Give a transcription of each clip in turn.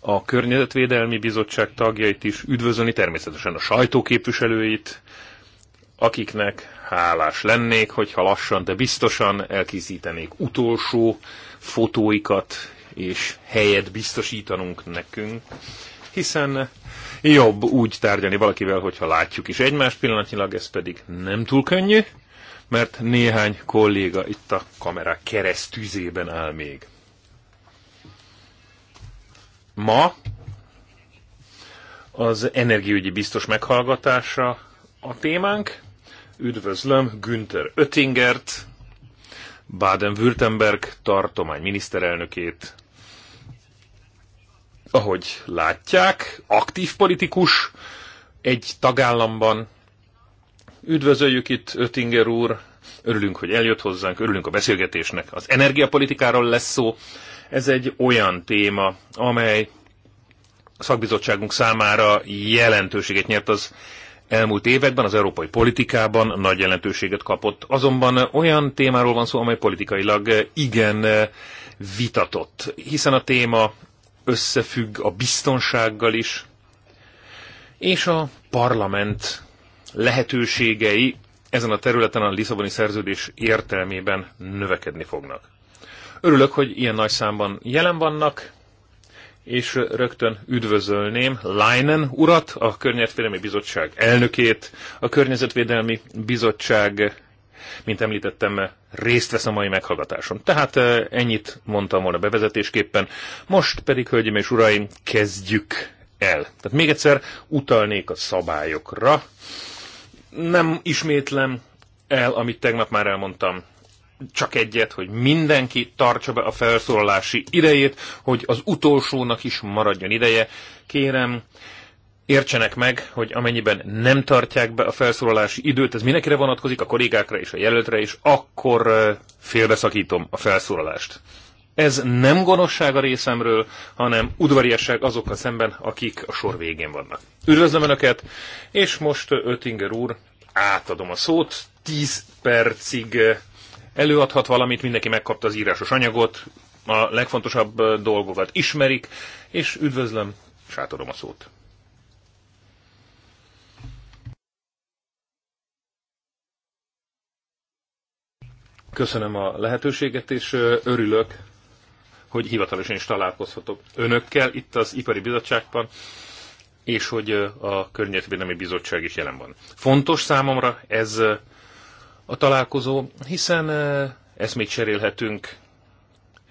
a Környezetvédelmi Bizottság tagjait is üdvözölni, természetesen a sajtóképviselőit, akiknek hálás lennék, hogyha lassan, de biztosan elkészítenék utolsó fotóikat, és helyet biztosítanunk nekünk, hiszen jobb úgy tárgyalni valakivel, hogyha látjuk is egymást pillanatnyilag, ez pedig nem túl könnyű, mert néhány kolléga itt a kamera keresztűzében áll még ma az energiaügyi biztos meghallgatása a témánk. Üdvözlöm Günther Öttingert, Baden-Württemberg tartomány miniszterelnökét. Ahogy látják, aktív politikus egy tagállamban. Üdvözöljük itt Öttinger úr, örülünk, hogy eljött hozzánk, örülünk a beszélgetésnek. Az energiapolitikáról lesz szó, ez egy olyan téma, amely a szakbizottságunk számára jelentőséget nyert az elmúlt években, az európai politikában nagy jelentőséget kapott. Azonban olyan témáról van szó, amely politikailag igen eh, vitatott, hiszen a téma összefügg a biztonsággal is, és a parlament lehetőségei ezen a területen a Lisszaboni szerződés értelmében növekedni fognak. Örülök, hogy ilyen nagy számban jelen vannak, és rögtön üdvözölném Leinen urat, a Környezetvédelmi Bizottság elnökét. A Környezetvédelmi Bizottság, mint említettem, részt vesz a mai meghallgatáson. Tehát eh, ennyit mondtam volna bevezetésképpen. Most pedig, hölgyeim és uraim, kezdjük el. Tehát még egyszer utalnék a szabályokra. Nem ismétlem el, amit tegnap már elmondtam csak egyet, hogy mindenki tartsa be a felszólalási idejét, hogy az utolsónak is maradjon ideje. Kérem, értsenek meg, hogy amennyiben nem tartják be a felszólalási időt, ez mindenkire vonatkozik, a kollégákra és a jelöltre is, akkor félbeszakítom a felszólalást. Ez nem gonoszság a részemről, hanem udvariasság azokkal szemben, akik a sor végén vannak. Üdvözlöm Önöket, és most Ötinger úr, átadom a szót, 10 percig előadhat valamit, mindenki megkapta az írásos anyagot, a legfontosabb dolgokat ismerik, és üdvözlöm, és a szót. Köszönöm a lehetőséget, és örülök, hogy hivatalosan is találkozhatok önökkel itt az Ipari Bizottságban, és hogy a Környezetvédelmi Bizottság is jelen van. Fontos számomra ez a találkozó, hiszen ezt még cserélhetünk.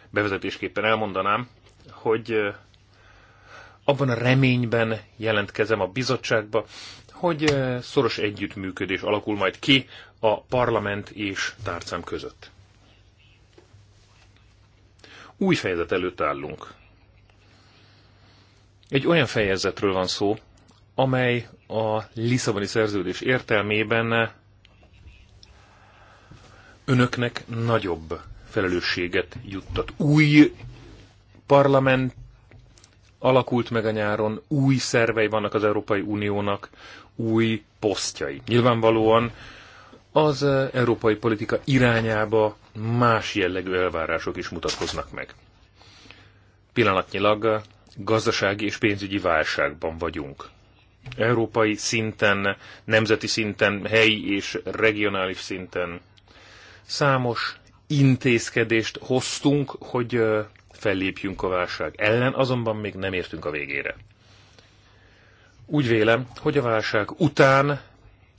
Bevezetésképpen elmondanám, hogy abban a reményben jelentkezem a bizottságba, hogy szoros együttműködés alakul majd ki a parlament és tárcám között. Új fejezet előtt állunk. Egy olyan fejezetről van szó, amely a Lisszaboni szerződés értelmében önöknek nagyobb felelősséget juttat. Új parlament alakult meg a nyáron, új szervei vannak az Európai Uniónak, új posztjai. Nyilvánvalóan az eh, európai politika irányába más jellegű elvárások is mutatkoznak meg. Pillanatnyilag eh, gazdasági és pénzügyi válságban vagyunk. Európai szinten, nemzeti szinten, helyi és regionális szinten Számos intézkedést hoztunk, hogy fellépjünk a válság ellen, azonban még nem értünk a végére. Úgy vélem, hogy a válság után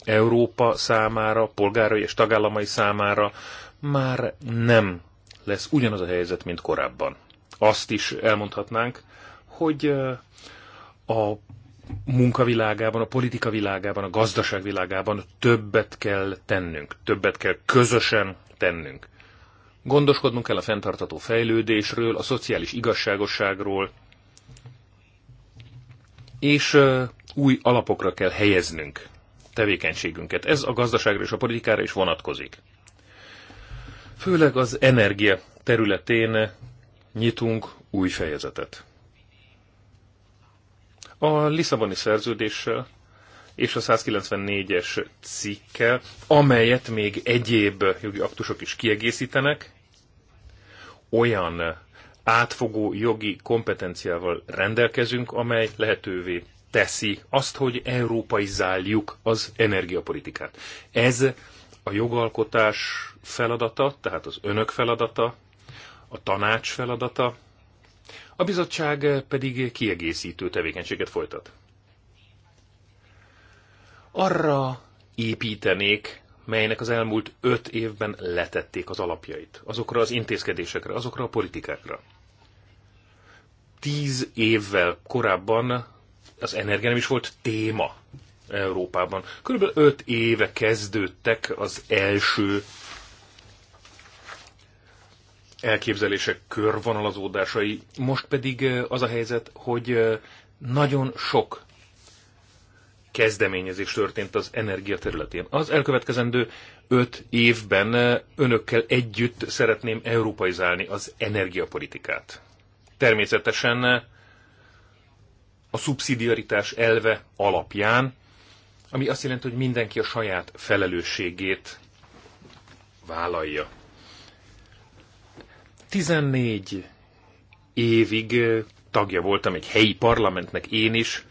Európa számára, polgárai és tagállamai számára már nem lesz ugyanaz a helyzet, mint korábban. Azt is elmondhatnánk, hogy a munkavilágában, a politika világában, a gazdaság világában többet kell tennünk, többet kell közösen tennünk. Gondoskodnunk kell a fenntartató fejlődésről, a szociális igazságosságról, és új alapokra kell helyeznünk tevékenységünket. Ez a gazdaságra és a politikára is vonatkozik. Főleg az energia területén nyitunk új fejezetet. A Lisszaboni szerződéssel és a 194-es cikkel, amelyet még egyéb jogi aktusok is kiegészítenek, olyan átfogó jogi kompetenciával rendelkezünk, amely lehetővé teszi azt, hogy európai záljuk az energiapolitikát. Ez a jogalkotás feladata, tehát az önök feladata, a tanács feladata, a bizottság pedig kiegészítő tevékenységet folytat. Arra építenék, melynek az elmúlt öt évben letették az alapjait, azokra az intézkedésekre, azokra a politikákra. Tíz évvel korábban az energia nem is volt téma Európában. Körülbelül öt éve kezdődtek az első elképzelések körvonalazódásai. Most pedig az a helyzet, hogy nagyon sok kezdeményezés történt az energia területén. Az elkövetkezendő öt évben önökkel együtt szeretném európaizálni az energiapolitikát. Természetesen a szubszidiaritás elve alapján, ami azt jelenti, hogy mindenki a saját felelősségét vállalja. 14 évig tagja voltam egy helyi parlamentnek én is,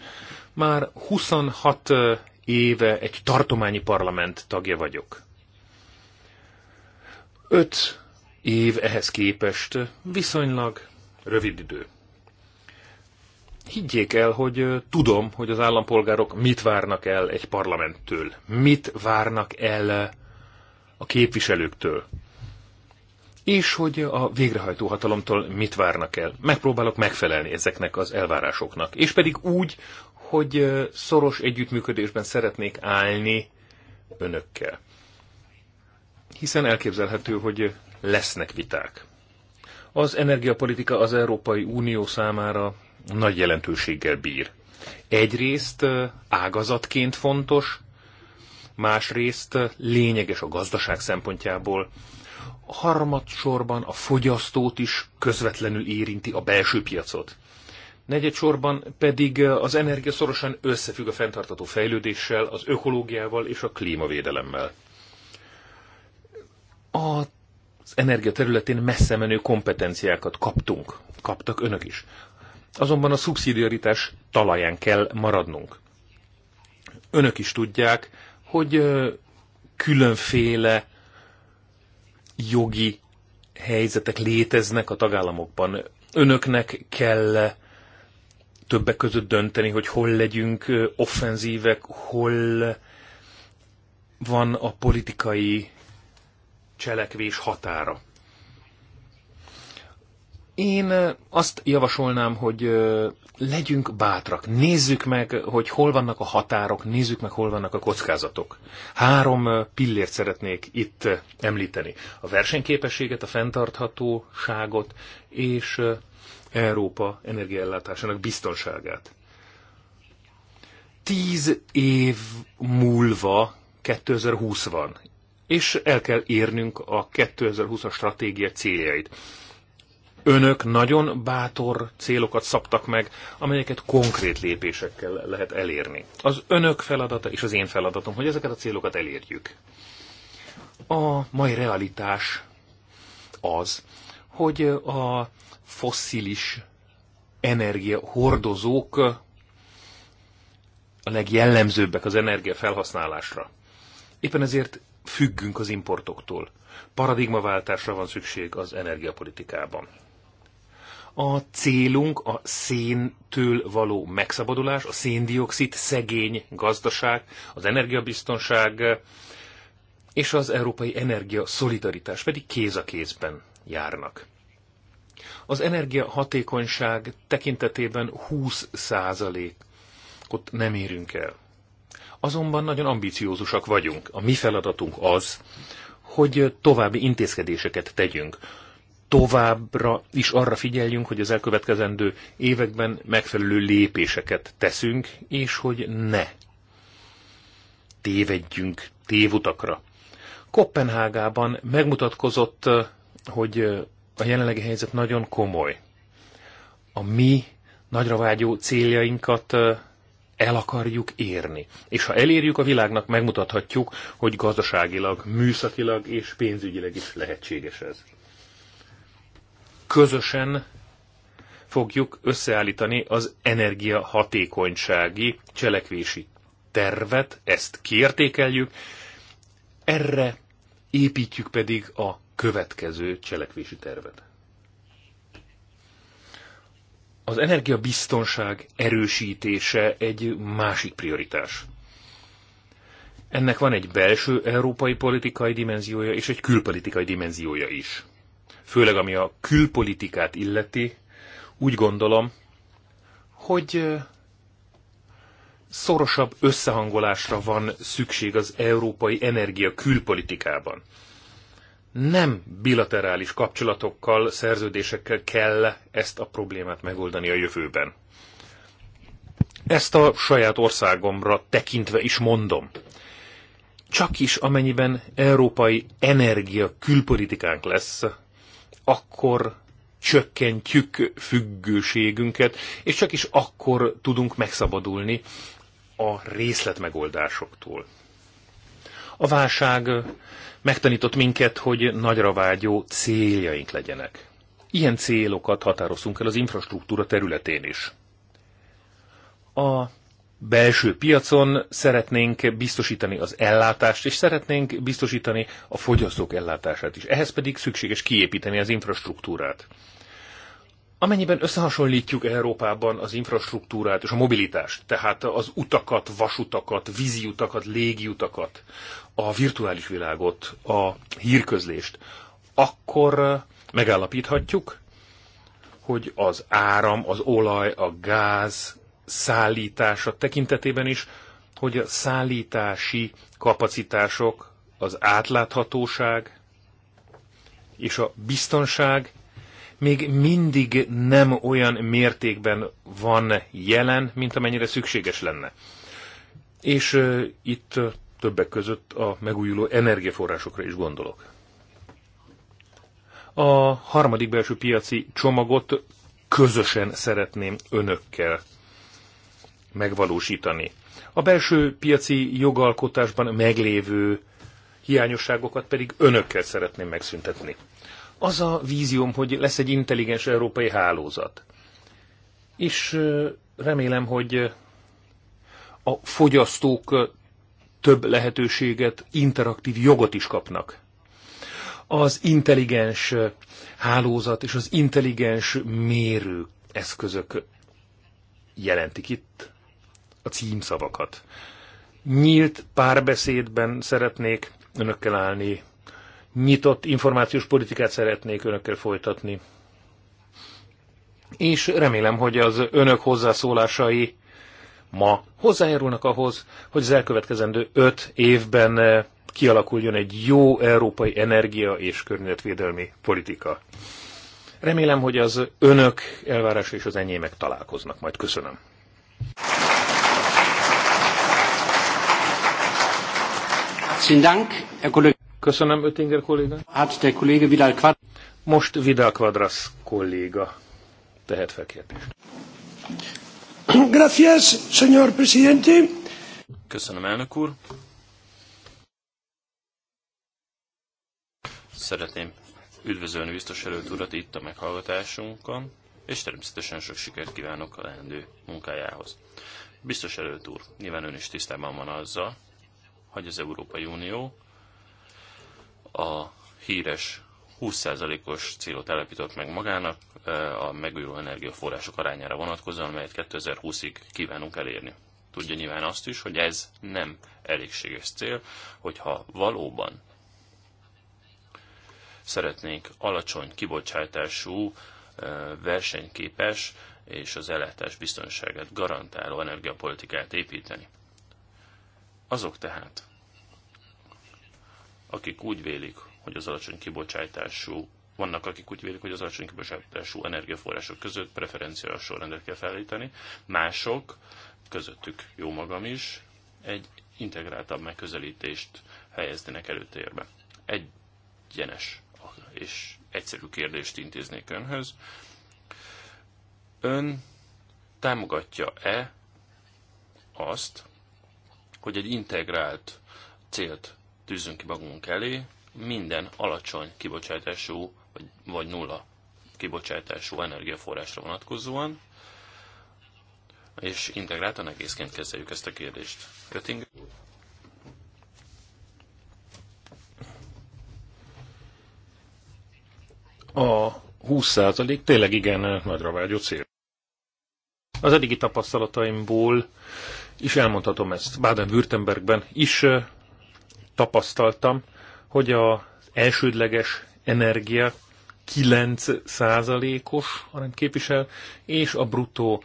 már 26 éve egy tartományi parlament tagja vagyok. Öt év ehhez képest viszonylag rövid idő. Higgyék el, hogy tudom, hogy az állampolgárok mit várnak el egy parlamenttől, mit várnak el a képviselőktől és hogy a végrehajtó hatalomtól mit várnak el. Megpróbálok megfelelni ezeknek az elvárásoknak, és pedig úgy, hogy szoros együttműködésben szeretnék állni önökkel. Hiszen elképzelhető, hogy lesznek viták. Az energiapolitika az Európai Unió számára nagy jelentőséggel bír. Egyrészt ágazatként fontos, másrészt lényeges a gazdaság szempontjából, harmadsorban a fogyasztót is közvetlenül érinti a belső piacot. Negyedsorban pedig az energia szorosan összefügg a fenntartató fejlődéssel, az ökológiával és a klímavédelemmel. Az energia területén messze menő kompetenciákat kaptunk, kaptak önök is. Azonban a szubszidiaritás talaján kell maradnunk. Önök is tudják, hogy különféle jogi helyzetek léteznek a tagállamokban. Önöknek kell többek között dönteni, hogy hol legyünk offenzívek, hol van a politikai cselekvés határa. Én azt javasolnám, hogy legyünk bátrak, nézzük meg, hogy hol vannak a határok, nézzük meg, hol vannak a kockázatok. Három pillért szeretnék itt említeni. A versenyképességet, a fenntarthatóságot és Európa energiaellátásának biztonságát. Tíz év múlva 2020 van, és el kell érnünk a 2020-as stratégia céljait. Önök nagyon bátor célokat szabtak meg, amelyeket konkrét lépésekkel lehet elérni. Az önök feladata és az én feladatom, hogy ezeket a célokat elérjük. A mai realitás az, hogy a fosszilis energia hordozók a legjellemzőbbek az energia felhasználásra. Éppen ezért függünk az importoktól. Paradigmaváltásra van szükség az energiapolitikában. A célunk a széntől való megszabadulás, a széndiokszid szegény gazdaság, az energiabiztonság és az európai energia szolidaritás pedig kéz a kézben járnak. Az energia hatékonyság tekintetében 20%-ot nem érünk el. Azonban nagyon ambiciózusak vagyunk. A mi feladatunk az, hogy további intézkedéseket tegyünk, továbbra is arra figyeljünk, hogy az elkövetkezendő években megfelelő lépéseket teszünk, és hogy ne tévedjünk tévutakra. Kopenhágában megmutatkozott, hogy a jelenlegi helyzet nagyon komoly. A mi nagyra vágyó céljainkat el akarjuk érni. És ha elérjük a világnak, megmutathatjuk, hogy gazdaságilag, műszakilag és pénzügyileg is lehetséges ez közösen fogjuk összeállítani az energiahatékonysági cselekvési tervet, ezt kiértékeljük, erre építjük pedig a következő cselekvési tervet. Az energiabiztonság erősítése egy másik prioritás. Ennek van egy belső európai politikai dimenziója és egy külpolitikai dimenziója is főleg ami a külpolitikát illeti, úgy gondolom, hogy szorosabb összehangolásra van szükség az európai energia külpolitikában. Nem bilaterális kapcsolatokkal, szerződésekkel kell ezt a problémát megoldani a jövőben. Ezt a saját országomra tekintve is mondom. Csak is amennyiben európai energia külpolitikánk lesz, akkor csökkentjük függőségünket, és csak is akkor tudunk megszabadulni a részletmegoldásoktól. A válság megtanított minket, hogy nagyra vágyó céljaink legyenek. Ilyen célokat határozunk el az infrastruktúra területén is. A belső piacon szeretnénk biztosítani az ellátást, és szeretnénk biztosítani a fogyasztók ellátását is. Ehhez pedig szükséges kiépíteni az infrastruktúrát. Amennyiben összehasonlítjuk Európában az infrastruktúrát és a mobilitást, tehát az utakat, vasutakat, víziutakat, légiutakat, a virtuális világot, a hírközlést, akkor megállapíthatjuk, hogy az áram, az olaj, a gáz, szállítása tekintetében is, hogy a szállítási kapacitások, az átláthatóság és a biztonság még mindig nem olyan mértékben van jelen, mint amennyire szükséges lenne. És uh, itt uh, többek között a megújuló energiaforrásokra is gondolok. A harmadik belső piaci csomagot közösen szeretném önökkel megvalósítani. A belső piaci jogalkotásban meglévő hiányosságokat pedig önökkel szeretném megszüntetni. Az a vízióm, hogy lesz egy intelligens európai hálózat. És remélem, hogy a fogyasztók több lehetőséget, interaktív jogot is kapnak. Az intelligens hálózat és az intelligens mérő eszközök jelentik itt a címszavakat. Nyílt párbeszédben szeretnék önökkel állni, nyitott információs politikát szeretnék önökkel folytatni. És remélem, hogy az önök hozzászólásai ma hozzájárulnak ahhoz, hogy az elkövetkezendő öt évben eh, kialakuljon egy jó európai energia és környezetvédelmi politika. Remélem, hogy az önök elvárása és az enyémek találkoznak. Majd köszönöm. Köszönöm, Ötinger kolléga. Hát de Kollége Vidal Most Vidal Quadras kolléga tehet fel kérdést. Gracias, señor presidente. Köszönöm, elnök úr. Szeretném üdvözölni biztos előtt urat itt a meghallgatásunkon, és természetesen sok sikert kívánok a leendő munkájához. Biztos előtt úr, nyilván ön is tisztában van azzal, hogy az Európai Unió a híres 20%-os célot állapított meg magának a megújuló energiaforrások arányára vonatkozóan, amelyet 2020-ig kívánunk elérni. Tudja nyilván azt is, hogy ez nem elégséges cél, hogyha valóban szeretnénk alacsony kibocsátású, versenyképes és az ellátás biztonságát garantáló energiapolitikát építeni. Azok tehát, akik úgy vélik, hogy az alacsony kibocsátású, vannak akik úgy vélik, hogy az alacsony kibocsátású energiaforrások között preferenciás sorrendet kell felállítani, mások, közöttük jó magam is, egy integráltabb megközelítést helyeznének előtérbe. Egyenes és egyszerű kérdést intéznék önhöz. Ön támogatja-e azt, hogy egy integrált célt tűzünk ki magunk elé, minden alacsony kibocsátású vagy, vagy nulla kibocsátású energiaforrásra vonatkozóan, és integráltan egészként kezeljük ezt a kérdést. Götting. A 20% tényleg igen nagyra vágyó cél. Az eddigi tapasztalataimból is elmondhatom ezt. Baden-Württembergben is tapasztaltam, hogy az elsődleges energia 9%-os arányt képvisel, és a bruttó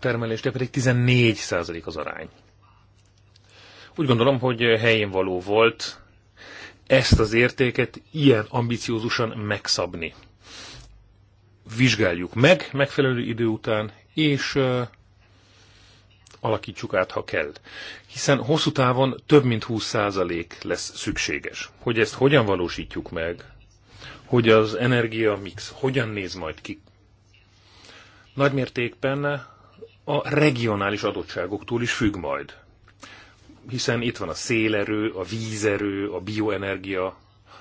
de pedig 14% az arány. Úgy gondolom, hogy helyén való volt ezt az értéket ilyen ambiciózusan megszabni. Vizsgáljuk meg megfelelő idő után, és alakítsuk át, ha kell. Hiszen hosszú távon több mint 20% lesz szükséges. Hogy ezt hogyan valósítjuk meg, hogy az energia mix hogyan néz majd ki. Nagymértékben a regionális adottságoktól is függ majd. Hiszen itt van a szélerő, a vízerő, a bioenergia,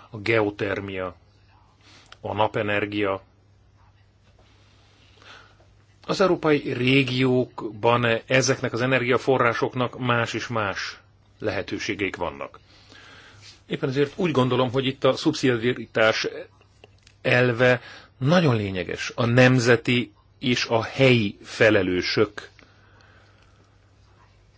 a geotermia, a napenergia, az európai régiókban ezeknek az energiaforrásoknak más és más lehetőségeik vannak. Éppen ezért úgy gondolom, hogy itt a szubszidiaritás elve nagyon lényeges. A nemzeti és a helyi felelősök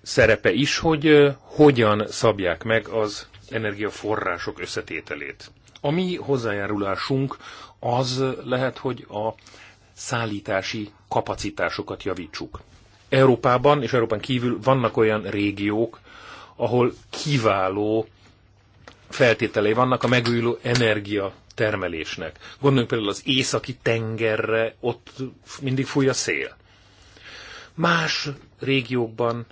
szerepe is, hogy hogyan szabják meg az energiaforrások összetételét. A mi hozzájárulásunk az lehet, hogy a szállítási kapacitásokat javítsuk. Európában és Európán kívül vannak olyan régiók, ahol kiváló feltételei vannak a megújuló energia termelésnek. Gondoljunk például az északi tengerre, ott mindig fúj a szél. Más régiókban,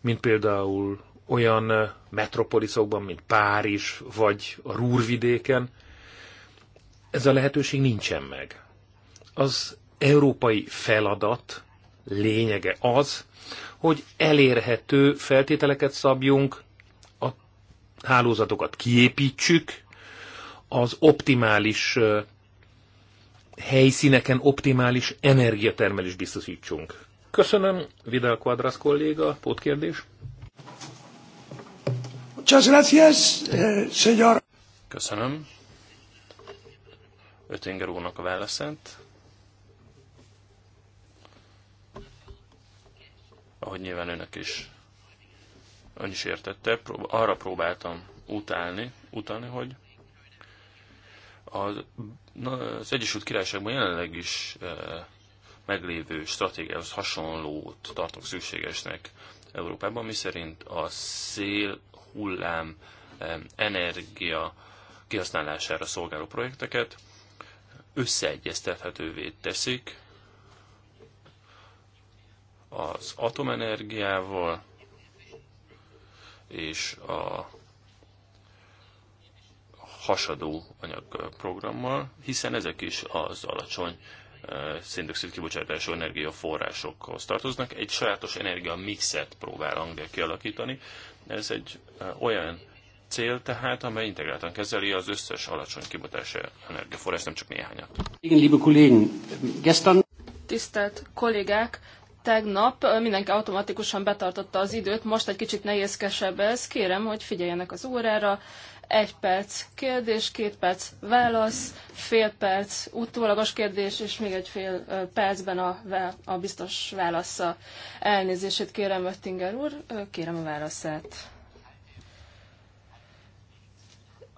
mint például olyan metropoliszokban, mint Párizs, vagy a Rúrvidéken, ez a lehetőség nincsen meg. Az európai feladat lényege az, hogy elérhető feltételeket szabjunk, a hálózatokat kiépítsük, az optimális helyszíneken optimális energiatermelés biztosítsunk. Köszönöm, Vidal Quadras kolléga, pótkérdés. Muchas gracias, eh, señor. Köszönöm. Ötinger úrnak a válaszát. ahogy nyilván önök is, ön is értette, prób- arra próbáltam utálni, utalni, hogy az, na, az Egyesült Királyságban jelenleg is e, meglévő stratégiához hasonlót tartok szükségesnek Európában, miszerint a szél, hullám, e, energia kihasználására szolgáló projekteket összeegyeztethetővé teszik az atomenergiával és a hasadó anyagprogrammal, hiszen ezek is az alacsony eh, széndiokszid kibocsátású energiaforrásokhoz tartoznak. Egy sajátos energia mixet próbál Anglia kialakítani. Ez egy eh, olyan cél tehát, amely integráltan kezeli az összes alacsony kibocsátású energiaforrás, nem csak néhányat. Igen, liebe Kollegen, gestern... Tisztelt kollégák, tegnap mindenki automatikusan betartotta az időt, most egy kicsit nehézkesebb ez. Kérem, hogy figyeljenek az órára. Egy perc kérdés, két perc válasz, fél perc utólagos kérdés, és még egy fél percben a, a biztos válasza. Elnézését kérem, Öttinger úr, kérem a válaszát.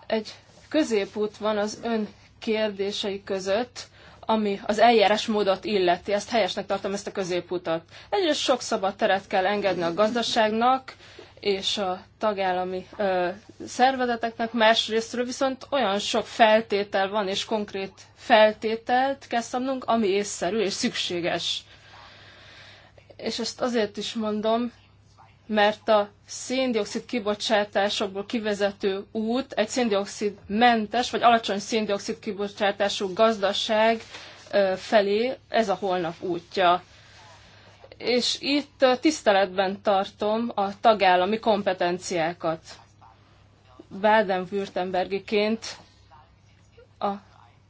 Egy középút van az ön kérdései között ami az eljárásmódot illeti. Ezt helyesnek tartom, ezt a középutat. Egyrészt sok szabad teret kell engedni a gazdaságnak, és a tagállami ö, szervezeteknek, másrésztről viszont olyan sok feltétel van, és konkrét feltételt kell szabnunk, ami észszerű és szükséges. És ezt azért is mondom, mert a széndiokszid kibocsátásokból kivezető út egy széndiokszid mentes vagy alacsony széndiokszid kibocsátású gazdaság felé ez a holnap útja. És itt tiszteletben tartom a tagállami kompetenciákat. Baden-Württembergiként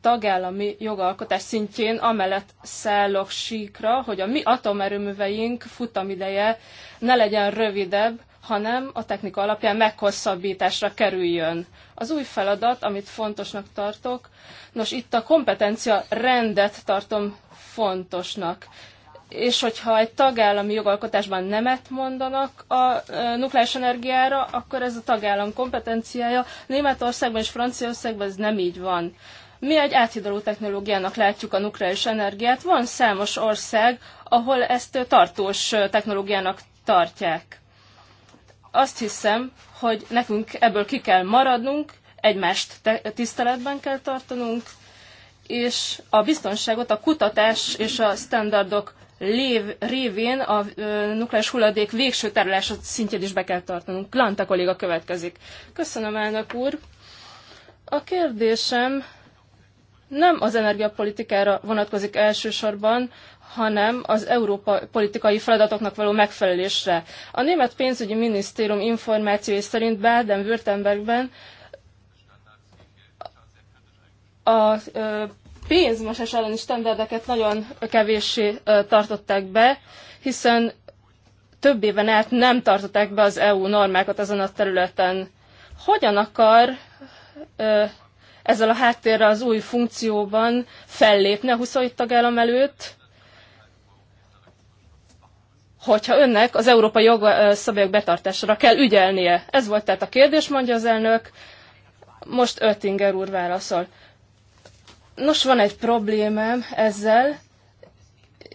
tagállami jogalkotás szintjén amellett szállok síkra, hogy a mi atomerőműveink futamideje ne legyen rövidebb, hanem a technika alapján meghosszabbításra kerüljön. Az új feladat, amit fontosnak tartok, nos itt a kompetencia rendet tartom fontosnak. És hogyha egy tagállami jogalkotásban nemet mondanak a nukleáris energiára, akkor ez a tagállam kompetenciája. Németországban és Franciaországban ez nem így van. Mi egy áthidaló technológiának látjuk a nukleáris energiát. Van számos ország, ahol ezt tartós technológiának tartják. Azt hiszem, hogy nekünk ebből ki kell maradnunk, egymást tiszteletben kell tartanunk, és a biztonságot a kutatás és a standardok lév, révén a nukleáris hulladék végső tárolása szintjét is be kell tartanunk. Lanta kolléga következik. Köszönöm, elnök úr. A kérdésem nem az energiapolitikára vonatkozik elsősorban, hanem az Európa politikai feladatoknak való megfelelésre. A német pénzügyi minisztérium információi szerint Baden-Württembergben a pénzmosás elleni standardeket nagyon kevéssé tartották be, hiszen több éven át nem tartották be az EU normákat ezen a területen. Hogyan akar ezzel a háttérrel az új funkcióban fellépne a 27 tagállam előtt, hogyha önnek az európai jogszabályok betartására kell ügyelnie. Ez volt tehát a kérdés, mondja az elnök. Most Öttinger úr válaszol. Nos, van egy problémám ezzel.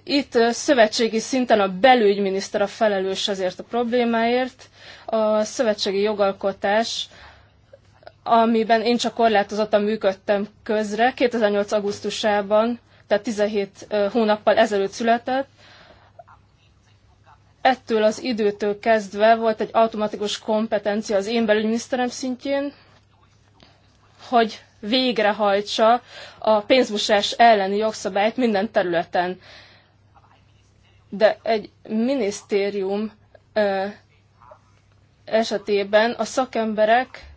Itt szövetségi szinten a belügyminiszter a felelős azért a problémáért. A szövetségi jogalkotás amiben én csak korlátozottan működtem közre, 2008. augusztusában, tehát 17 hónappal ezelőtt született, ettől az időtől kezdve volt egy automatikus kompetencia az én belügyminiszterem szintjén, hogy végrehajtsa a pénzmosás elleni jogszabályt minden területen. De egy minisztérium esetében a szakemberek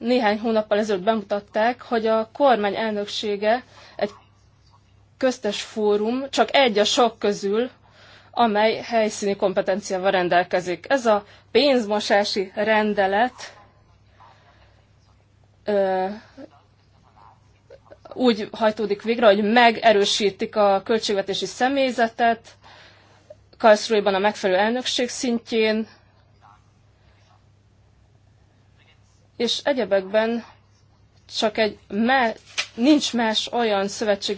néhány hónappal ezelőtt bemutatták, hogy a kormány elnöksége egy köztes fórum, csak egy a sok közül, amely helyszíni kompetenciával rendelkezik. Ez a pénzmosási rendelet ö, úgy hajtódik végre, hogy megerősítik a költségvetési személyzetet, Karlsruhe-ban a megfelelő elnökség szintjén, és egyebekben csak egy me, nincs más olyan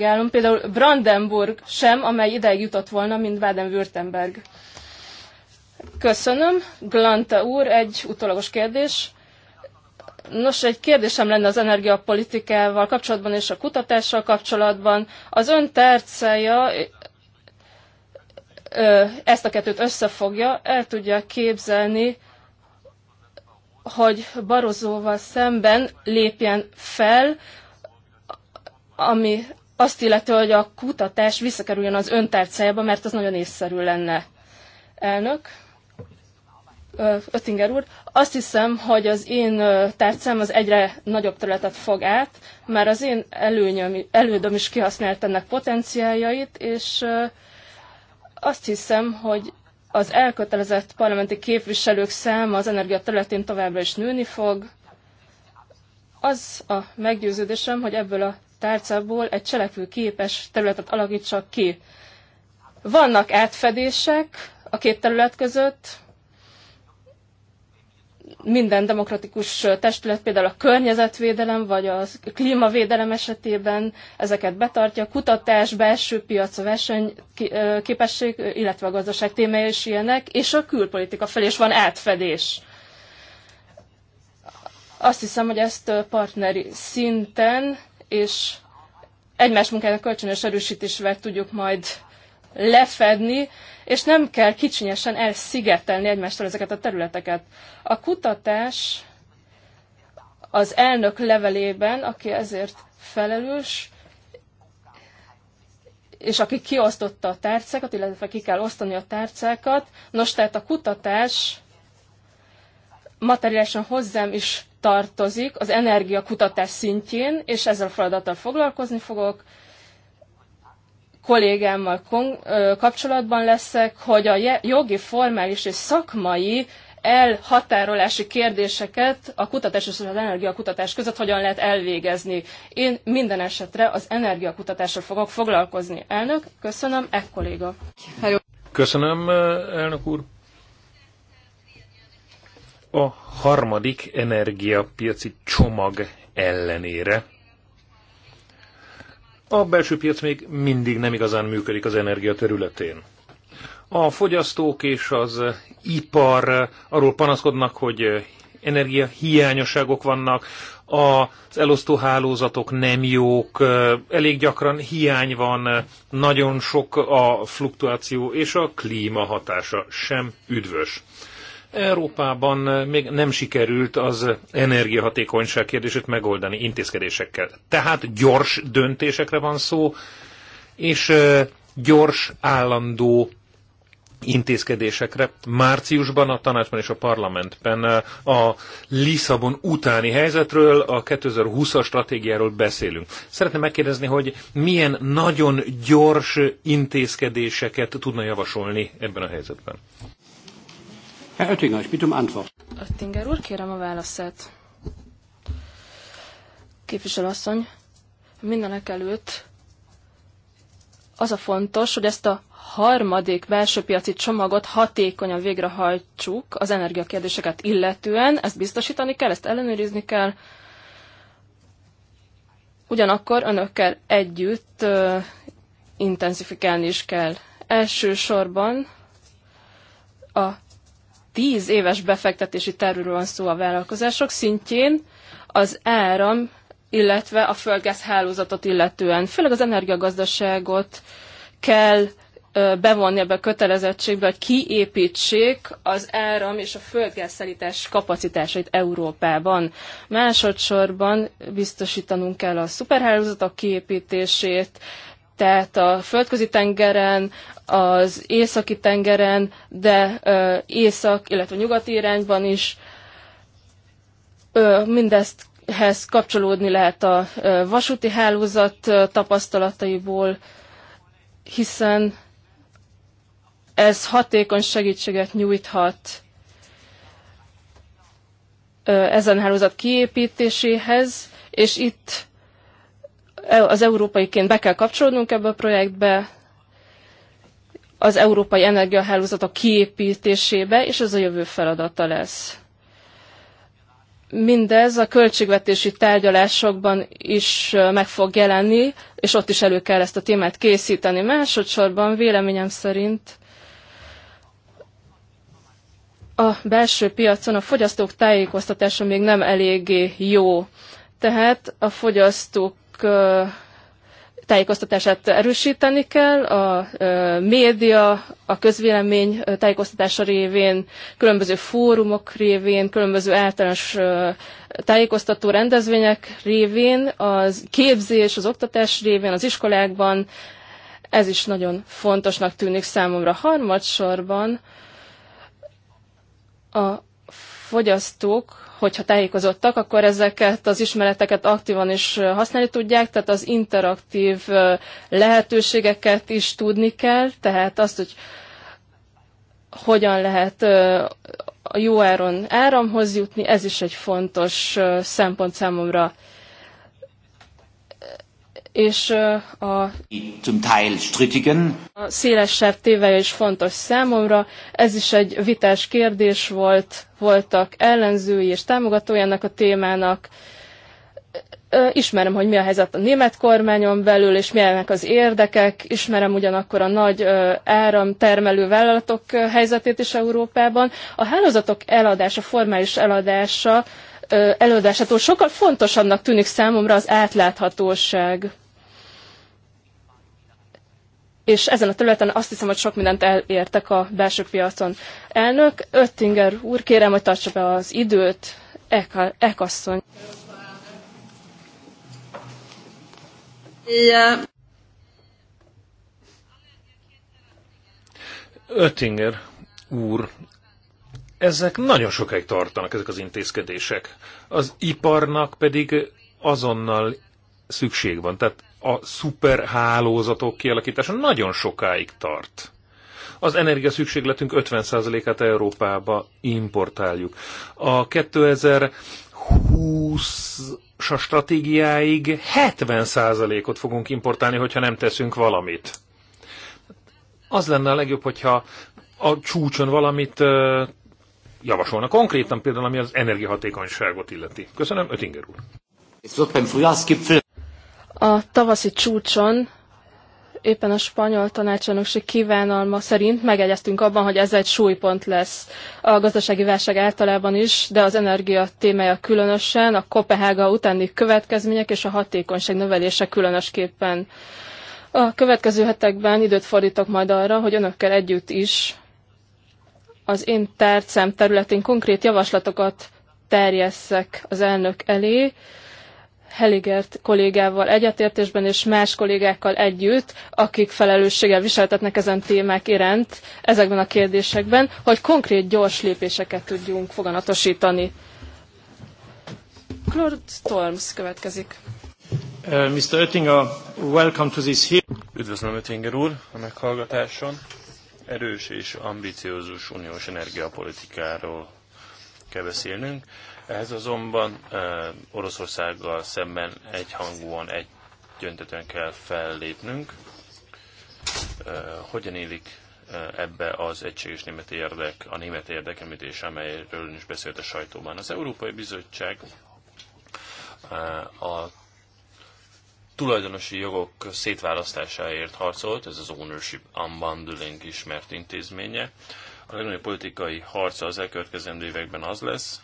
állam, például Brandenburg sem, amely ideig jutott volna, mint Baden-Württemberg. Köszönöm. Glanta úr, egy utolagos kérdés. Nos, egy kérdésem lenne az energiapolitikával kapcsolatban és a kutatással kapcsolatban. Az ön tercelja ezt a kettőt összefogja, el tudja képzelni, hogy Barozóval szemben lépjen fel, ami azt illető, hogy a kutatás visszakerüljön az öntárcájába, mert az nagyon észszerű lenne. Elnök, Öttinger úr, azt hiszem, hogy az én tárcám az egyre nagyobb területet fog át, mert az én előnyöm, elődöm is kihasznált ennek potenciáljait, és azt hiszem, hogy az elkötelezett parlamenti képviselők száma az energia területén továbbra is nőni fog. Az a meggyőződésem, hogy ebből a tárcából egy cselekvőképes területet alakítsak ki. Vannak átfedések a két terület között, minden demokratikus testület, például a környezetvédelem vagy a klímavédelem esetében ezeket betartja, kutatás, belső piac, a versenyképesség, illetve a gazdaság témája is ilyenek, és a külpolitika felé is van átfedés. Azt hiszem, hogy ezt partneri szinten és egymás munkának kölcsönös erősítésével tudjuk majd lefedni, és nem kell kicsinyesen elszigetelni egymástól ezeket a területeket. A kutatás az elnök levelében, aki ezért felelős, és aki kiosztotta a tárcákat, illetve ki kell osztani a tárcákat. Nos, tehát a kutatás materiálisan hozzám is tartozik az energiakutatás szintjén, és ezzel a feladattal foglalkozni fogok kollégámmal kapcsolatban leszek, hogy a jogi, formális és szakmai elhatárolási kérdéseket a kutatás és az energiakutatás között hogyan lehet elvégezni. Én minden esetre az energiakutatással fogok foglalkozni. Elnök, köszönöm, e kolléga. Köszönöm, elnök úr. A harmadik energiapiaci csomag ellenére a belső piac még mindig nem igazán működik az energia területén. A fogyasztók és az ipar arról panaszkodnak, hogy energia hiányosságok vannak, az hálózatok nem jók, elég gyakran hiány van, nagyon sok a fluktuáció, és a klíma hatása sem üdvös. Európában még nem sikerült az energiahatékonyság kérdését megoldani intézkedésekkel. Tehát gyors döntésekre van szó, és gyors, állandó intézkedésekre. Márciusban a tanácsban és a parlamentben a Lisszabon utáni helyzetről, a 2020-as stratégiáról beszélünk. Szeretném megkérdezni, hogy milyen nagyon gyors intézkedéseket tudna javasolni ebben a helyzetben. Herr Oettinger, ich bitte um Antwort. Oettinger úr, kérem a válaszát. Képviselőasszony, mindenek előtt az a fontos, hogy ezt a harmadik belső piaci csomagot hatékonyan végrehajtsuk az energiakérdéseket illetően, ezt biztosítani kell, ezt ellenőrizni kell. Ugyanakkor önökkel együtt ö, intenzifikálni is kell. Elsősorban a tíz éves befektetési tervről van szó a vállalkozások szintjén, az áram, illetve a földgáz hálózatot illetően. Főleg az energiagazdaságot kell bevonni ebbe a kötelezettségbe, hogy kiépítsék az áram és a földgázszállítás kapacitásait Európában. Másodszorban biztosítanunk kell a szuperhálózatok kiépítését, tehát a földközi tengeren, az északi tengeren, de észak, illetve nyugati irányban is. Mindezt ehhez kapcsolódni lehet a vasúti hálózat tapasztalataiból, hiszen ez hatékony segítséget nyújthat ezen hálózat kiépítéséhez, és itt e, az európaiként be kell kapcsolódnunk ebbe a projektbe, az európai energiahálózatok kiépítésébe, és ez a jövő feladata lesz. Mindez a költségvetési tárgyalásokban is meg fog jelenni, és ott is elő kell ezt a témát készíteni. Másodszorban véleményem szerint a belső piacon a fogyasztók tájékoztatása még nem eléggé jó. Tehát a fogyasztók tájékoztatását erősíteni kell, a média, a közvélemény tájékoztatása révén, különböző fórumok révén, különböző általános tájékoztató rendezvények révén, a képzés, az oktatás révén, az iskolákban, ez is nagyon fontosnak tűnik számomra. Harmadsorban a fogyasztók hogyha tájékozottak, akkor ezeket az ismereteket aktívan is használni tudják, tehát az interaktív lehetőségeket is tudni kell, tehát azt, hogy hogyan lehet a jó áron áramhoz jutni, ez is egy fontos szempont számomra és a, a szélesebb téveje is fontos számomra. Ez is egy vitás kérdés volt, voltak ellenzői és támogatói ennek a témának. Ismerem, hogy mi a helyzet a német kormányon belül, és milyenek az érdekek. Ismerem ugyanakkor a nagy áramtermelő vállalatok helyzetét is Európában. A hálózatok eladása, formális eladása előadásától sokkal fontosabbnak tűnik számomra az átláthatóság és ezen a területen azt hiszem, hogy sok mindent elértek a belső piacon. Elnök, Öttinger úr, kérem, hogy tartsa be az időt, Eka, Ekasszony. Yeah. Öttinger úr, ezek nagyon sokáig tartanak, ezek az intézkedések. Az iparnak pedig azonnal szükség van. Tehát a szuperhálózatok kialakítása nagyon sokáig tart. Az energiaszükségletünk 50%-át Európába importáljuk. A 2020-as stratégiáig 70%-ot fogunk importálni, hogyha nem teszünk valamit. Az lenne a legjobb, hogyha a csúcson valamit javasolna. Konkrétan például, ami az energiahatékonyságot illeti. Köszönöm, Ötinger úr. A tavaszi csúcson éppen a spanyol tanácselnökség kívánalma szerint megegyeztünk abban, hogy ez egy súlypont lesz a gazdasági válság általában is, de az energia témája különösen, a Kopenhága utáni következmények és a hatékonyság növelése különösképpen. A következő hetekben időt fordítok majd arra, hogy önökkel együtt is az én tárcám területén konkrét javaslatokat terjesszek az elnök elé, Heligert kollégával egyetértésben és más kollégákkal együtt, akik felelősséggel viseltetnek ezen témák iránt ezekben a kérdésekben, hogy konkrét gyors lépéseket tudjunk foganatosítani. Claude Storms következik. Uh, Mr. Oettinger, welcome to this here. Üdvözlöm Oettinger úr a meghallgatáson. Erős és ambiciózus uniós energiapolitikáról kell beszélnünk. Ez azonban e, Oroszországgal szemben egyhangúan, egy gyöntetően kell fellépnünk. E, hogyan élik ebbe az egységes német érdek, a német érdekemítés, amelyről is beszélt a sajtóban. Az Európai Bizottság a tulajdonosi jogok szétválasztásáért harcolt, ez az Ownership Unbundling ismert intézménye. A legnagyobb politikai harca az elkövetkezendő években az lesz,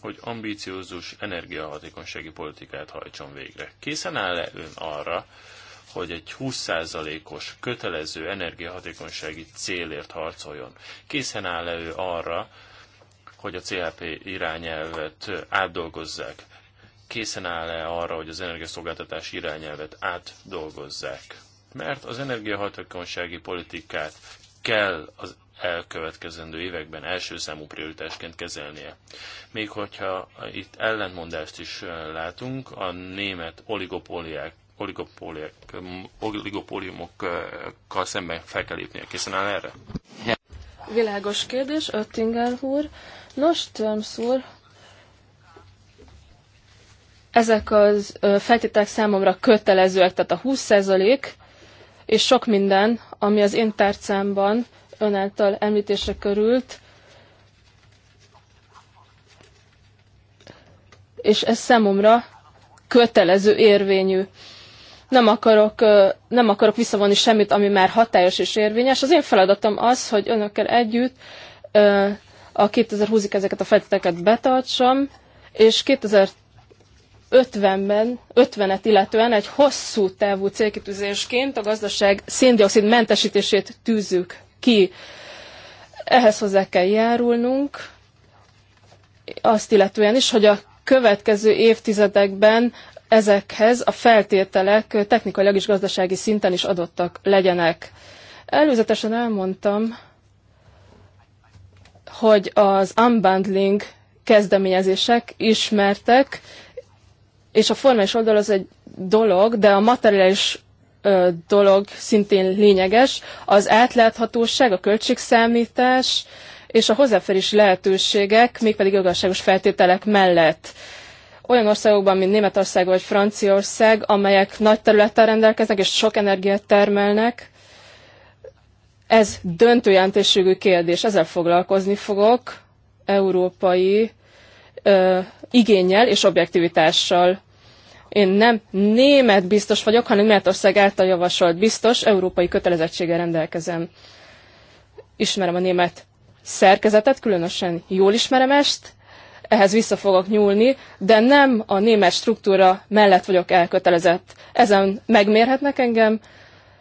hogy ambíciózus energiahatékonysági politikát hajtson végre. Készen áll-e ön arra, hogy egy 20%-os kötelező energiahatékonysági célért harcoljon? Készen áll-e ő arra, hogy a CHP irányelvet átdolgozzák? Készen áll-e arra, hogy az energiaszolgáltatás irányelvet átdolgozzák? Mert az energiahatékonysági politikát kell az elkövetkezendő években első számú prioritásként kezelnie. Még hogyha itt ellentmondást is látunk, a német oligopóliák oligopóliumokkal szemben fel kell lépnie. Készen áll erre? Világos kérdés, Öttinger úr. Nos, Törms úr, ezek az feltételek számomra kötelezőek, tehát a 20% és sok minden, ami az én tárcámban önáltal említésre került, és ez számomra kötelező érvényű. Nem akarok, nem akarok visszavonni semmit, ami már hatályos és érvényes. Az én feladatom az, hogy önökkel együtt a 2020-ig ezeket a feltételeket betartsam, és 2050-ben, 50-et illetően egy hosszú távú célkitűzésként a gazdaság széndiokszid mentesítését tűzzük ki. Ehhez hozzá kell járulnunk, azt illetően is, hogy a következő évtizedekben ezekhez a feltételek technikailag és gazdasági szinten is adottak legyenek. Előzetesen elmondtam, hogy az unbundling kezdeményezések ismertek, és a formális oldal az egy dolog, de a materiális dolog szintén lényeges, az átláthatóság, a költségszámítás és a hozzáférési lehetőségek, mégpedig igazságos feltételek mellett olyan országokban, mint Németország vagy Franciaország, amelyek nagy területtel rendelkeznek és sok energiát termelnek, ez döntő jelentőségű kérdés, ezzel foglalkozni fogok európai ö, igényel és objektivitással. Én nem német biztos vagyok, hanem Németország által javasolt biztos, európai kötelezettsége rendelkezem. Ismerem a német szerkezetet, különösen jól ismerem ezt, ehhez vissza fogok nyúlni, de nem a német struktúra mellett vagyok elkötelezett. Ezen megmérhetnek engem,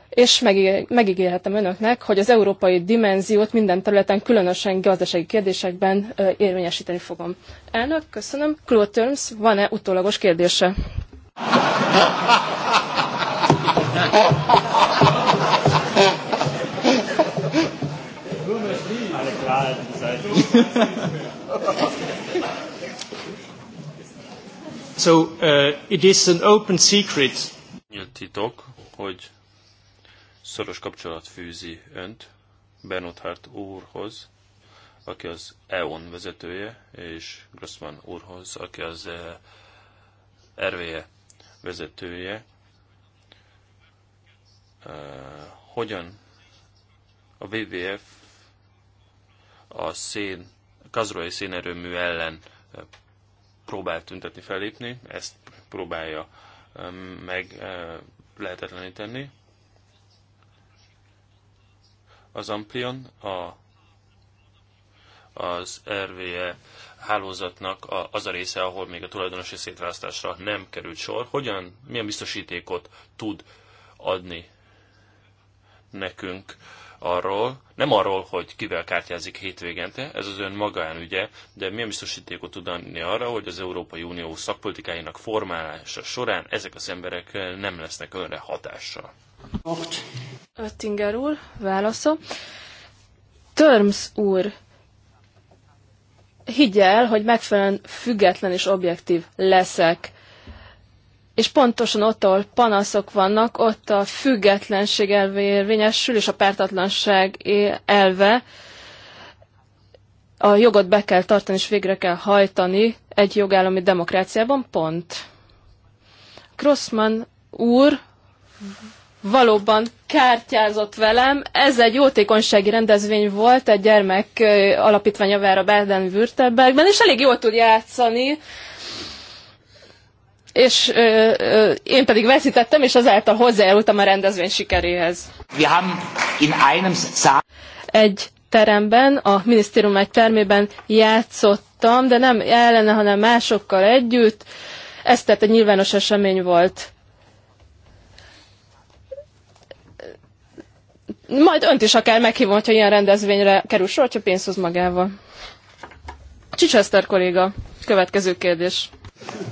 és megígérhetem önöknek, hogy az európai dimenziót minden területen, különösen gazdasági kérdésekben érvényesíteni fogom. Elnök, köszönöm. Claude van-e utólagos kérdése? So uh, it is an open secret. titok, hogy szoros kapcsolat fűzi önt Bernotthard úrhoz, aki az EON vezetője, és Grossman úrhoz, aki az uh, RVE vezetője hogyan a WWF a szén, kazrói szénerőmű ellen próbál tüntetni, felépni, ezt próbálja meg lehetetleníteni. Az Amplion a, az RVE hálózatnak az a része, ahol még a tulajdonosi szétválasztásra nem került sor. Hogyan, milyen biztosítékot tud adni nekünk arról, nem arról, hogy kivel kártyázik hétvégente, ez az ön magánügye, de milyen biztosítékot tud adni arra, hogy az Európai Unió szakpolitikáinak formálása során ezek az emberek nem lesznek önre hatással? Öttinger úr, válaszol. Törms úr el, hogy megfelelően független és objektív leszek. És pontosan ott, ahol panaszok vannak, ott a függetlenség elve érvényesül, és a pártatlanság elve. A jogot be kell tartani, és végre kell hajtani egy jogállami demokráciában, pont. Crossman úr valóban kártyázott velem. Ez egy jótékonysági rendezvény volt, egy gyermek alapítvány javára Baden-Württembergben, és elég jól tud játszani. És ö, ö, én pedig veszítettem, és azáltal hozzájárultam a rendezvény sikeréhez. Egy teremben, a minisztérium egy termében játszottam, de nem ellene, hanem másokkal együtt. Ez tehát egy nyilvános esemény volt majd önt is akár meghívom, hogyha ilyen rendezvényre kerül sor, hogyha pénzt hoz magával. Chichester kolléga, következő kérdés.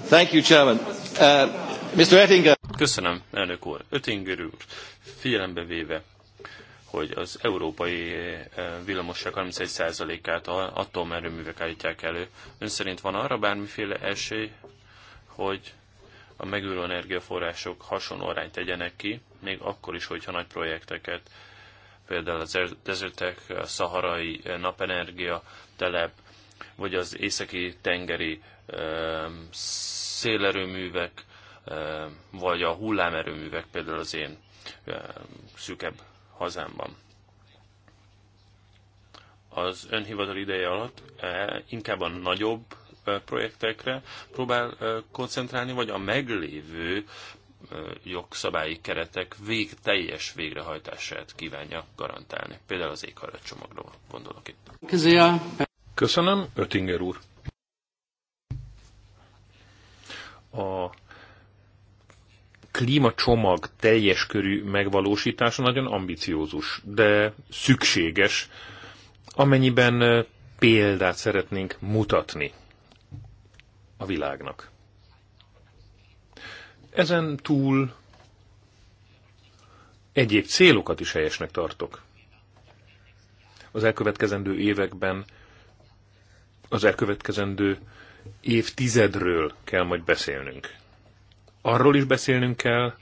Thank you, Chairman. Uh, Mr. Ettinger. Köszönöm, elnök úr. Öttinger úr, figyelembe véve, hogy az európai eh, villamosság 31%-át atomerőművek állítják elő. Ön szerint van arra bármiféle esély, hogy a megújuló energiaforrások hasonló arányt tegyenek ki, még akkor is, hogyha nagy projekteket például az desertek, a szaharai eh, napenergia telep, vagy az északi tengeri eh, szélerőművek, eh, vagy a hullámerőművek például az én szükebb hazámban. Az önhivatal ideje alatt inkább a nagyobb projektekre próbál koncentrálni, vagy a meglévő jogszabályi keretek vég, teljes végrehajtását kívánja garantálni. Például az éghajlat csomagról gondolok itt. Köszönöm, Ötinger úr. A klímacsomag teljes körű megvalósítása nagyon ambiciózus, de szükséges, amennyiben példát szeretnénk mutatni a világnak. Ezen túl egyéb célokat is helyesnek tartok. Az elkövetkezendő években, az elkövetkezendő évtizedről kell majd beszélnünk. Arról is beszélnünk kell,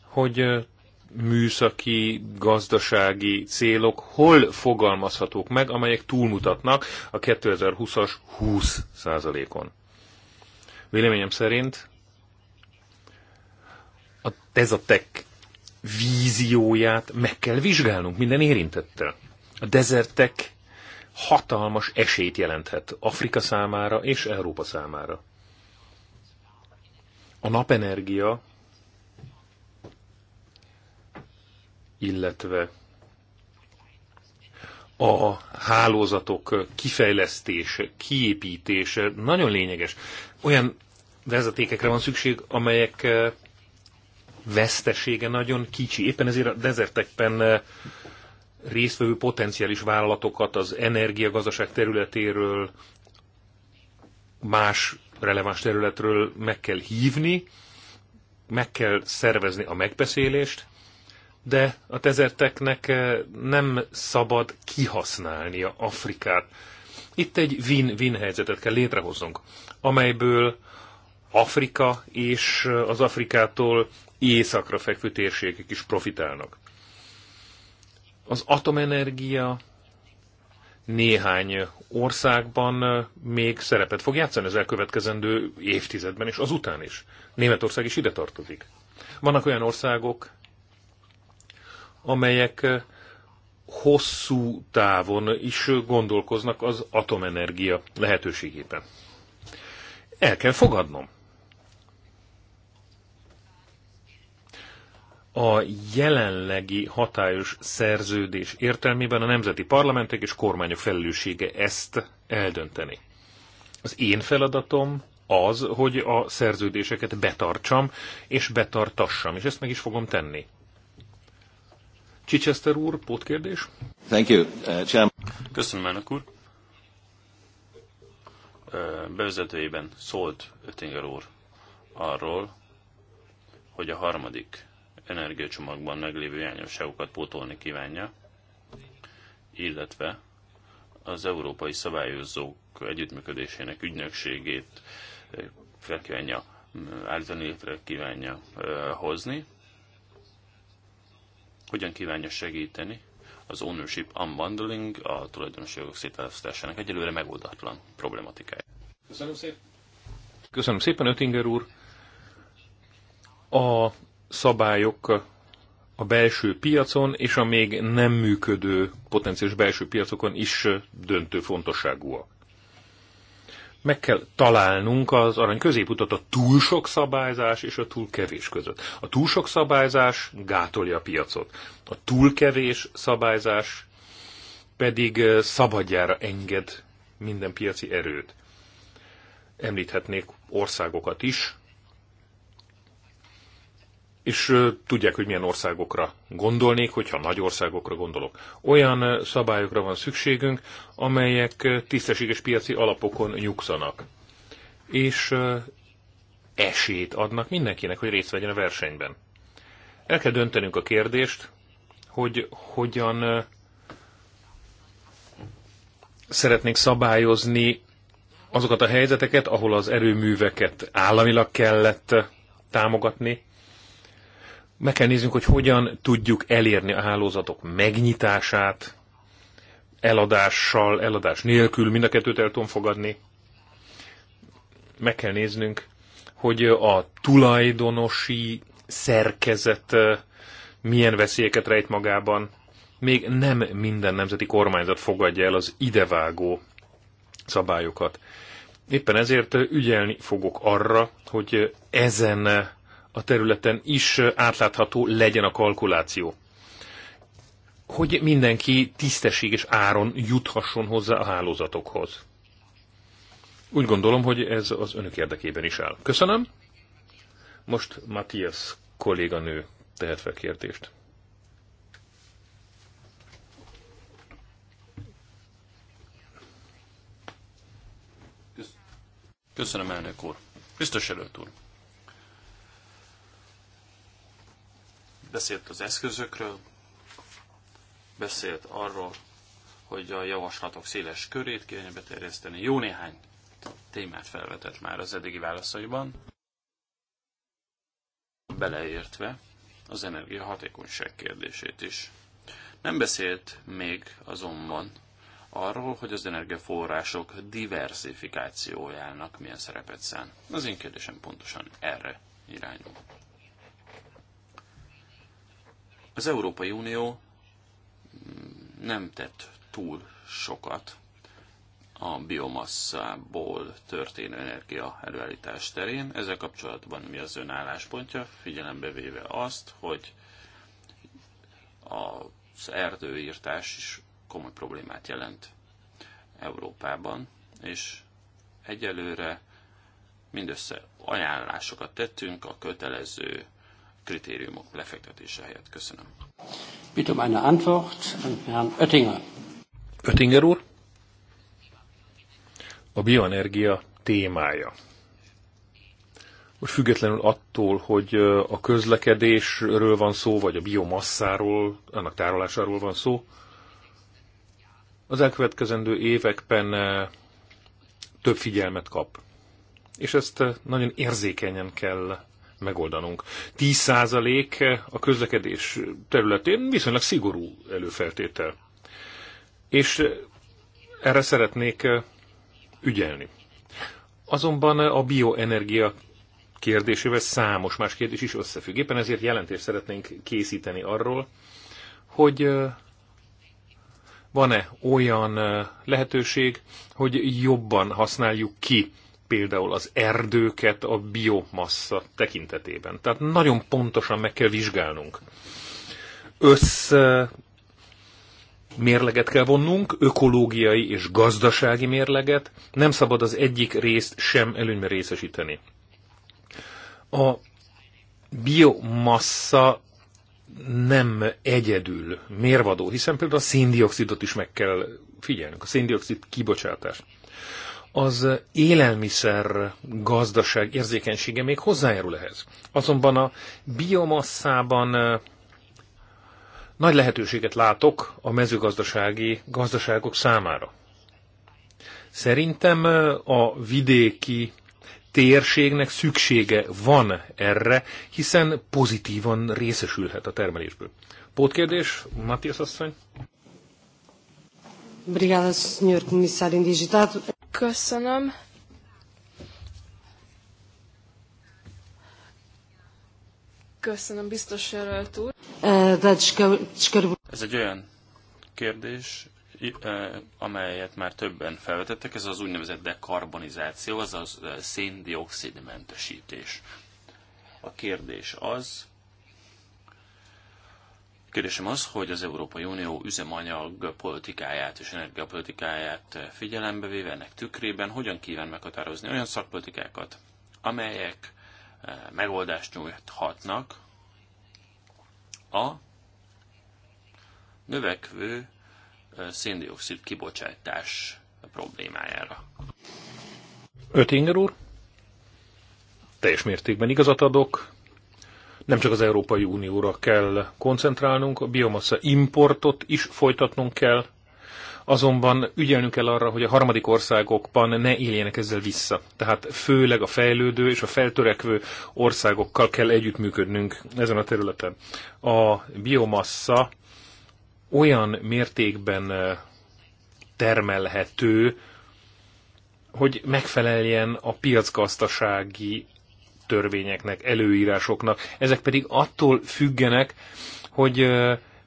hogy műszaki, gazdasági célok hol fogalmazhatók meg, amelyek túlmutatnak a 2020-as 20 százalékon. Véleményem szerint a tech vízióját meg kell vizsgálnunk minden érintettel. A dezertek hatalmas esélyt jelenthet Afrika számára és Európa számára. A napenergia, illetve a hálózatok kifejlesztése, kiépítése nagyon lényeges. Olyan vezetékekre van szükség, amelyek eh, vesztesége nagyon kicsi. Éppen ezért a dezertekben eh, résztvevő potenciális vállalatokat az energiagazdaság területéről, más releváns területről meg kell hívni, meg kell szervezni a megbeszélést, de a dezerteknek eh, nem szabad kihasználni a Afrikát. Itt egy win-win helyzetet kell létrehoznunk, amelyből Afrika és eh, az Afrikától északra fekvő térségek is profitálnak. Az atomenergia néhány országban még szerepet fog játszani az elkövetkezendő évtizedben és azután is. Németország is ide tartozik. Vannak olyan országok, amelyek hosszú távon is gondolkoznak az atomenergia lehetőségében. El kell fogadnom, a jelenlegi hatályos szerződés értelmében a nemzeti parlamentek és kormányok felelőssége ezt eldönteni. Az én feladatom az, hogy a szerződéseket betartsam és betartassam, és ezt meg is fogom tenni. Chichester úr, pótkérdés? Thank you, uh, Köszönöm, elnök úr. Uh, bevezetőjében szólt Öttinger úr arról, hogy a harmadik energiacsomagban meglévő hiányosságokat pótolni kívánja, illetve az európai szabályozók együttműködésének ügynökségét eh, fel kívánja mm, állítani, létre kívánja eh, hozni. Hogyan kívánja segíteni? Az ownership unbundling, a tulajdonosjogok szétválasztásának egyelőre megoldatlan problematikája. Köszönöm szépen. Köszönöm szépen, Ötinger úr. A szabályok a belső piacon és a még nem működő potenciális belső piacokon is döntő fontosságúak. Meg kell találnunk az arany középutat a túl sok szabályzás és a túl kevés között. A túl sok szabályzás gátolja a piacot. A túl kevés szabályzás pedig szabadjára enged minden piaci erőt. Említhetnék országokat is, és tudják, hogy milyen országokra gondolnék, hogyha nagy országokra gondolok. Olyan szabályokra van szükségünk, amelyek tisztességes piaci alapokon nyugszanak, és esélyt adnak mindenkinek, hogy részt vegyen a versenyben. El kell döntenünk a kérdést, hogy hogyan szeretnénk szabályozni azokat a helyzeteket, ahol az erőműveket államilag kellett támogatni, meg kell néznünk, hogy hogyan tudjuk elérni a hálózatok megnyitását, eladással, eladás nélkül, mind a kettőt el tudom fogadni. Meg kell néznünk, hogy a tulajdonosi szerkezet milyen veszélyeket rejt magában. Még nem minden nemzeti kormányzat fogadja el az idevágó szabályokat. Éppen ezért ügyelni fogok arra, hogy ezen a területen is átlátható legyen a kalkuláció. Hogy mindenki tisztességes áron juthasson hozzá a hálózatokhoz. Úgy gondolom, hogy ez az önök érdekében is áll. Köszönöm. Most Matthias kolléganő tehet fel kérdést. Köszönöm, elnök úr. Biztos előtt úr. Beszélt az eszközökről, beszélt arról, hogy a javaslatok széles körét kéne beterjeszteni. Jó néhány témát felvetett már az eddigi válaszaiban, beleértve az energiahatékonyság kérdését is. Nem beszélt még azonban arról, hogy az energiaforrások diversifikációjának milyen szerepet szán. Az én kérdésem pontosan erre irányul. Az Európai Unió nem tett túl sokat a biomasszából történő energia előállítás terén. Ezzel kapcsolatban mi az ön álláspontja, figyelembe véve azt, hogy az erdőírtás is komoly problémát jelent Európában, és egyelőre mindössze ajánlásokat tettünk a kötelező kritériumok lefektetése helyett. Köszönöm. Bitte meine um Antwort an Herrn Oettinger. Oettinger úr? A bioenergia témája. Most függetlenül attól, hogy a közlekedésről van szó, vagy a biomasszáról, annak tárolásáról van szó, az elkövetkezendő években több figyelmet kap. És ezt nagyon érzékenyen kell megoldanunk. 10% a közlekedés területén viszonylag szigorú előfeltétel. És erre szeretnék eh, ügyelni. Azonban a bioenergia kérdésével számos más kérdés is összefügg. Éppen ezért jelentést szeretnénk készíteni arról, hogy eh, van-e olyan eh, lehetőség, hogy jobban használjuk ki például az erdőket a biomassa tekintetében. Tehát nagyon pontosan meg kell vizsgálnunk. Össz mérleget kell vonnunk, ökológiai és gazdasági mérleget, nem szabad az egyik részt sem előnyben részesíteni. A biomassa nem egyedül mérvadó, hiszen például a széndiokszidot is meg kell figyelnünk, a széndiokszid kibocsátás az élelmiszer gazdaság érzékenysége még hozzájárul ehhez. Azonban a biomasszában nagy lehetőséget látok a mezőgazdasági gazdaságok számára. Szerintem a vidéki térségnek szüksége van erre, hiszen pozitívan részesülhet a termelésből. Pótkérdés, Matthias asszony? Köszönöm. Köszönöm, biztos jelölt úr. Ez egy olyan kérdés, amelyet már többen felvetettek, ez az úgynevezett dekarbonizáció, az a széndiokszidmentesítés. A kérdés az, Kérdésem az, hogy az Európai Unió üzemanyag politikáját és energiapolitikáját figyelembe véve ennek tükrében hogyan kíván meghatározni olyan szakpolitikákat, amelyek eh, megoldást nyújthatnak a növekvő eh, széndiokszid kibocsátás problémájára. Ötinger úr, teljes mértékben igazat adok, nem csak az Európai Unióra kell koncentrálnunk, a biomassa importot is folytatnunk kell, azonban ügyelnünk kell arra, hogy a harmadik országokban ne éljenek ezzel vissza. Tehát főleg a fejlődő és a feltörekvő országokkal kell együttműködnünk ezen a területen. A biomassa olyan mértékben eh, termelhető, hogy megfeleljen a piacgazdasági törvényeknek, előírásoknak. Ezek pedig attól függenek, hogy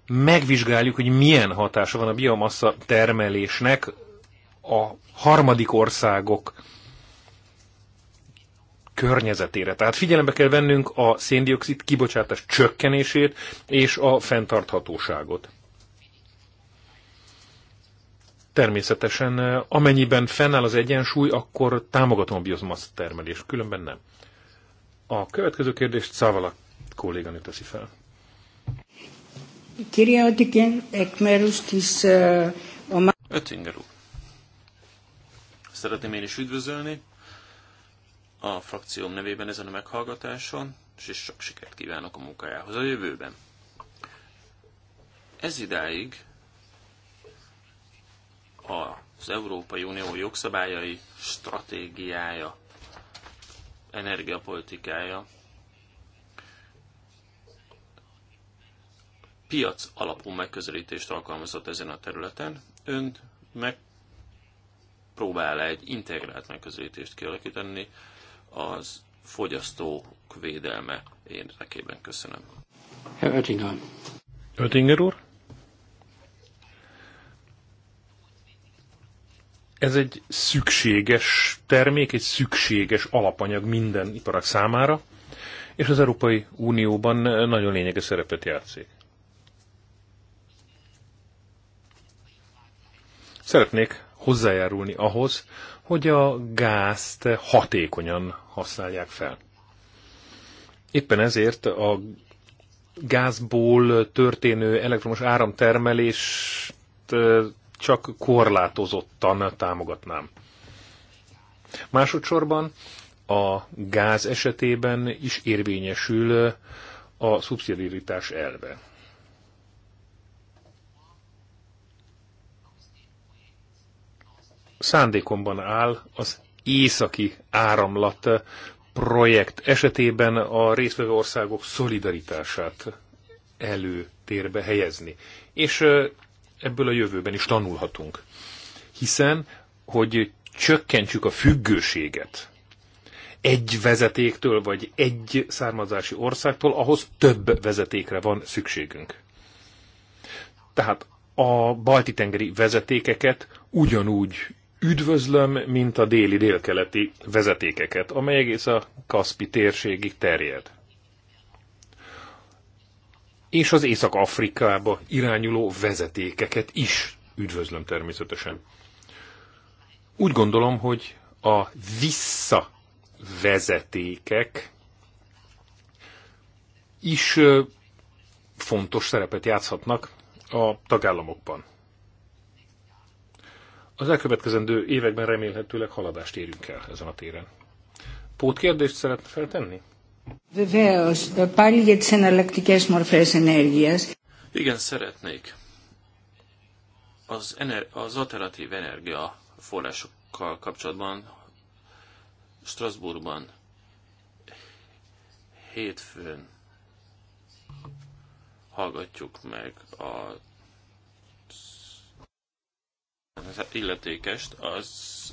megvizsgáljuk, hogy milyen hatása van a biomassa termelésnek a harmadik országok környezetére. Tehát figyelembe kell vennünk a széndiokszid kibocsátás csökkenését és a fenntarthatóságot. Természetesen, amennyiben fennáll az egyensúly, akkor támogatom a biomassa termelést, különben nem. A következő kérdést Szavala kolléganő teszi fel. Kirja Ekmerus tis a... Öttinger úr. Szeretném én is üdvözölni a frakcióm nevében ezen a meghallgatáson, és sok sikert kívánok a munkájához a jövőben. Ez idáig az Európai Unió jogszabályai, stratégiája energiapolitikája piac alapú megközelítést alkalmazott ezen a területen. Ön megpróbál egy integrált megközelítést kialakítani az fogyasztók védelme érdekében. Köszönöm. Herr Oettinger. Oettinger úr? ez egy szükséges termék, egy szükséges alapanyag minden iparak számára, és az Európai Unióban nagyon lényeges szerepet játszik. Szeretnék hozzájárulni ahhoz, hogy a gázt hatékonyan használják fel. Éppen ezért a gázból történő elektromos áramtermelést csak korlátozottan támogatnám. Másodszorban a gáz esetében is érvényesül a szubszidiaritás elve. Szándékomban áll az északi áramlat projekt esetében a részvevő országok szolidaritását előtérbe helyezni. És ebből a jövőben is tanulhatunk. Hiszen, hogy csökkentsük a függőséget egy vezetéktől, vagy egy származási országtól, ahhoz több vezetékre van szükségünk. Tehát a balti-tengeri vezetékeket ugyanúgy üdvözlöm, mint a déli-délkeleti vezetékeket, amely egész a Kaspi térségig terjed és az Észak-Afrikába irányuló vezetékeket is üdvözlöm természetesen. Úgy gondolom, hogy a visszavezetékek is fontos szerepet játszhatnak a tagállamokban. Az elkövetkezendő években remélhetőleg haladást érünk el ezen a téren. Pótkérdést szeretne feltenni? Βεβαίως, πάλι για τις εναλλακτικές μορφές ενέργειας. Igen, szeretnék az, ener az alternatív energia forrásokkal kapcsolatban Strasbourgban hétfőn hallgatjuk meg a illetékest, az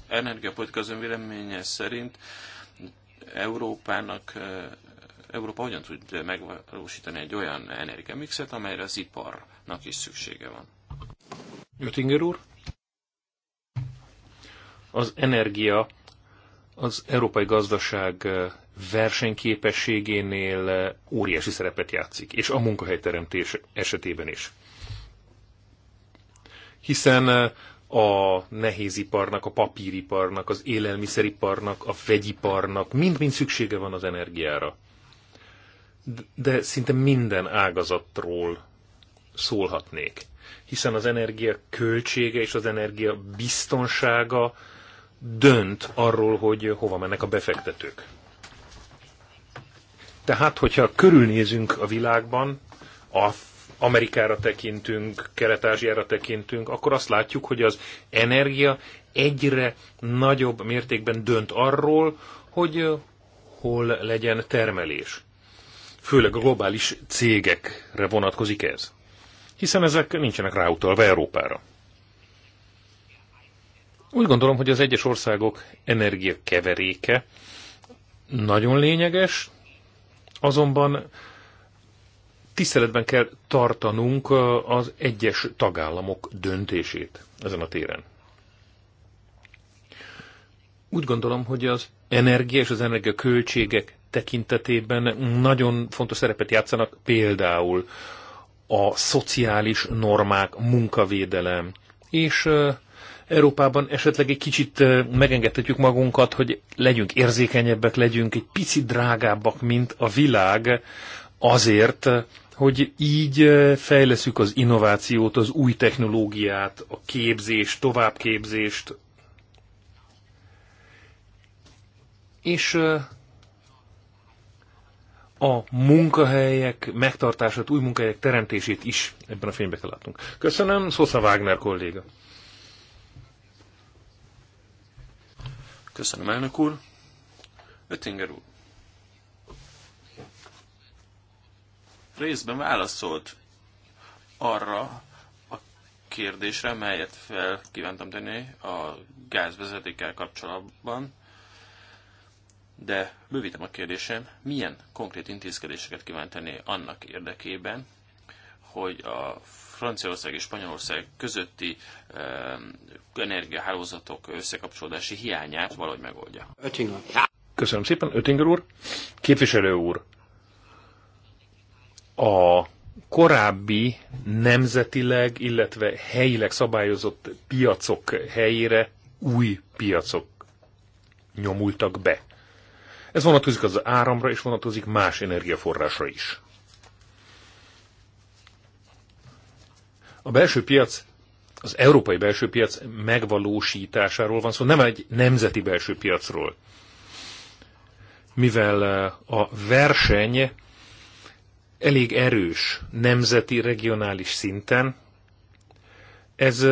energiapolitika véleménye szerint Európának, Európa hogyan tud megvalósítani egy olyan energiamixet, amelyre az iparnak is szüksége van. Jutinger úr? Az energia az európai gazdaság versenyképességénél óriási szerepet játszik, és a munkahelyteremtés esetében is. Hiszen a nehéziparnak, a papíriparnak, az élelmiszeriparnak, a vegyiparnak, mind-mind szüksége van az energiára. De szinte minden ágazatról szólhatnék, hiszen az energia költsége és az energia biztonsága dönt arról, hogy hova mennek a befektetők. Tehát, hogyha körülnézünk a világban, a Amerikára tekintünk, Kelet-Ázsiára tekintünk, akkor azt látjuk, hogy az energia egyre nagyobb mértékben dönt arról, hogy hol legyen termelés. Főleg a globális cégekre vonatkozik ez. Hiszen ezek nincsenek ráutalva Európára. Úgy gondolom, hogy az egyes országok energiakeveréke nagyon lényeges, azonban tiszteletben kell tartanunk az egyes tagállamok döntését ezen a téren. Úgy gondolom, hogy az energia és az energiaköltségek tekintetében nagyon fontos szerepet játszanak például a szociális normák, munkavédelem, és Európában esetleg egy kicsit megengedhetjük magunkat, hogy legyünk érzékenyebbek, legyünk egy picit drágábbak, mint a világ, azért, hogy így fejleszük az innovációt, az új technológiát, a képzést, továbbképzést, és a munkahelyek megtartását, új munkahelyek teremtését is ebben a fénybe kell látnunk. Köszönöm, Szosza Wagner kolléga. Köszönöm, elnök úr. Öttinger úr. részben válaszolt arra a kérdésre, melyet fel kívántam tenni a gázvezetékkel kapcsolatban, de bővítem a kérdésem, milyen konkrét intézkedéseket kíván tenni annak érdekében, hogy a Franciaország és Spanyolország közötti eh, energiahálózatok összekapcsolódási hiányát valahogy megoldja. Köszönöm szépen, Ötinger úr. Képviselő úr, a korábbi nemzetileg, illetve helyileg szabályozott piacok helyére új piacok nyomultak be. Ez vonatkozik az áramra, és vonatkozik más energiaforrásra is. A belső piac, az európai belső piac megvalósításáról van szó, nem egy nemzeti belső piacról. Mivel eh, a verseny elég erős nemzeti, regionális szinten, ez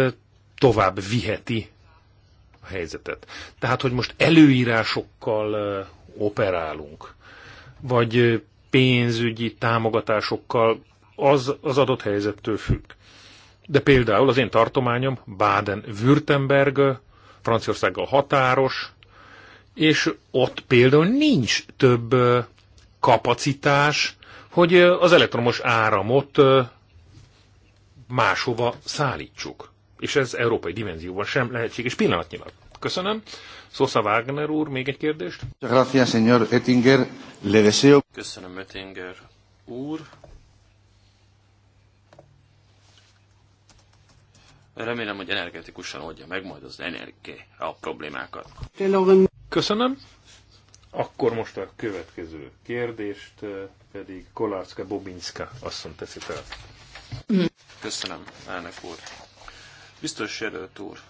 tovább viheti a helyzetet. Tehát, hogy most előírásokkal operálunk, vagy pénzügyi támogatásokkal, az az adott helyzettől függ. De például az én tartományom Baden-Württemberg, Franciaországgal határos, és ott például nincs több kapacitás hogy az elektromos áramot máshova szállítsuk. És ez európai dimenzióban sem lehetséges pillanatnyilag. Köszönöm. Sosa Wagner úr, még egy kérdést. Gracias, señor Ettinger. Köszönöm, Ettinger úr. Remélem, hogy energetikusan oldja meg majd az energia a problémákat. Köszönöm. Akkor most a következő kérdést pedig Kolárszka Bobinska asszony teszi fel. Köszönöm, elnök úr. Biztos jelölt úr,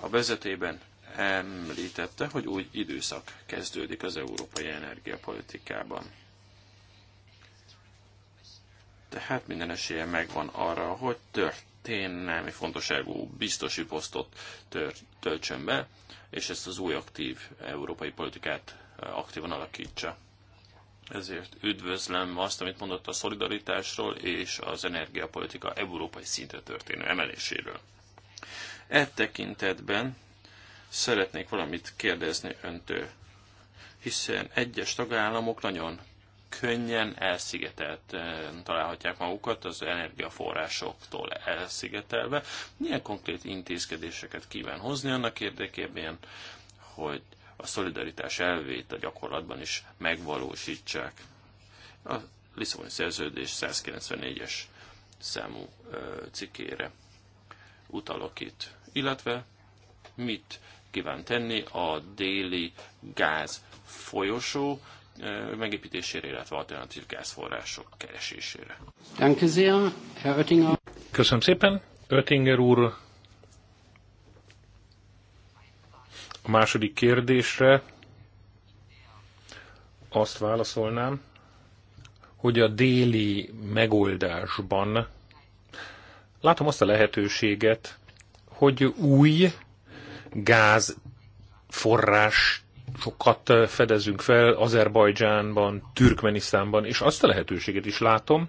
a vezetében említette, hogy új időszak kezdődik az európai energiapolitikában. Tehát minden esélye megvan arra, hogy tört történelmi fontosságú biztosi posztot tör, töltsön be, és ezt az új aktív európai politikát aktívan alakítsa. Ezért üdvözlöm azt, amit mondott a szolidaritásról és az energiapolitika európai szintre történő emeléséről. E tekintetben szeretnék valamit kérdezni öntől, hiszen egyes tagállamok nagyon könnyen elszigetelt eh, találhatják magukat az energiaforrásoktól elszigetelve. Milyen konkrét intézkedéseket kíván hozni annak érdekében, hogy a szolidaritás elvét a gyakorlatban is megvalósítsák. A Lisszaboni Szerződés 194-es számú eh, cikkére utalok itt. Illetve mit kíván tenni a déli gáz folyosó megépítésére, illetve alternatív gázforrások keresésére. Köszönöm szépen. Oettinger úr, a második kérdésre azt válaszolnám, hogy a déli megoldásban látom azt a lehetőséget, hogy új gáz forrás sokat fedezünk fel Azerbajdzsánban, Türkmenisztánban, és azt a lehetőséget is látom,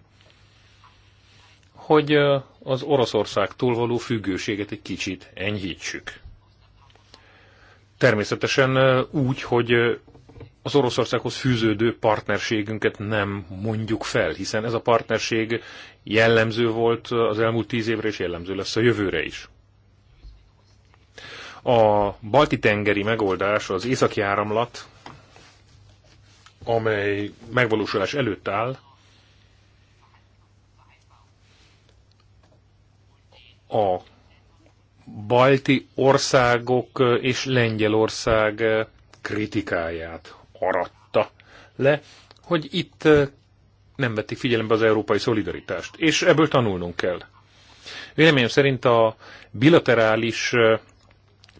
hogy az Oroszországtól való függőséget egy kicsit enyhítsük. Természetesen úgy, hogy az Oroszországhoz fűződő partnerségünket nem mondjuk fel, hiszen ez a partnerség jellemző volt az elmúlt tíz évre, és jellemző lesz a jövőre is. A balti-tengeri megoldás, az északi áramlat, amely megvalósulás előtt áll, a balti országok és Lengyelország kritikáját aratta le, hogy itt nem vették figyelembe az európai szolidaritást, és ebből tanulnunk kell. Véleményem szerint a bilaterális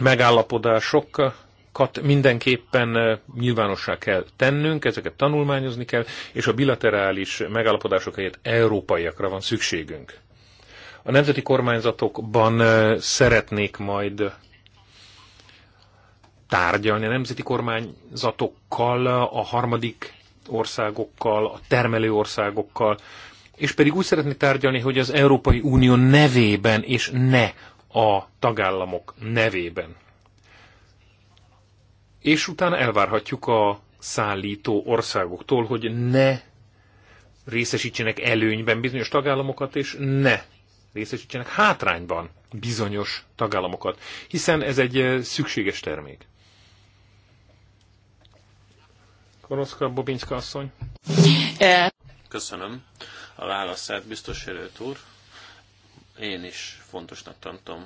megállapodásokat mindenképpen nyilvánossá kell tennünk, ezeket tanulmányozni kell, és a bilaterális megállapodások helyett európaiakra van szükségünk. A nemzeti kormányzatokban szeretnék majd tárgyalni a nemzeti kormányzatokkal, a harmadik országokkal, a termelő országokkal, és pedig úgy szeretné tárgyalni, hogy az Európai Unió nevében és ne a tagállamok nevében. És utána elvárhatjuk a szállító országoktól, hogy ne részesítsenek előnyben bizonyos tagállamokat, és ne részesítsenek hátrányban bizonyos tagállamokat, hiszen ez egy eh, szükséges termék. Koroszka Bobinska asszony. Eh. Köszönöm a válaszát, biztos jelölt úr. Én is fontosnak tartom,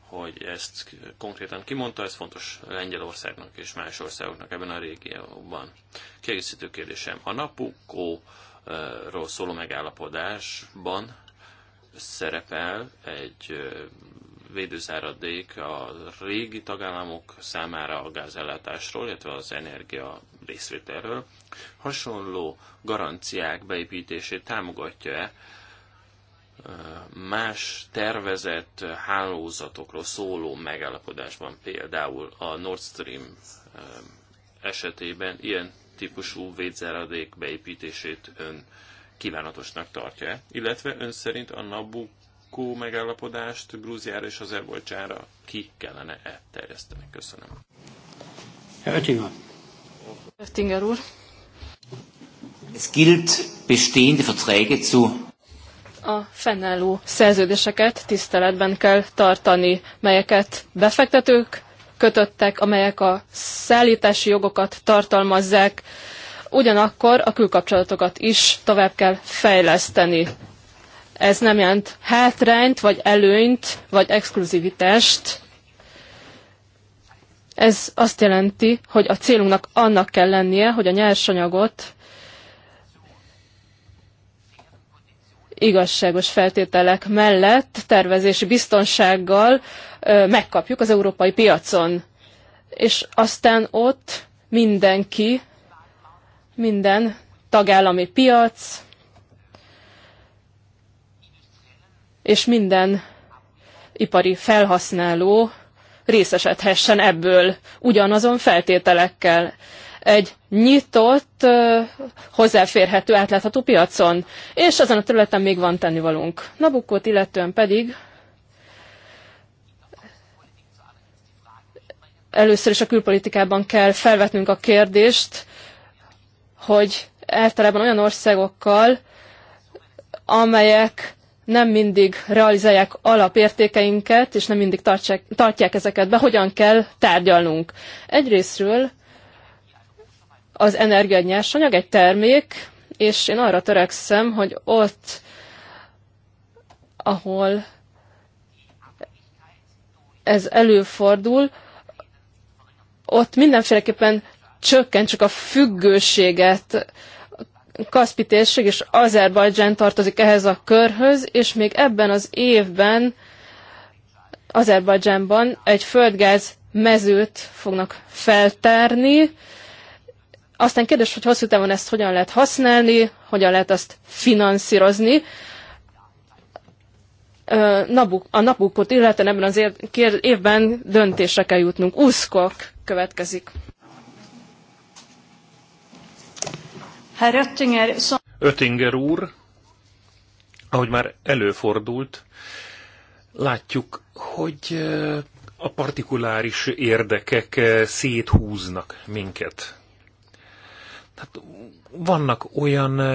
hogy ezt konkrétan kimondta, ez fontos Lengyelországnak és más országoknak ebben a régióban. Kiegészítő kérdésem, a napukóról szóló megállapodásban szerepel egy védőzáradék a régi tagállamok számára a gázellátásról, illetve az energia részvételről. Hasonló garanciák beépítését támogatja-e más tervezett hálózatokról szóló megállapodásban, például a Nord Stream eh, esetében ilyen típusú védzeradék beépítését ön kívánatosnak tartja illetve ön szerint a Nabucco megállapodást Grúziára és Azerbajdzsára ki kellene-e terjeszteni? Köszönöm. Oettinger. Oettinger úr. Es gilt bestehende Verträge zu a fennálló szerződéseket tiszteletben kell tartani, melyeket befektetők kötöttek, amelyek a szállítási jogokat tartalmazzák, ugyanakkor a külkapcsolatokat is tovább kell fejleszteni. Ez nem jelent hátrányt, vagy előnyt, vagy exkluzivitást. Ez azt jelenti, hogy a célunknak annak kell lennie, hogy a nyersanyagot igazságos feltételek mellett, tervezési biztonsággal megkapjuk az európai piacon. És aztán ott mindenki, minden tagállami piac, és minden ipari felhasználó részesedhessen ebből ugyanazon feltételekkel egy nyitott, hozzáférhető, átlátható piacon. És ezen a területen még van tennivalónk. Nabukót illetően pedig először is a külpolitikában kell felvetnünk a kérdést, hogy általában olyan országokkal, amelyek nem mindig realizálják alapértékeinket, és nem mindig tartsák, tartják ezeket be, hogyan kell tárgyalnunk. Egyrésztről az energia egy nyersanyag, egy termék, és én arra törekszem, hogy ott, ahol ez előfordul, ott mindenféleképpen csökkentsük a függőséget. Kaszpi térség és Azerbajdzsán tartozik ehhez a körhöz, és még ebben az évben Azerbajdzsánban egy földgáz mezőt fognak feltárni, aztán kérdés, hogy hosszú távon ezt hogyan lehet használni, hogyan lehet azt finanszírozni. A napukot illetően ebben az évben döntésre kell jutnunk. Úszkok következik. Herr Öttinger, szó... Öttinger úr, ahogy már előfordult, látjuk, hogy a partikuláris érdekek széthúznak minket. Tehát vannak olyanok,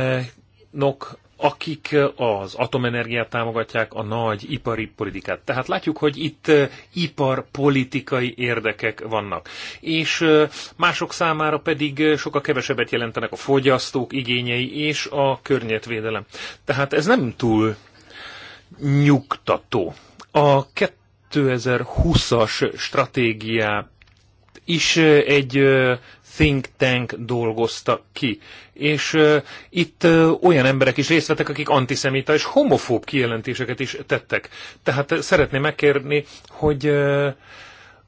eh, akik eh, az atomenergiát támogatják, a nagy ipari politikát. Tehát látjuk, hogy itt eh, iparpolitikai érdekek vannak. És mások számára pedig sokkal kevesebbet jelentenek a fogyasztók igényei és a környezetvédelem. Tehát ez nem túl nyugtató. A 2020-as stratégiá is egy think tank dolgozta ki. És uh, itt uh, olyan emberek is részt vettek, akik antiszemita és homofób kijelentéseket is tettek. Tehát uh, szeretném megkérni, hogy uh,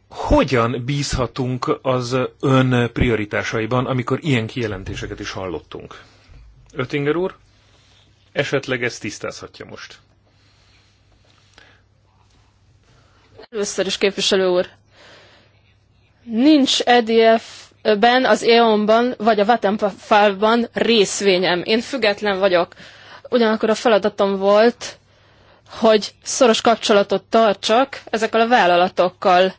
hogyan bízhatunk az ön prioritásaiban, amikor ilyen kijelentéseket is hallottunk? Ötinger úr, esetleg ezt tisztázhatja most. Először is képviselő úr, nincs EDF ben az EON-ban vagy a Vattenfall-ban részvényem. Én független vagyok. Ugyanakkor a feladatom volt, hogy szoros kapcsolatot tartsak ezekkel a vállalatokkal.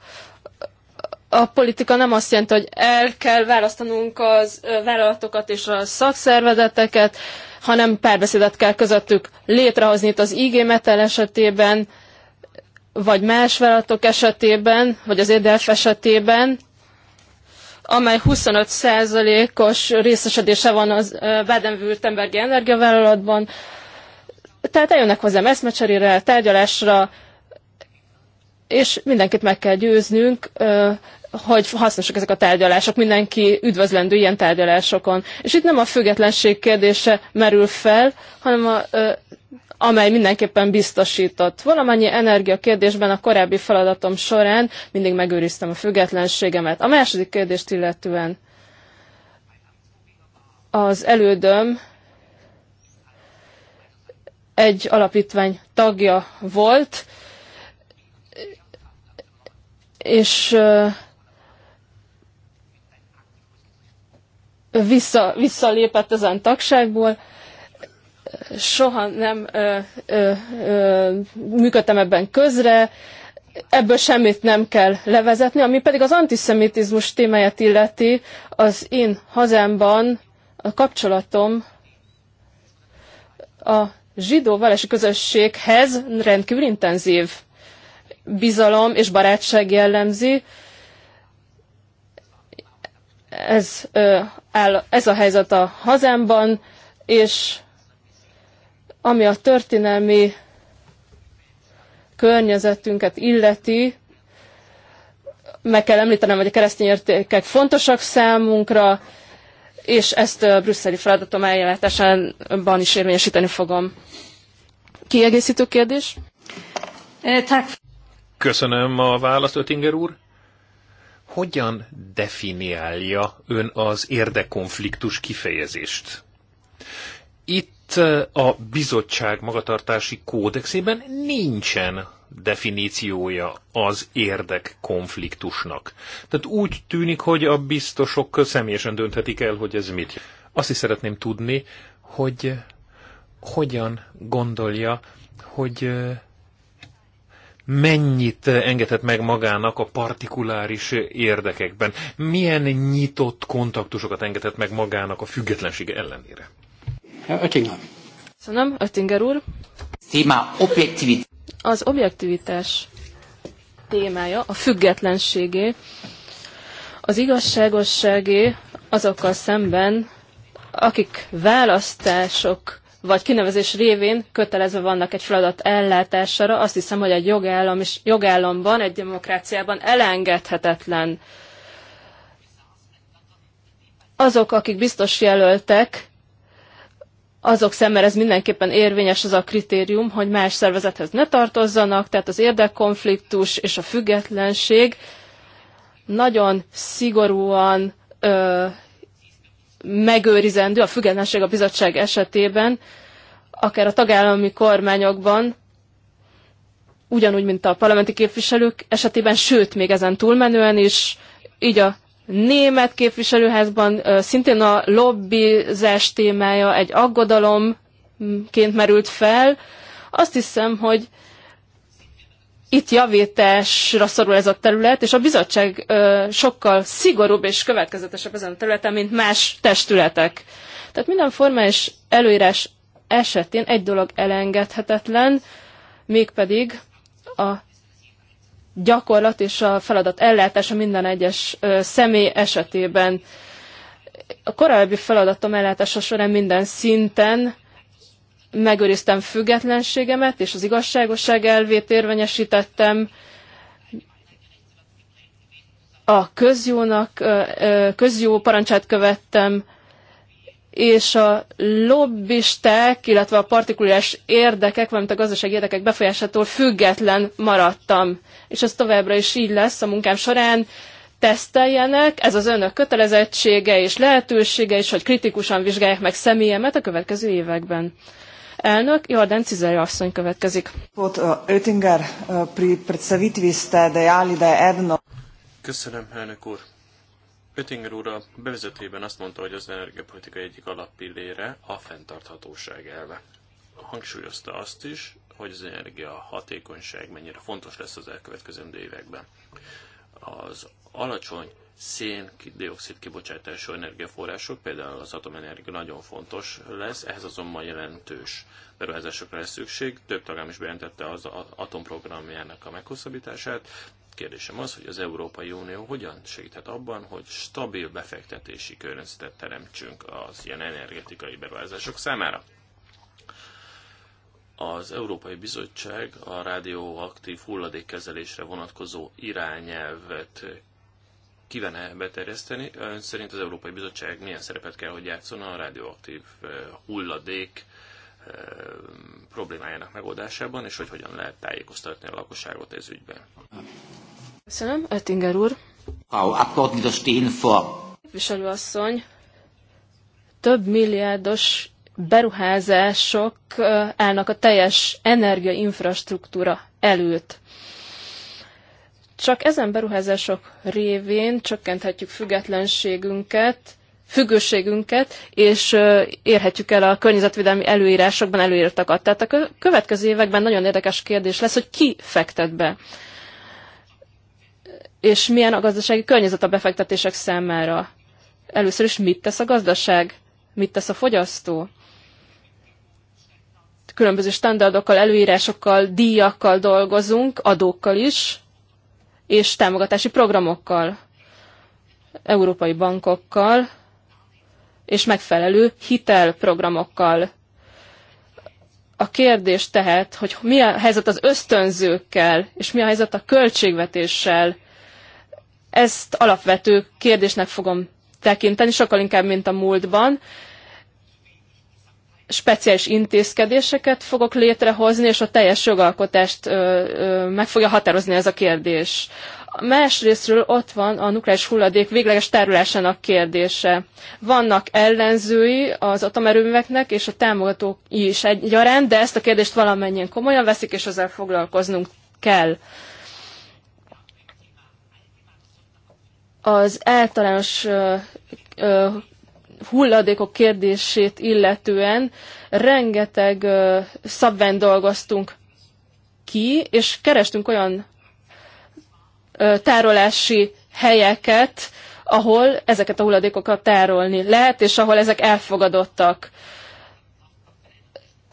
A politika nem azt jelenti, hogy el kell választanunk az vállalatokat és a szakszervezeteket, hanem párbeszédet kell közöttük létrehozni itt az IG Metal esetében, vagy más vállalatok esetében, vagy az EDF esetében, amely 25%-os részesedése van az Baden-Württembergi energiavállalatban. Tehát eljönnek hozzám eszmecserére, tárgyalásra, és mindenkit meg kell győznünk, hogy hasznosak ezek a tárgyalások, mindenki üdvözlendő ilyen tárgyalásokon. És itt nem a függetlenség kérdése merül fel, hanem a, amely mindenképpen biztosított. Valamennyi energia kérdésben a korábbi feladatom során mindig megőriztem a függetlenségemet. A második kérdést illetően az elődöm egy alapítvány tagja volt, és vissza, visszalépett ezen tagságból soha nem ö, ö, ö, működtem ebben közre, ebből semmit nem kell levezetni, ami pedig az antiszemitizmus témáját illeti, az én hazámban a kapcsolatom a zsidó valási közösséghez rendkívül intenzív bizalom és barátság jellemzi. Ez, ez a helyzet a hazámban, és ami a történelmi környezetünket illeti, meg kell említenem, hogy a keresztény értékek fontosak számunkra, és ezt a brüsszeli feladatom eljelentésenben is érvényesíteni fogom. Kiegészítő kérdés? Köszönöm a választ, Ötinger úr. Hogyan definiálja ön az érdekonfliktus kifejezést? Itt a bizottság magatartási kódexében nincsen definíciója az érdek konfliktusnak. Tehát úgy tűnik, hogy a biztosok személyesen dönthetik el, hogy ez mit. Azt is szeretném tudni, hogy hogyan gondolja, hogy mennyit engedhet meg magának a partikuláris érdekekben? Milyen nyitott kontaktusokat engedhet meg magának a függetlenség ellenére? Herr Oettinger. Köszönöm, Oettinger úr. Téma objektivitás. Az objektivitás témája, a függetlenségé, az igazságosságé azokkal szemben, akik választások vagy kinevezés révén kötelezve vannak egy feladat ellátására, azt hiszem, hogy egy jogállam és jogállamban, egy demokráciában elengedhetetlen. Azok, akik biztos jelöltek, azok szemmel ez mindenképpen érvényes az a kritérium, hogy más szervezethez ne tartozzanak, tehát az érdekkonfliktus és a függetlenség nagyon szigorúan ö, megőrizendő, a függetlenség a bizottság esetében, akár a tagállami kormányokban, ugyanúgy, mint a parlamenti képviselők esetében, sőt, még ezen túlmenően is, így a német képviselőházban szintén a lobbizás témája egy aggodalomként merült fel. Azt hiszem, hogy itt javításra szorul ez a terület, és a bizottság sokkal szigorúbb és következetesebb ezen a területen, mint más testületek. Tehát minden formális előírás esetén egy dolog elengedhetetlen, mégpedig a gyakorlat és a feladat ellátása minden egyes személy esetében. A korábbi feladatom ellátása során minden szinten megőriztem függetlenségemet, és az igazságosság elvét érvényesítettem. A közjónak, közjó parancsát követtem, és a lobbisták, illetve a partikuláris érdekek, valamint a gazdasági érdekek befolyásától független maradtam és ez továbbra is így lesz a munkám során, teszteljenek, ez az önök kötelezettsége és lehetősége is, hogy kritikusan vizsgálják meg személyemet a következő években. Elnök Jordan Cizeri asszony következik. Eh, eh, Köszönöm, elnök úr. Ötinger úr a bevezetőjében azt mondta, hogy az energiapolitika egyik alappillére a fenntarthatóság elve. Hangsúlyozta azt is, hogy az energia hatékonyság mennyire fontos lesz az elkövetkező években. Az alacsony szén-dioxid kibocsátású energiaforrások, például az atomenergia nagyon fontos lesz, ehhez azonban jelentős beruházásokra lesz szükség. Több tagám is bejelentette az atomprogramjának a meghosszabbítását. Kérdésem az, hogy az Európai Unió hogyan segíthet abban, hogy stabil befektetési környezetet teremtsünk az ilyen energetikai beruházások számára az Európai Bizottság a rádióaktív hulladékkezelésre vonatkozó irányelvet kívánne beterjeszteni. Ön szerint az Európai Bizottság milyen szerepet kell, hogy játszon a rádióaktív eh, hulladék eh, problémájának megoldásában, és hogy hogyan lehet tájékoztatni a lakosságot ez ügyben? Köszönöm, Ettinger úr. Frau Abgeordnete Stehen Képviselőasszony, több milliárdos beruházások állnak a teljes energiainfrastruktúra előtt. Csak ezen beruházások révén csökkenthetjük függetlenségünket, függőségünket, és érhetjük el a környezetvédelmi előírásokban előírtakat. Tehát a következő években nagyon érdekes kérdés lesz, hogy ki fektet be, és milyen a gazdasági környezet a befektetések számára. Először is mit tesz a gazdaság, mit tesz a fogyasztó, különböző standardokkal, előírásokkal, díjakkal dolgozunk, adókkal is, és támogatási programokkal, európai bankokkal, és megfelelő hitelprogramokkal. A kérdés tehát, hogy mi a helyzet az ösztönzőkkel, és mi a helyzet a költségvetéssel, ezt alapvető kérdésnek fogom tekinteni, sokkal inkább, mint a múltban, speciális intézkedéseket fogok létrehozni, és a teljes jogalkotást ö, ö, meg fogja határozni ez a kérdés. Másrésztről ott van a nukleáris hulladék végleges tárolásának kérdése. Vannak ellenzői az atomerőműveknek és a támogatók is egyaránt, de ezt a kérdést valamennyien komolyan veszik, és ezzel foglalkoznunk kell. Az általános ö, ö, hulladékok kérdését illetően rengeteg szabvány dolgoztunk ki, és kerestünk olyan tárolási helyeket, ahol ezeket a hulladékokat tárolni lehet, és ahol ezek elfogadottak.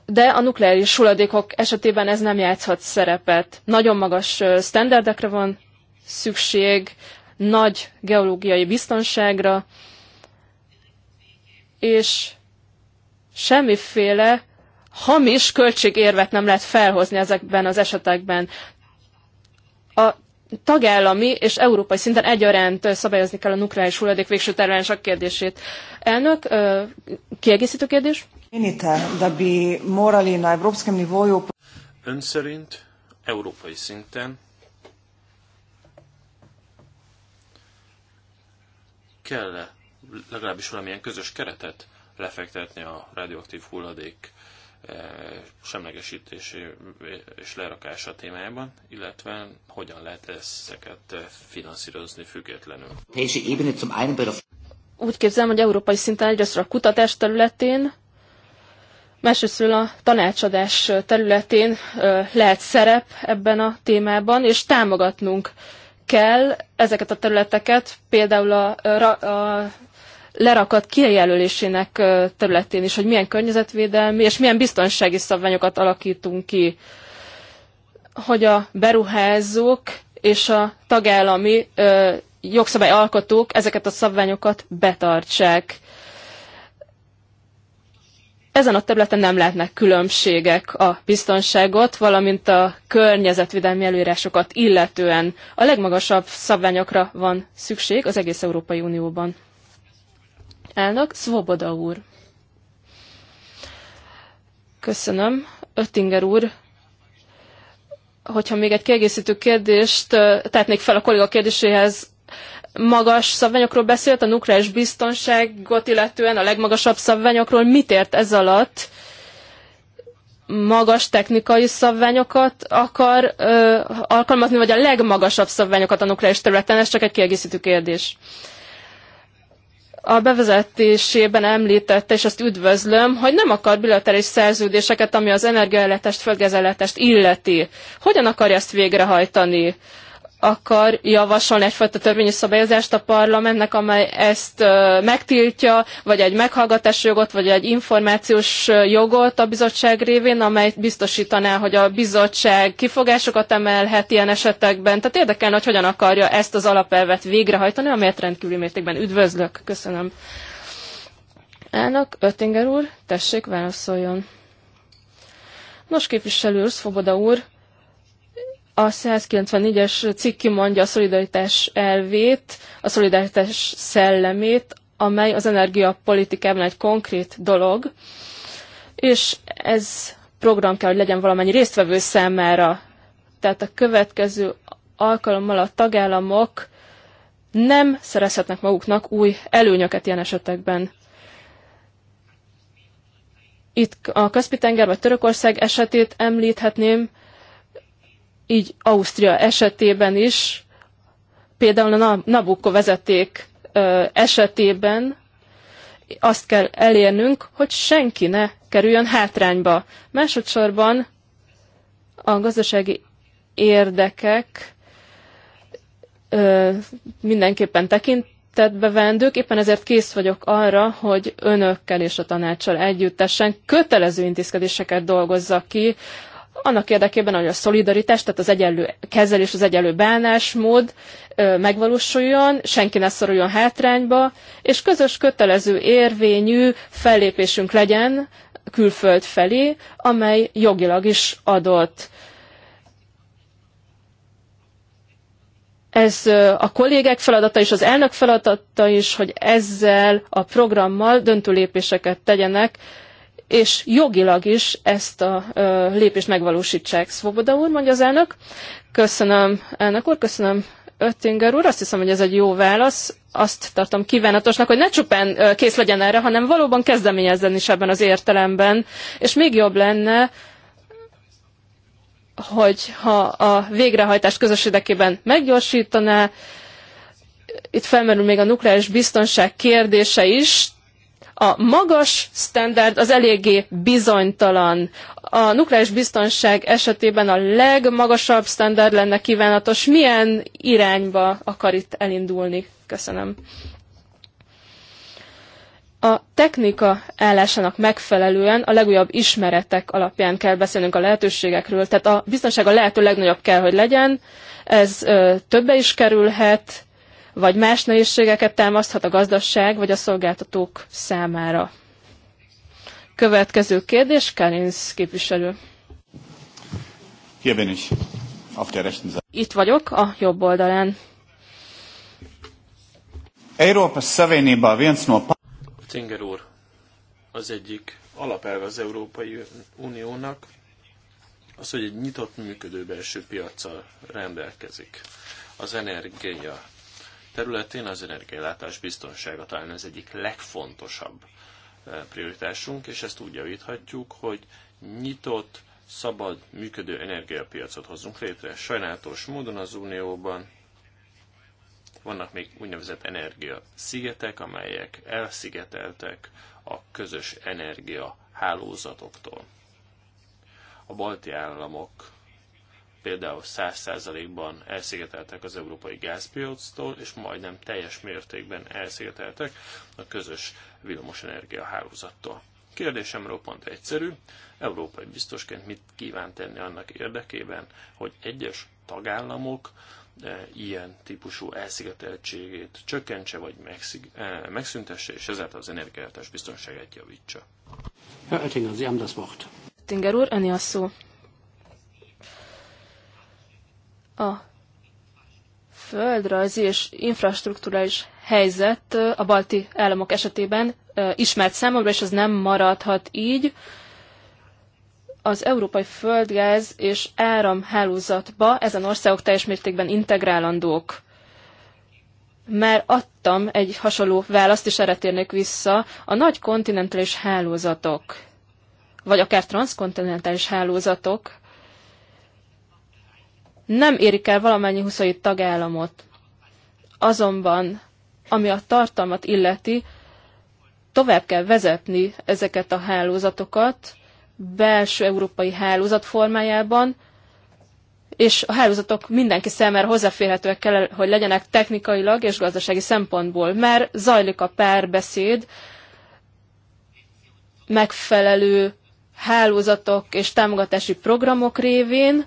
De a nukleáris hulladékok esetében ez nem játszhat szerepet. Nagyon magas standardekre van szükség, nagy geológiai biztonságra, és semmiféle hamis költségérvet nem lehet felhozni ezekben az esetekben. A tagállami és európai szinten egyaránt szabályozni kell a nukleáris hulladék végső tárolások kérdését. Elnök, kiegészítő kérdés? Ön szerint európai szinten kell -e legalábbis valamilyen közös keretet lefektetni a radioaktív hulladék eh, semlegesítési és lerakása témájában, illetve hogyan lehet ezeket eh, finanszírozni függetlenül. Úgy képzelem, hogy európai szinten egyrészt a kutatás területén, másrészt a tanácsadás területén eh, lehet szerep ebben a témában, és támogatnunk kell ezeket a területeket, például a, a lerakat kijelölésének területén is, hogy milyen környezetvédelmi és milyen biztonsági szabványokat alakítunk ki, hogy a beruházók és a tagállami jogszabályalkotók ezeket a szabványokat betartsák. Ezen a területen nem lehetnek különbségek a biztonságot, valamint a környezetvédelmi előírásokat illetően. A legmagasabb szabványokra van szükség az egész Európai Unióban. Elnök, Svoboda úr. Köszönöm. Öttinger úr, hogyha még egy kiegészítő kérdést tehetnék fel a kolléga kérdéséhez, magas szabványokról beszélt, a nukleáris biztonságot illetően a legmagasabb szabványokról. Mit ért ez alatt? magas technikai szabványokat akar ö, alkalmazni, vagy a legmagasabb szabványokat a nukleáris területen? Ez csak egy kiegészítő kérdés. Ö, a bevezetésében említette, és ezt üdvözlöm, hogy nem akar bilaterális szerződéseket, ami az energiaellátást, földgázellátást illeti. Hogyan akarja ezt végrehajtani? akar javasolni egyfajta törvényi szabályozást a parlamentnek, amely ezt megtiltja, vagy egy meghallgatási jogot, vagy egy információs jogot a bizottság révén, amely biztosítaná, hogy a bizottság kifogásokat emelhet ilyen esetekben. Tehát érdekelne, hogy hogyan akarja ezt az alapelvet végrehajtani, amelyet rendkívüli mértékben üdvözlök. Köszönöm. Elnök Öttinger úr, tessék, válaszoljon. Nos, képviselő úr, Szfoboda úr, a 194-es cikk kimondja a szolidaritás elvét, a szolidaritás szellemét, amely az energiapolitikában egy konkrét dolog, és ez program kell, hogy legyen valamennyi résztvevő számára. Tehát a következő alkalommal a tagállamok nem szerezhetnek maguknak új előnyöket ilyen esetekben. Itt a kaspi vagy Törökország esetét említhetném, így Ausztria esetében is, például a Nabucco vezeték esetében azt kell elérnünk, hogy senki ne kerüljön hátrányba. Másodszorban a gazdasági érdekek mindenképpen tekintetbe vendők, éppen ezért kész vagyok arra, hogy önökkel és a tanácssal együttesen kötelező intézkedéseket dolgozzak ki annak érdekében, hogy a szolidaritás, tehát az egyenlő kezelés, az egyenlő bánásmód megvalósuljon, senki ne szoruljon hátrányba, és közös kötelező érvényű fellépésünk legyen külföld felé, amely jogilag is adott. ez a kollégek feladata és az elnök feladata is, hogy ezzel a programmal döntő lépéseket tegyenek, és jogilag is ezt a lépést megvalósítsák. Svoboda úr, mondja az elnök. Köszönöm, elnök úr, köszönöm Öttinger úr, azt hiszem, hogy ez egy jó válasz. Azt tartom kívánatosnak, hogy ne csupán kész legyen erre, hanem valóban kezdeményezzen is ebben az értelemben. És még jobb lenne, hogy ha a végrehajtás közös érdekében meggyorsítaná, itt felmerül még a nukleáris biztonság kérdése is, a magas standard az eléggé bizonytalan. A nukleáris biztonság esetében a legmagasabb standard lenne kívánatos. Milyen irányba akar itt elindulni? Köszönöm. A technika állásának megfelelően a legújabb ismeretek alapján kell beszélnünk a lehetőségekről, tehát a biztonság a lehető legnagyobb kell, hogy legyen, ez ö, többe is kerülhet, vagy más nehézségeket támaszthat a gazdaság vagy a szolgáltatók számára. Következő kérdés, Karinsz képviselő. Hier bin ich, auf der rechten Seite. Itt vagyok, a jobb oldalán. Európa Szavénében viens no... Tinger úr, az egyik alapelve az Európai Uniónak az, hogy egy nyitott, működő belső piaccal rendelkezik. Az energia területén az energiállátás biztonsága talán az egyik legfontosabb eh, prioritásunk, és ezt úgy javíthatjuk, hogy nyitott, szabad, működő energiapiacot hozzunk létre. Sajnálatos módon az Unióban vannak még úgynevezett energiaszigetek, amelyek elszigeteltek a közös energiahálózatoktól. A balti államok például 100%-ban elszigeteltek az európai gázpiactól, és majdnem teljes mértékben elszigeteltek a közös villamosenergia hálózattól. Kérdésem roppant egyszerű, európai biztosként mit kíván tenni annak érdekében, hogy egyes tagállamok eh, ilyen típusú elszigeteltségét csökkentse vagy megszig, eh, megszüntesse, és ezáltal az energiállátás biztonságát javítsa. Herr Oettinger, Sie haben das Wort. Tinger úr, a szó a földrajzi és infrastruktúrális helyzet a balti államok esetében ismert számomra, és ez nem maradhat így. Az európai földgáz és áramhálózatba ezen országok teljes mértékben integrálandók. Már adtam egy hasonló választ, és erre térnék vissza. A nagy kontinentális hálózatok, vagy akár transzkontinentális hálózatok, nem érik el valamennyi 27 tagállamot. Azonban, ami a tartalmat illeti, tovább kell vezetni ezeket a hálózatokat belső európai hálózat formájában, és a hálózatok mindenki számára hozzáférhetőek kell, hogy legyenek technikailag és gazdasági szempontból, mert zajlik a párbeszéd, megfelelő hálózatok és támogatási programok révén,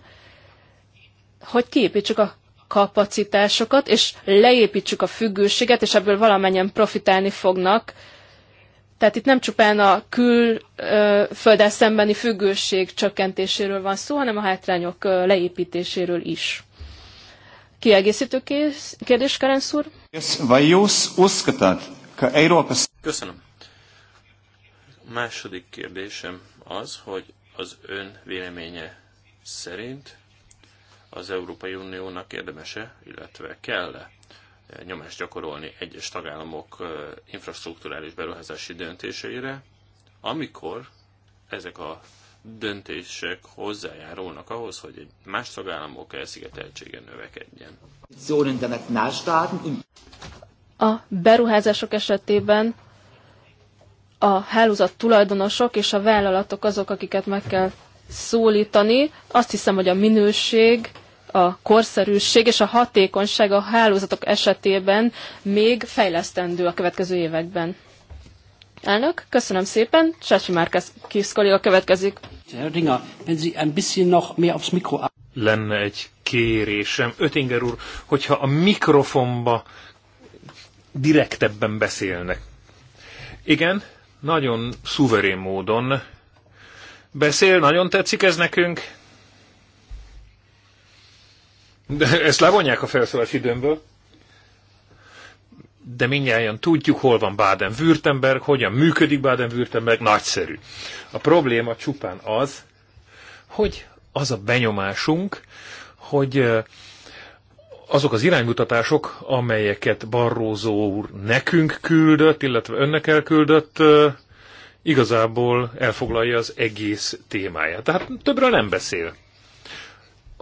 hogy kiépítsük a kapacitásokat, és leépítsük a függőséget, és ebből valamennyien profitálni fognak. Tehát itt nem csupán a külfölddel szembeni függőség csökkentéséről van szó, hanem a hátrányok leépítéséről is. Kiegészítő kérdés, Karenc úr? Köszönöm. A második kérdésem az, hogy az ön véleménye szerint az Európai Uniónak érdemese, illetve kell-e nyomást gyakorolni egyes tagállamok infrastruktúrális beruházási döntéseire, amikor ezek a döntések hozzájárulnak ahhoz, hogy egy más tagállamok elszigeteltsége növekedjen. A beruházások esetében a hálózat tulajdonosok és a vállalatok azok, akiket meg kell szólítani. Azt hiszem, hogy a minőség a korszerűség és a hatékonyság a hálózatok esetében még fejlesztendő a következő években. Elnök, köszönöm szépen. Csácsi Márkesz kis kolléga következik. Mikro... Lenne egy kérésem. Ötinger úr, hogyha a mikrofonba direktebben beszélnek. Igen, nagyon szuverén módon beszél, nagyon tetszik ez nekünk. De ezt levonják a felszólás időmből. De mindjárt tudjuk, hol van Baden-Württemberg, hogyan működik Baden-Württemberg, nagyszerű. A probléma csupán az, hogy az a benyomásunk, hogy azok az iránymutatások, amelyeket Barrózó úr nekünk küldött, illetve önnek elküldött, igazából elfoglalja az egész témáját. Tehát többről nem beszél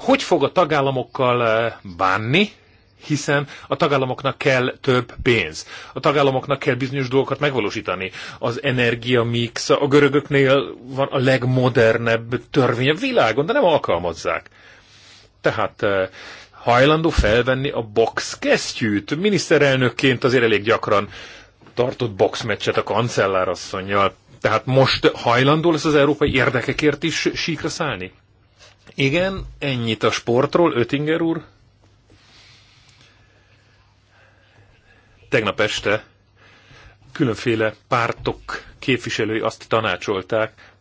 hogy fog a tagállamokkal bánni, hiszen a tagállamoknak kell több pénz. A tagállamoknak kell bizonyos dolgokat megvalósítani. Az energiamix a görögöknél van a legmodernebb törvény a világon, de nem alkalmazzák. Tehát hajlandó felvenni a box kesztyűt. Miniszterelnökként azért elég gyakran tartott boxmeccset a kancellárasszonynal. Tehát most hajlandó lesz az európai érdekekért is síkra szállni? Igen, ennyit a sportról, Ötinger úr. Tegnap este különféle pártok képviselői azt tanácsolták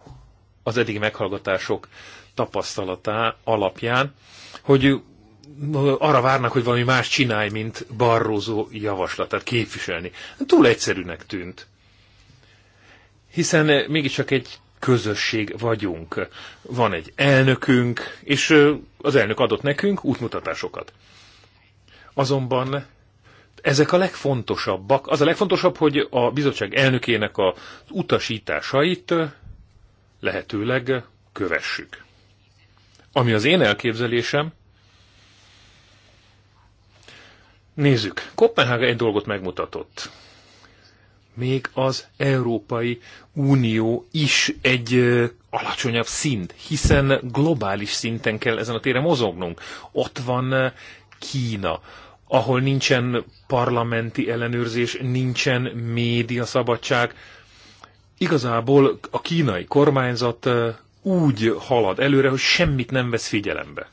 az eddig meghallgatások tapasztalatá alapján, hogy arra várnak, hogy valami más csinálj, mint barrózó javaslatát képviselni. Túl egyszerűnek tűnt. Hiszen mégiscsak egy közösség vagyunk. Van egy elnökünk, és az elnök adott nekünk útmutatásokat. Azonban ezek a legfontosabbak. Az a legfontosabb, hogy a bizottság elnökének az utasításait lehetőleg kövessük. Ami az én elképzelésem, nézzük, Kopenhága egy dolgot megmutatott még az Európai Unió is egy alacsonyabb szint, hiszen globális szinten kell ezen a téren mozognunk. Ott van Kína, ahol nincsen parlamenti ellenőrzés, nincsen média szabadság. Igazából a kínai kormányzat úgy halad előre, hogy semmit nem vesz figyelembe.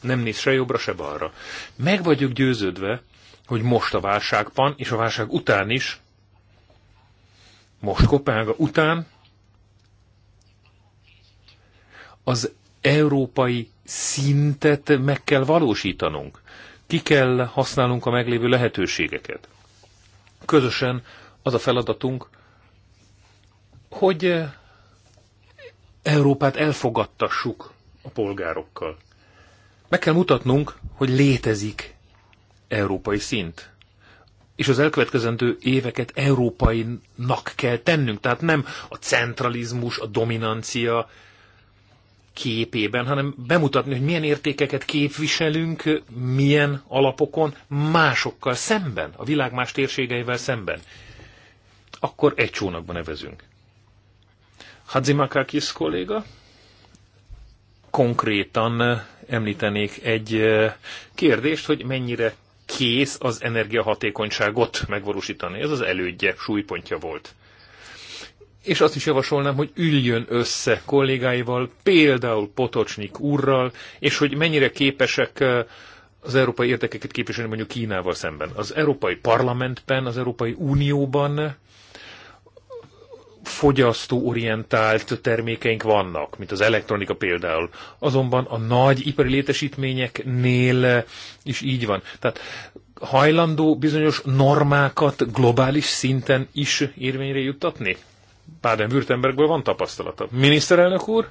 Nem néz se jobbra, se balra. Meg vagyok győződve, hogy most a válságban és a válság után is most Kopenhága után az európai szintet meg kell valósítanunk. Ki kell használnunk a meglévő lehetőségeket. Közösen az a feladatunk, hogy Európát elfogadtassuk a polgárokkal. Meg kell mutatnunk, hogy létezik európai szint és az elkövetkezendő éveket európainak kell tennünk. Tehát nem a centralizmus, a dominancia képében, hanem bemutatni, hogy milyen értékeket képviselünk, milyen alapokon másokkal szemben, a világ más térségeivel szemben. Akkor egy csónakban nevezünk. Hadzimakakis kolléga, konkrétan eh, említenék egy eh, kérdést, hogy mennyire kész az energiahatékonyságot megvalósítani. Ez az elődje, súlypontja volt. És azt is javasolnám, hogy üljön össze kollégáival, például Potocsnik úrral, és hogy mennyire képesek eh, az európai érdekeket képviselni mondjuk Kínával szemben. Az Európai Parlamentben, az Európai Unióban fogyasztóorientált termékeink vannak, mint az elektronika például. Azonban a nagy ipari létesítményeknél is így van. Tehát hajlandó bizonyos normákat globális szinten is érvényre juttatni? Baden-Württembergből van tapasztalata. Miniszterelnök úr?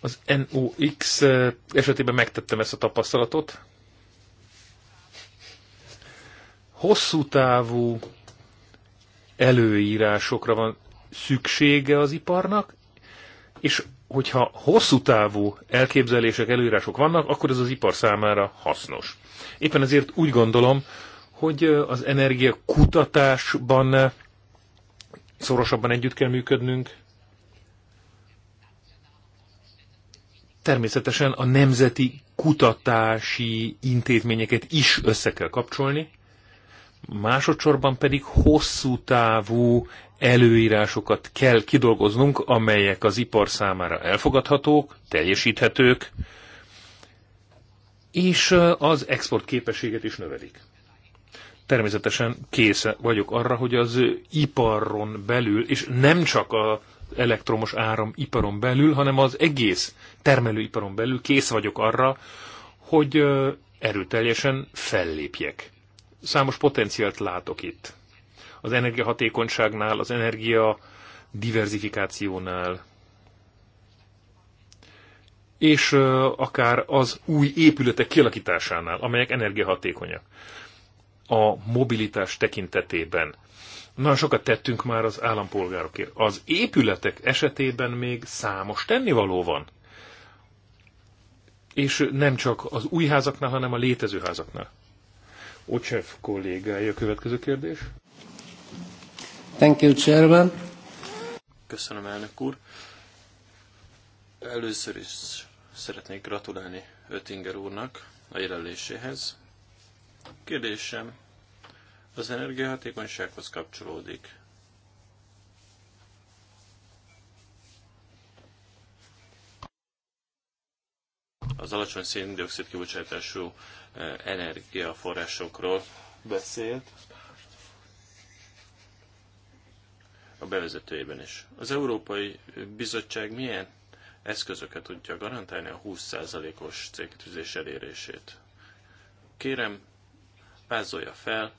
Az NOX eh, esetében megtettem ezt a tapasztalatot. hosszú távú előírásokra van szüksége az iparnak, és hogyha hosszú távú elképzelések, előírások vannak, akkor ez az ipar számára hasznos. Éppen ezért úgy gondolom, hogy az energia kutatásban szorosabban együtt kell működnünk. Természetesen a nemzeti kutatási intézményeket is össze kell kapcsolni, másodszorban pedig hosszú távú előírásokat kell kidolgoznunk, amelyek az ipar számára elfogadhatók, teljesíthetők, és az export képességet is növelik. Természetesen kész vagyok arra, hogy az iparon belül, és nem csak a elektromos áram iparon belül, hanem az egész termelőiparon belül kész vagyok arra, hogy erőteljesen fellépjek számos potenciált látok itt. Az energiahatékonyságnál, az energia diversifikációnál, és akár az új épületek kialakításánál, amelyek energiahatékonyak. A mobilitás tekintetében nagyon sokat tettünk már az állampolgárokért. Az épületek esetében még számos tennivaló van. És nem csak az új házaknál, hanem a létező házaknál. Ocsev kollégája. A következő kérdés. Thank you, Chairman. Köszönöm, elnök úr. Először is szeretnék gratulálni Ötinger úrnak a jelenléséhez. Kérdésem az energiahatékonysághoz kapcsolódik. Az alacsony széndiokszid kibocsátású energiaforrásokról beszélt a bevezetőjében is. Az Európai Bizottság milyen eszközöket tudja garantálni a 20%-os célkitűzés elérését? Kérem, vázolja fel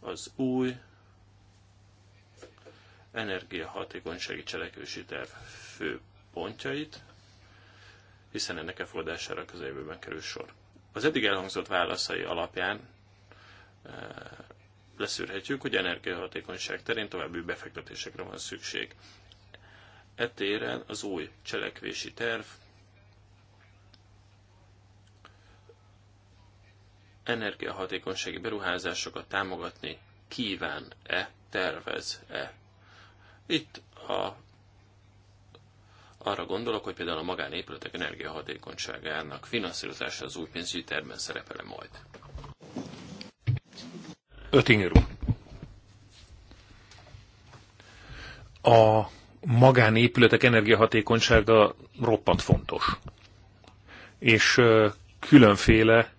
az új energiahatékonysági cselekvési terv fő pontjait, hiszen ennek elfogadására közeljövőben kerül sor. Az eddig elhangzott válaszai alapján eh, leszűrhetjük, hogy energiahatékonyság terén további befektetésekre van szükség. Etéren az új cselekvési terv energiahatékonysági beruházásokat támogatni kíván-e, tervez-e. Itt a arra gondolok, hogy például a magánépületek energiahatékonyságának finanszírozása az új pénzügyi tervben szerepele majd. Ötinger úr. A magánépületek energiahatékonysága roppant fontos. És különféle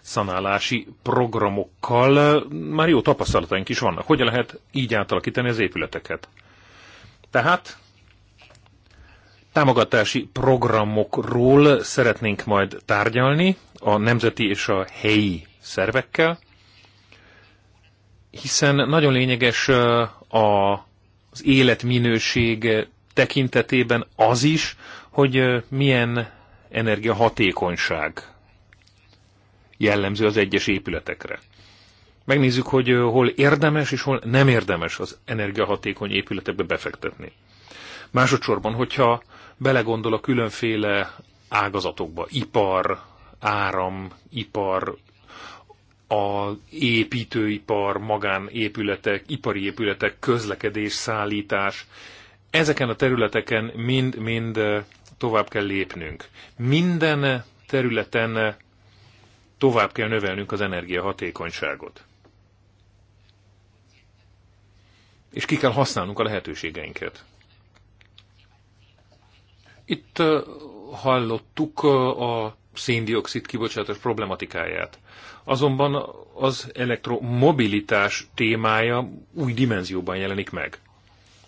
szanálási programokkal már jó tapasztalataink is vannak. Hogyan lehet így átalakítani az épületeket? Tehát támogatási programokról szeretnénk majd tárgyalni a nemzeti és a helyi szervekkel, hiszen nagyon lényeges az életminőség tekintetében az is, hogy milyen energiahatékonyság jellemző az egyes épületekre. Megnézzük, hogy hol érdemes és hol nem érdemes az energiahatékony épületekbe befektetni. Másodszorban, hogyha belegondol a különféle ágazatokba, ipar, áram, ipar, a építőipar, magánépületek, ipari épületek, közlekedés, szállítás, ezeken a területeken mind-mind eh, tovább kell lépnünk. Minden területen eh, tovább kell növelnünk az energiahatékonyságot. És ki kell használnunk a lehetőségeinket. Itt hallottuk a széndiokszid kibocsátás problematikáját. Azonban az elektromobilitás témája új dimenzióban jelenik meg.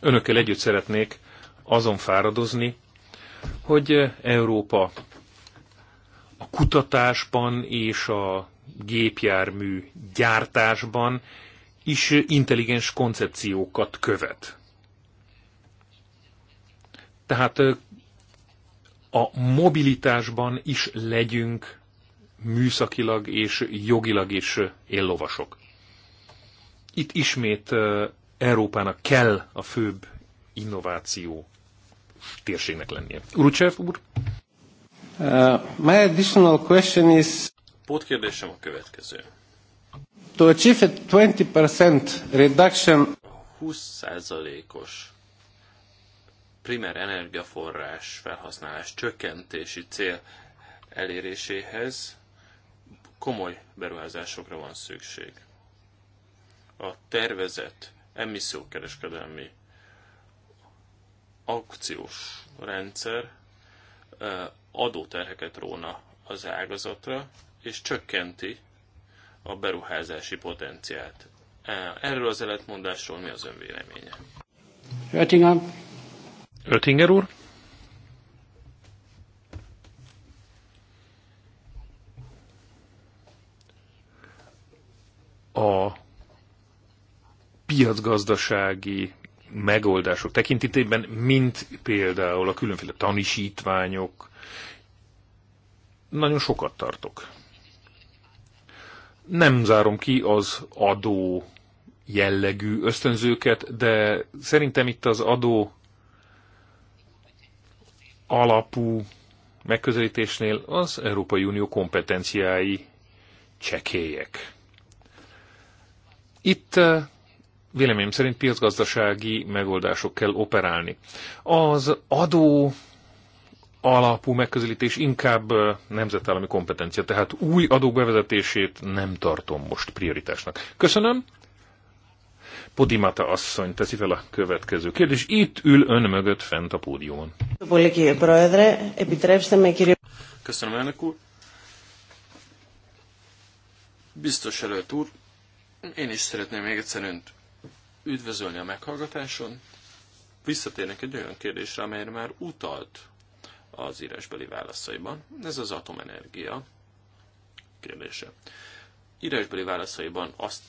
Önökkel együtt szeretnék azon fáradozni, hogy Európa a kutatásban és a gépjármű gyártásban is intelligens koncepciókat követ. Tehát a mobilitásban is legyünk műszakilag és jogilag is éllovasok. Itt ismét Európának kell a főbb innováció térségnek lennie. Urucsev úr? Uh, my additional question is... Pótkérdésem a következő. To achieve a 20% reduction... 20%-os primer energiaforrás felhasználás csökkentési cél eléréséhez komoly beruházásokra van szükség. A tervezett emissziókereskedelmi aukciós rendszer adóterheket róna az ágazatra, és csökkenti a beruházási potenciált. Erről az eletmondásról mi az ön véleménye? Oettinger. Ötinger úr? A piacgazdasági megoldások tekintetében, mint például a különféle tanisítványok, nagyon sokat tartok. Nem zárom ki az adó jellegű ösztönzőket, de szerintem itt az adó alapú megközelítésnél az Európai Unió kompetenciái csekélyek. Itt eh, véleményem szerint piacgazdasági megoldások kell operálni. Az adó alapú megközelítés inkább eh, nemzetállami kompetencia, tehát új adók bevezetését nem tartom most prioritásnak. Köszönöm, Podimata asszony teszi fel a következő kérdés. Itt ül ön mögött fent a pódiumon. Köszönöm, elnök úr. Biztos előtt úr, én is szeretném még egyszer önt üdvözölni a meghallgatáson. Visszatérnek egy olyan kérdésre, amelyre már utalt az írásbeli válaszaiban. Ez az atomenergia kérdése. Írásbeli válaszaiban azt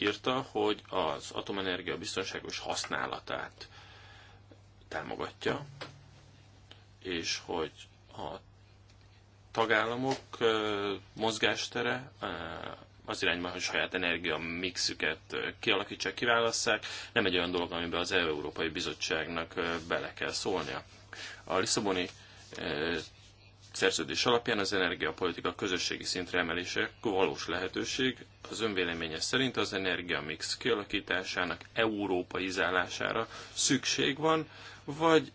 írta, hogy az atomenergia biztonságos használatát támogatja, és hogy a tagállamok mozgástere az irányban, hogy saját energia mixüket kialakítsák, kiválasszák, nem egy olyan dolog, amiben az Európai Bizottságnak bele kell szólnia. A Lisszaboni szerződés alapján az energiapolitika közösségi szintre emelése valós lehetőség. Az önvéleménye szerint az energiamix kialakításának európai izálására szükség van, vagy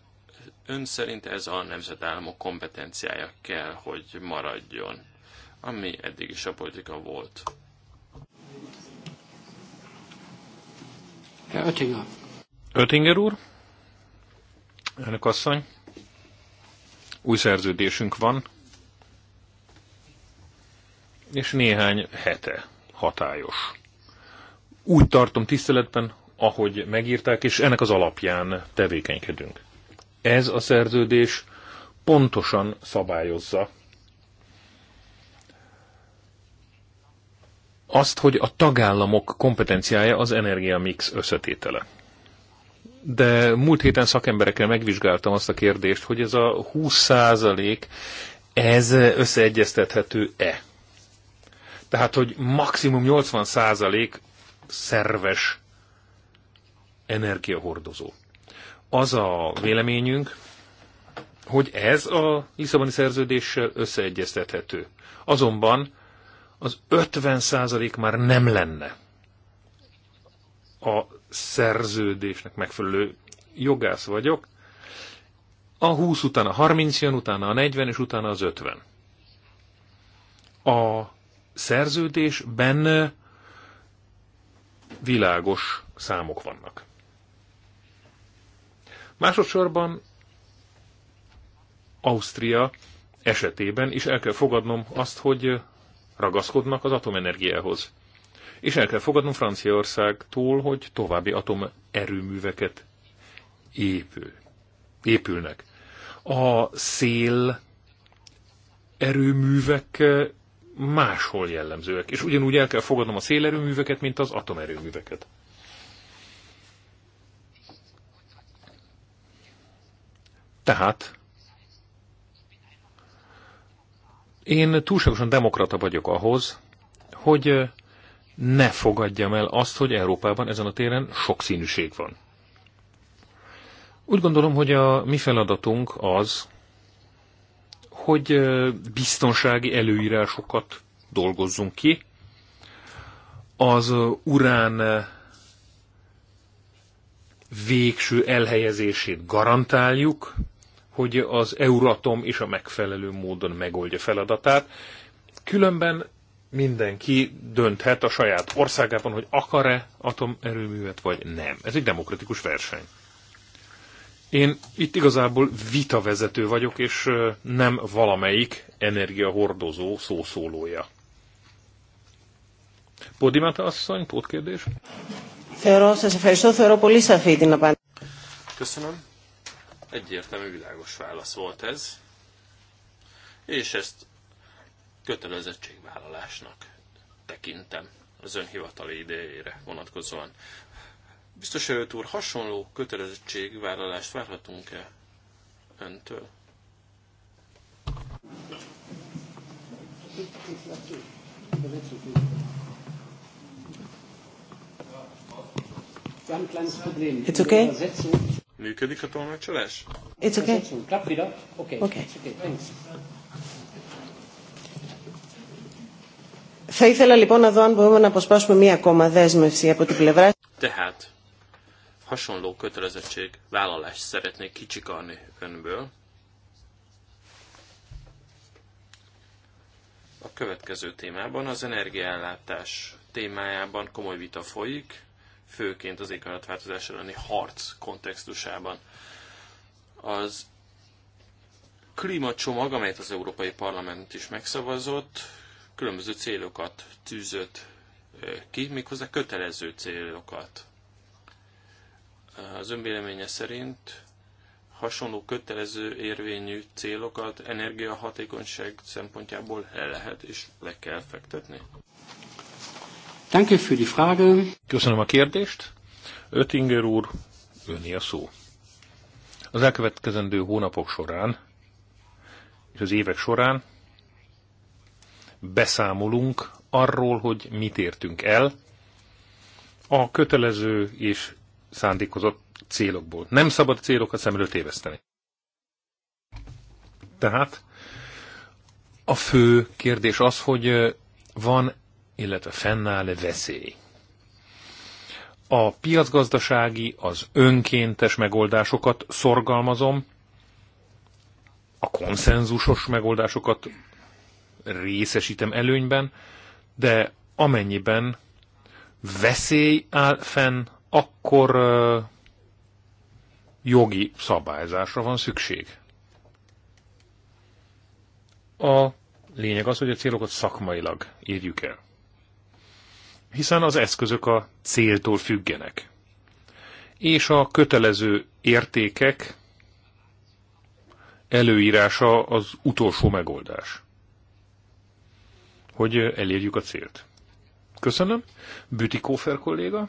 ön szerint ez a nemzetállamok kompetenciája kell, hogy maradjon, ami eddig is a politika volt. Öttinger úr, önök asszony új szerződésünk van, és néhány hete hatályos. Úgy tartom tiszteletben, ahogy megírták, és ennek az alapján tevékenykedünk. Ez a szerződés pontosan szabályozza azt, hogy a tagállamok kompetenciája az energiamix összetétele de múlt héten szakemberekkel megvizsgáltam azt a kérdést, hogy ez a 20% ez összeegyeztethető-e? Tehát, hogy maximum 80% szerves energiahordozó. Az a véleményünk, hogy ez a Lisszaboni szerződéssel összeegyeztethető. Azonban az 50% már nem lenne a szerződésnek megfelelő jogász vagyok. A 20 után a 30 jön, utána a 40, és utána az 50. A szerződésben világos számok vannak. Másodszorban Ausztria esetében is el kell fogadnom azt, hogy ragaszkodnak az atomenergiához. És el kell fogadnunk Franciaországtól, hogy további atomerőműveket épül, épülnek. A szél erőművek eh, máshol jellemzőek, és ugyanúgy el kell fogadnom a szélerőműveket, mint az atomerőműveket. Tehát én túlságosan demokrata vagyok ahhoz, hogy eh, ne fogadjam el azt, hogy Európában ezen a téren színűség van. Úgy gondolom, hogy a mi feladatunk az, hogy biztonsági előírásokat dolgozzunk ki. Az urán végső elhelyezését garantáljuk, hogy az Euratom is a megfelelő módon megoldja feladatát, különben mindenki dönthet a saját országában, hogy akar-e atomerőművet, vagy nem. Ez egy demokratikus verseny. Én itt igazából vitavezető vagyok, és nem valamelyik energiahordozó szószólója. Podimata asszony, pótkérdés? Köszönöm. Egyértelmű világos válasz volt ez. És ezt kötelezettségvállalásnak tekintem az ön hivatali idejére vonatkozóan. Biztos előtt úr, hasonló kötelezettségvállalást várhatunk-e öntől? It's okay? Működik a tolmácsolás? It's okay. Klappt wieder? Okay. Okay. It's okay. Thanks. Θα ήθελα λοιπόν να δω αν μπορούμε να αποσπάσουμε μία ακόμα δέσμευση από την πλευρά. Tehát, hasonló kötelezettség, vállalást szeretnék kicsikarni önből. A következő témában, az energiaellátás témájában komoly vita folyik, főként az éghajlatváltozás elleni harc kontextusában. Az klímacsomag, amelyet az Európai Parlament is megszavazott, különböző célokat tűzött ki, méghozzá kötelező célokat. Az önvéleménye szerint hasonló kötelező érvényű célokat energiahatékonyság szempontjából le lehet és le kell fektetni? Danke für die Frage. Köszönöm a kérdést. Öttinger úr, öné a szó. Az elkövetkezendő hónapok során és az évek során beszámolunk arról, hogy mit értünk el a kötelező és szándékozott célokból. Nem szabad célokat szem előtt éveszteni. Tehát a fő kérdés az, hogy van, illetve fennáll veszély. A piacgazdasági, az önkéntes megoldásokat szorgalmazom, a konszenzusos megoldásokat részesítem előnyben, de amennyiben veszély áll fenn, akkor jogi szabályzásra van szükség. A lényeg az, hogy a célokat szakmailag érjük el. Hiszen az eszközök a céltól függenek. És a kötelező értékek előírása az utolsó megoldás hogy elérjük a célt. Köszönöm. Kófer kolléga.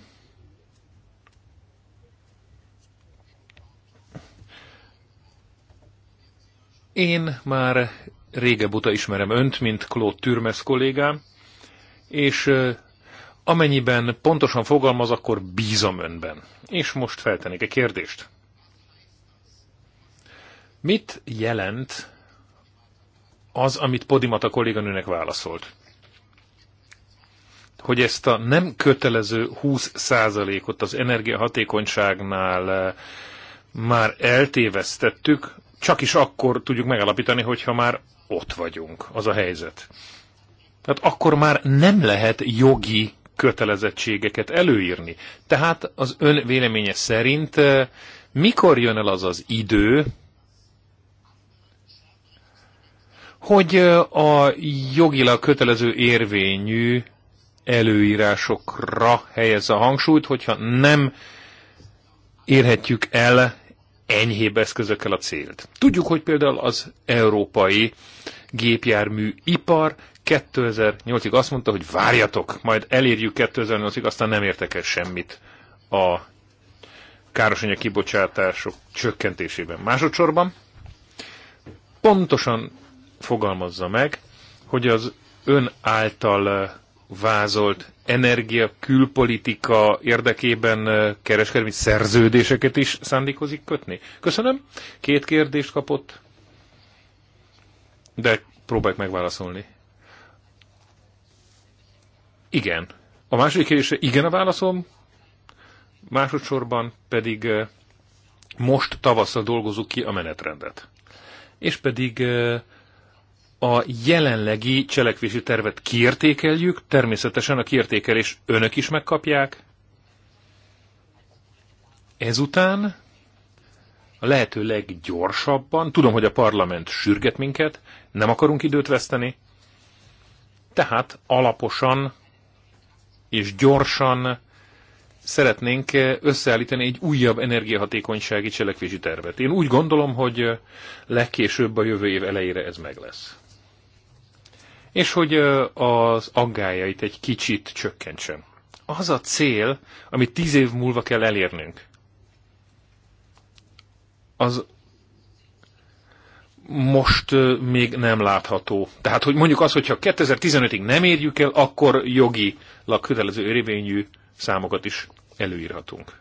Én már régebb óta ismerem önt, mint Claude Türmes kollégám, és amennyiben pontosan fogalmaz, akkor bízom önben. És most feltenék egy kérdést. Mit jelent az, amit Podimata kolléganőnek válaszolt. Hogy ezt a nem kötelező 20%-ot az energiahatékonyságnál eh, már eltévesztettük, csak is akkor tudjuk megalapítani, hogyha már ott vagyunk, az a helyzet. Tehát akkor már nem lehet jogi kötelezettségeket előírni. Tehát az ön véleménye szerint eh, mikor jön el az az idő, hogy a jogilag kötelező érvényű előírásokra helyez a hangsúlyt, hogyha nem érhetjük el enyhébb eszközökkel a célt. Tudjuk, hogy például az európai gépjármű ipar 2008-ig azt mondta, hogy várjatok, majd elérjük 2008-ig, aztán nem értek el semmit a károsanyag kibocsátások csökkentésében. Másodszorban pontosan fogalmazza meg, hogy az ön által vázolt energia, külpolitika érdekében kereskedelmi szerződéseket is szándékozik kötni? Köszönöm. Két kérdést kapott, de próbáljuk megválaszolni. Igen. A második kérdésre igen a válaszom, másodszorban pedig most tavasszal dolgozunk ki a menetrendet. És pedig a jelenlegi cselekvési tervet kiértékeljük, természetesen a kiértékelés önök is megkapják. Ezután a lehető leggyorsabban, tudom, hogy a parlament sürget minket, nem akarunk időt veszteni, tehát alaposan és gyorsan szeretnénk összeállítani egy újabb energiahatékonysági cselekvési tervet. Én úgy gondolom, hogy legkésőbb a jövő év elejére ez meg lesz és hogy az aggájait egy kicsit csökkentsen. Az a cél, amit tíz év múlva kell elérnünk, az most még nem látható. Tehát, hogy mondjuk az, hogyha 2015-ig nem érjük el, akkor jogi kötelező érvényű számokat is előírhatunk.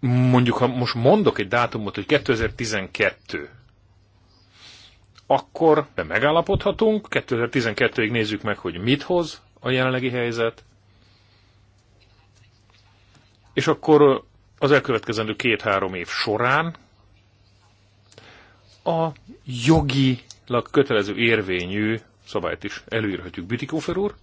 Mondjuk, ha most mondok egy dátumot, hogy 2012, akkor de megállapodhatunk, 2012-ig nézzük meg, hogy mit hoz a jelenlegi helyzet, és akkor az elkövetkezendő két-három év során a jogi, kötelező érvényű szabályt is előírhatjuk. Bütikófer úr,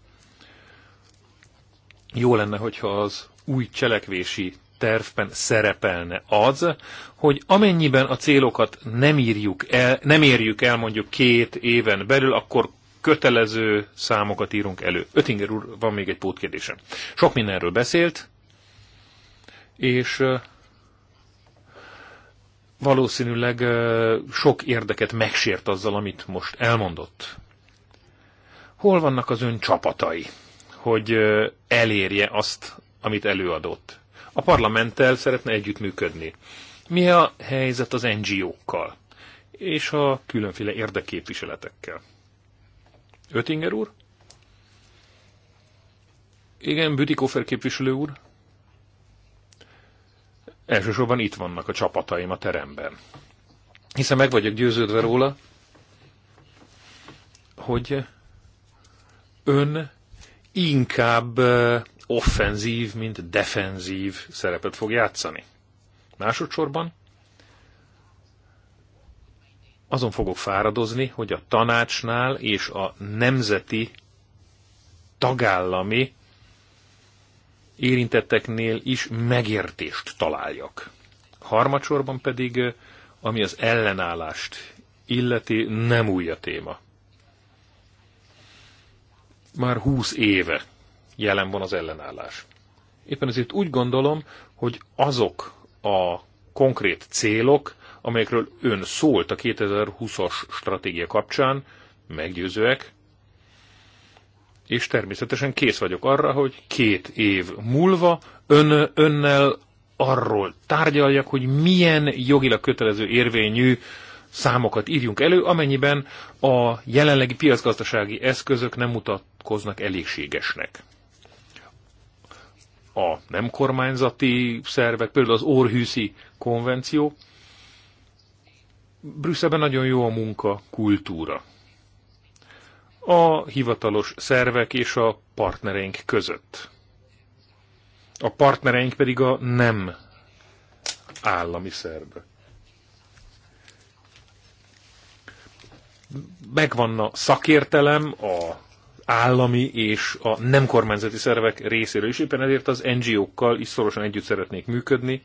jó lenne, hogyha az új cselekvési tervben szerepelne az, hogy amennyiben a célokat nem, írjuk el, nem érjük el mondjuk két éven belül, akkor kötelező számokat írunk elő. Ötinger úr, van még egy pótkérdésem. Sok mindenről beszélt, és valószínűleg sok érdeket megsért azzal, amit most elmondott. Hol vannak az ön csapatai, hogy elérje azt, amit előadott? a parlamenttel szeretne együttműködni. Mi a helyzet az NGO-kkal és a különféle érdeképviseletekkel? Ötinger úr? Igen, Büdikofer képviselő úr. Elsősorban itt vannak a csapataim a teremben. Hiszen meg vagyok győződve róla, hogy ön inkább eh, offenzív, mint defenzív szerepet fog játszani. Másodszorban azon fogok fáradozni, hogy a tanácsnál és a nemzeti tagállami érintetteknél is megértést találjak. Harmadsorban pedig, ami az ellenállást illeti, nem új a téma. Már húsz éve jelen van az ellenállás. Éppen ezért úgy gondolom, hogy azok a konkrét célok, amelyekről ön szólt a 2020-as stratégia kapcsán, meggyőzőek, és természetesen kész vagyok arra, hogy két év múlva ön, önnel arról tárgyaljak, hogy milyen jogilag kötelező érvényű számokat írjunk elő, amennyiben a jelenlegi piacgazdasági eszközök nem mutatkoznak elégségesnek a nem kormányzati szervek, például az Orhűszi konvenció. Brüsszelben nagyon jó a munka kultúra. A hivatalos szervek és a partnereink között. A partnereink pedig a nem állami szervek. megvan a szakértelem, a állami és a nem kormányzati szervek részéről is. Éppen ezért az NGO-kkal is szorosan együtt szeretnék működni,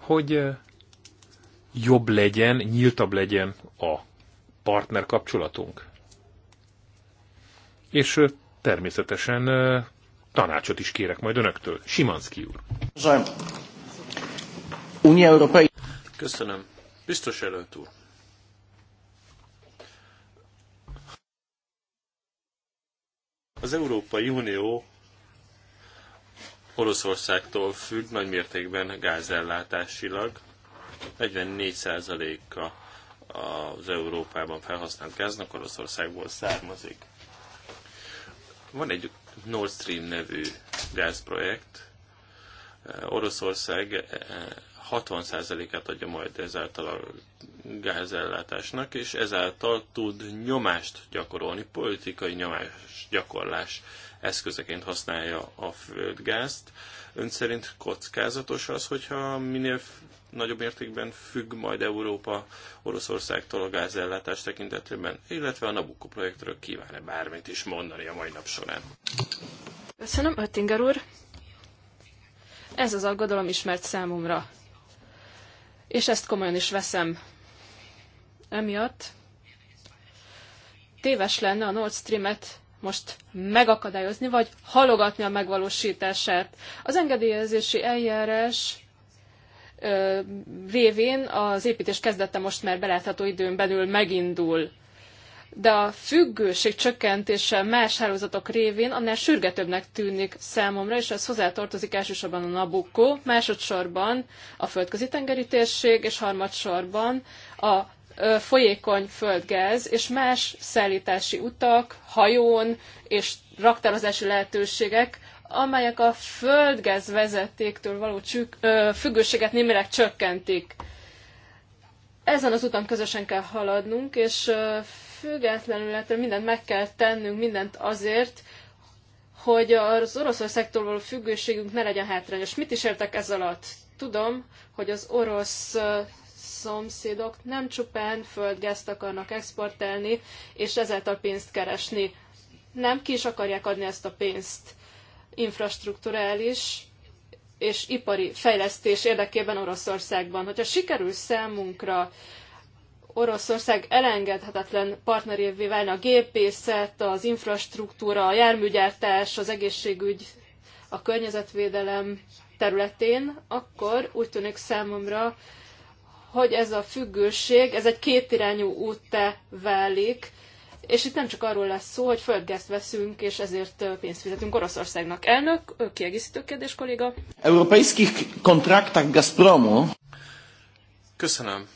hogy eh, jobb legyen, nyíltabb legyen a partner kapcsolatunk. És eh, természetesen eh, tanácsot is kérek majd önöktől. Simanszki úr. Köszönöm. Biztos előtt úr. Az Európai Unió Oroszországtól függ nagy mértékben gázellátásilag. 44%-a az Európában felhasznált gáznak Oroszországból származik. Van egy Nord Stream nevű gázprojekt. Oroszország 60%-át adja majd ezáltal a gázellátásnak, és ezáltal tud nyomást gyakorolni, politikai nyomás gyakorlás eszközeként használja a földgázt. Ön szerint kockázatos az, hogyha minél nagyobb mértékben függ majd Európa Oroszországtól a gázellátás tekintetében, illetve a Nabucco projektről kíván-e bármit is mondani a mai nap során? Köszönöm, Öttinger úr! Ez az aggodalom ismert számomra és ezt komolyan is veszem. Emiatt téves lenne a Nord Stream-et most megakadályozni, vagy halogatni a megvalósítását. Az engedélyezési eljárás révén az építés kezdete most már belátható időn belül megindul de a függőség csökkentése más hálózatok révén annál sürgetőbbnek tűnik számomra, és ez hozzátartozik elsősorban a Nabucco, másodszorban a földközi tengeri térség, és harmadsorban a folyékony földgáz és más szállítási utak, hajón és raktározási lehetőségek, amelyek a földgáz vezetéktől való csük, ö, függőséget némileg csökkentik. Ezen az úton közösen kell haladnunk, és függetlenül ettől mindent meg kell tennünk, mindent azért, hogy az Oroszországtól való függőségünk ne legyen hátrányos. Mit is értek ez alatt? Tudom, hogy az orosz uh, szomszédok nem csupán földgázt akarnak exportálni, és ezáltal pénzt keresni. Nem ki is akarják adni ezt a pénzt infrastruktúrális és ipari fejlesztés érdekében Oroszországban. Hogyha sikerül számunkra uh, Oroszország elengedhetetlen partnerévé válna a gépészet, az infrastruktúra, a járműgyártás, az egészségügy, a környezetvédelem területén, akkor úgy tűnik számomra, hogy ez a függőség, ez egy kétirányú útte válik, és itt nem csak arról lesz szó, hogy földgázt veszünk, és ezért pénzt fizetünk Oroszországnak. Elnök, kiegészítő kérdés, kolléga. Európaiskich kontraktach Gazpromu. Köszönöm.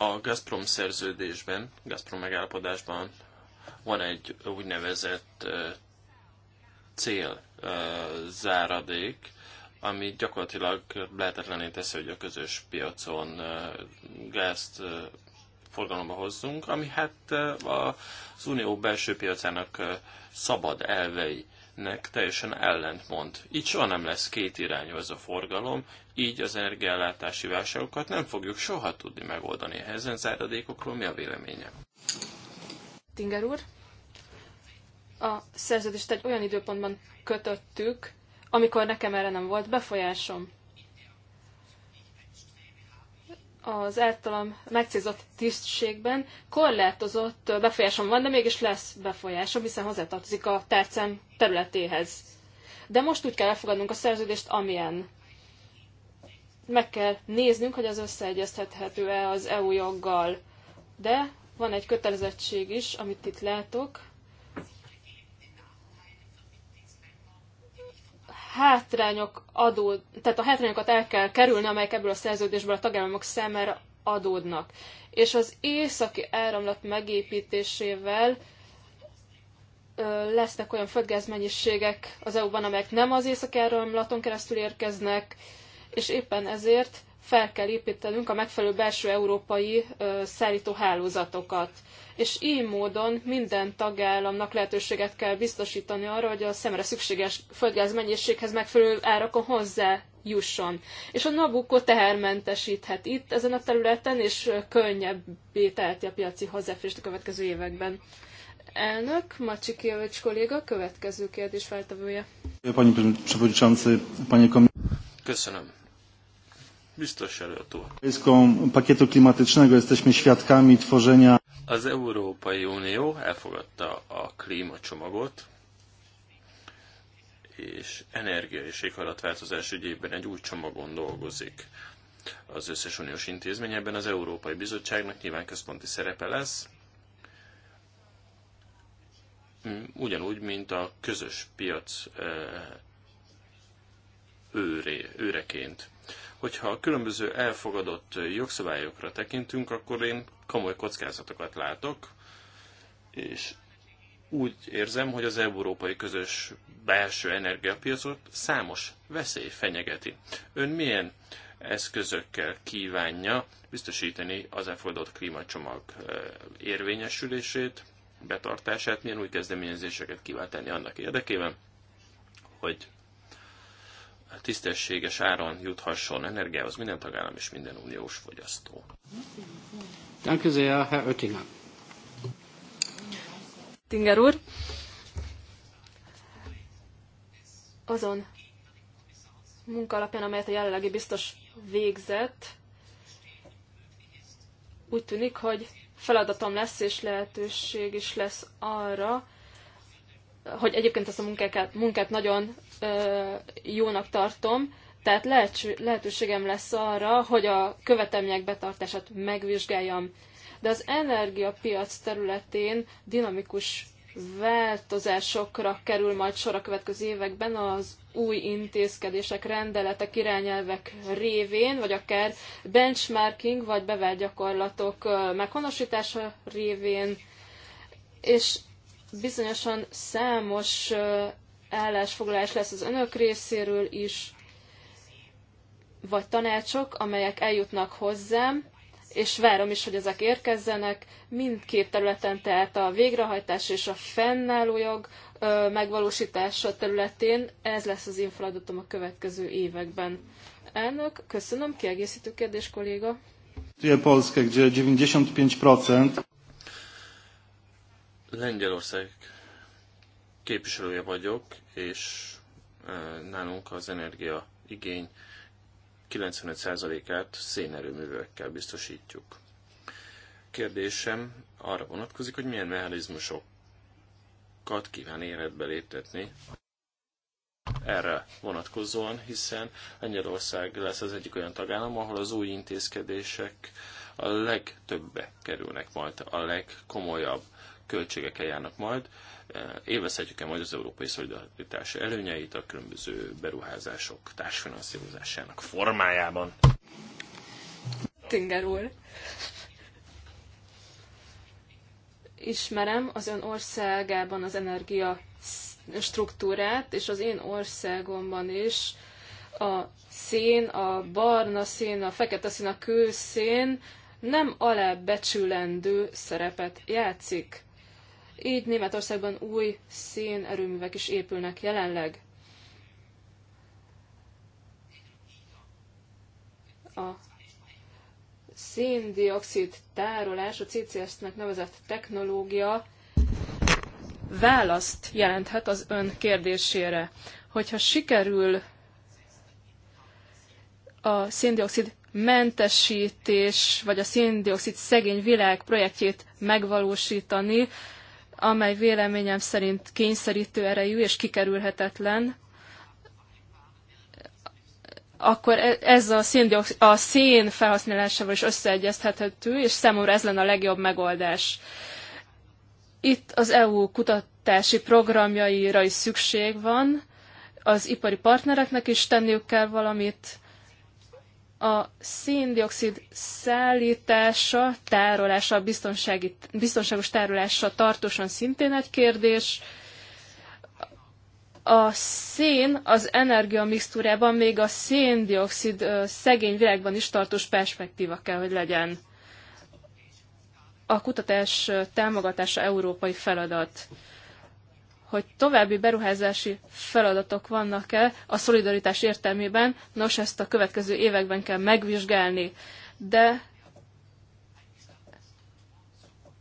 A Gazprom szerződésben, Gazprom megállapodásban van egy úgynevezett cél záradék, ami gyakorlatilag lehetetlené teszi, hogy a közös piacon gázt forgalomba hozzunk, ami hát az unió belső piacának szabad elvei nek teljesen ellentmond. Így soha nem lesz két irányú ez a forgalom, így az energiállátási válságokat nem fogjuk soha tudni megoldani. Ezen záradékokról mi a véleménye? Tinger úr, a szerződést egy olyan időpontban kötöttük, amikor nekem erre nem volt befolyásom. az általam megcézott tisztségben korlátozott befolyásom van, de mégis lesz befolyásom, hiszen hozzátartozik a tárcám területéhez. De most úgy kell elfogadnunk a szerződést, amilyen. Meg kell néznünk, hogy az összeegyeztethető-e az EU joggal. De van egy kötelezettség is, amit itt látok, hátrányok adó, tehát a hátrányokat el kell kerülni, amelyek ebből a szerződésből a tagállamok számára adódnak. És az északi áramlat megépítésével lesznek olyan földgázmennyiségek az EU-ban, amelyek nem az északi áramlaton keresztül érkeznek, és éppen ezért fel kell építenünk a megfelelő belső európai szállítóhálózatokat. És így módon minden tagállamnak lehetőséget kell biztosítani arra, hogy a szemre szükséges földgáz mennyiséghez megfelelő árakon hozzá jusson. És a Nabucco tehermentesíthet itt ezen a területen, és könnyebbé teheti a piaci hozzáférést a következő években. Elnök, Macsikievics kolléga, következő kérdés feltevője. Köszönöm, Biztos előadó. pakietu klimatycznego jesteśmy świadkami tworzenia... Az Európai Unió elfogadta a klímacsomagot, és energia és éghajlatváltozás ügyében egy új csomagon dolgozik. Az összes uniós intézmény ebben az Európai Bizottságnak nyilván központi szerepe lesz, ugyanúgy, mint a közös piac eh, őré, őreként. Hogyha a különböző elfogadott jogszabályokra tekintünk, akkor én komoly kockázatokat látok, és úgy érzem, hogy az európai közös belső energiapiacot számos veszély fenyegeti. Ön milyen eszközökkel kívánja biztosítani az elfogadott klímacsomag érvényesülését, betartását, milyen új kezdeményezéseket kíván tenni annak érdekében, hogy tisztességes áron juthasson energiához minden tagállam és minden uniós fogyasztó. Danke sehr, Herr Oettinger. Tinger úr, azon munka alapján, amelyet a jelenlegi biztos végzett, úgy tűnik, hogy feladatom lesz és lehetőség is lesz arra, hogy egyébként ezt a munkát, munkát nagyon ö, jónak tartom, tehát lehetőségem lesz arra, hogy a követelmények betartását megvizsgáljam. De az energiapiac területén dinamikus változásokra kerül majd sor a következő években az új intézkedések, rendeletek, irányelvek révén, vagy akár benchmarking, vagy bevált gyakorlatok meghonosítása révén, és bizonyosan számos állásfoglalás lesz az önök részéről is, vagy tanácsok, amelyek eljutnak hozzám, és várom is, hogy ezek érkezzenek. Mindkét területen, tehát a végrehajtás és a fennálló jog megvalósítása területén ez lesz az én feladatom a következő években. Elnök, köszönöm, kiegészítő kérdés, kolléga. Polskę, gdzie 95% Lengyelország képviselője vagyok, és e, nálunk az energia igény 95%-át szénerőművekkel biztosítjuk. Kérdésem arra vonatkozik, hogy milyen mechanizmusokat kíván életbe léptetni erre vonatkozóan, hiszen Lengyelország lesz az egyik olyan tagállam, ahol az új intézkedések a legtöbbe kerülnek majd, a legkomolyabb költségekkel járnak majd, e, élvezhetjük-e majd az európai szolidaritás előnyeit a különböző beruházások társfinanszírozásának formájában. Tinger úr. Ismerem az ön országában az energia struktúrát, és az én országomban is a szén, a barna szén, a fekete szén, a kőszén nem alábecsülendő szerepet játszik így Németországban új szénerőművek is épülnek jelenleg. A széndiokszid tárolás, a CCS-nek nevezett technológia választ jelenthet az ön kérdésére. Hogyha sikerül a széndiokszid mentesítés, vagy a széndiokszid szegény világ projektjét megvalósítani, amely véleményem szerint kényszerítő erejű és kikerülhetetlen, akkor e- ez a szén, a szén felhasználásával is összeegyeztethető, és számomra ez lenne a legjobb megoldás. Itt az EU kutatási programjaira is szükség van, az ipari partnereknek is tenniük kell valamit, a széndiokszid szállítása, tárolása, biztonsági, biztonságos tárolása tartósan szintén egy kérdés. A szén az energia mixtúrában még a széndiokszid szegény világban is tartós perspektíva kell, hogy legyen. A kutatás támogatása európai feladat hogy további beruházási feladatok vannak-e a szolidaritás értelmében, nos, ezt a következő években kell megvizsgálni. De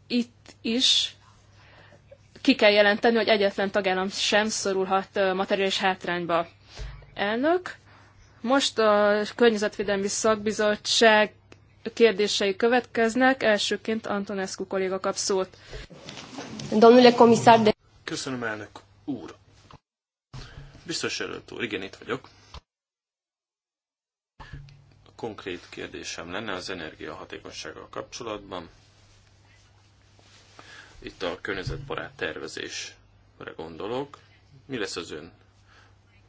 itt is ki kell jelenteni, hogy egyetlen tagállam sem szorulhat materiális hátrányba. Elnök, most a Környezetvédelmi Szakbizottság kérdései következnek. Elsőként Antonescu kolléga kap szót. Domnule komisár, de... Köszönöm, elnök úr. Biztos előtt úr, igen, itt vagyok. A konkrét kérdésem lenne az energiahatékonysággal kapcsolatban. Itt a környezetbarát tervezésre gondolok. Mi lesz az ön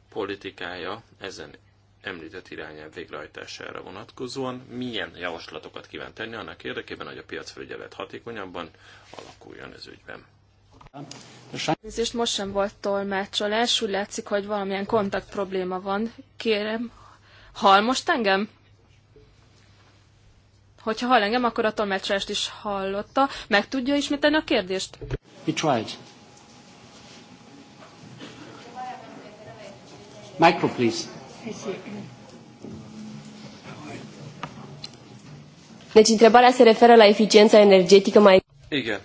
politikája ezen említett irányelv végrehajtására vonatkozóan milyen javaslatokat kíván tenni annak érdekében, hogy a piacfelügyelet hatékonyabban alakuljon ez ügyben. Nézést, most sem volt tolmácsolás, úgy látszik, hogy valamilyen kontakt probléma van. Kérem, hall most engem? Hogyha hall engem, akkor a tolmácsolást is hallotta. Meg tudja ismételni a kérdést? He tried. Micro, please. Deci întrebarea se referă la eficiența energetică mai... Igen.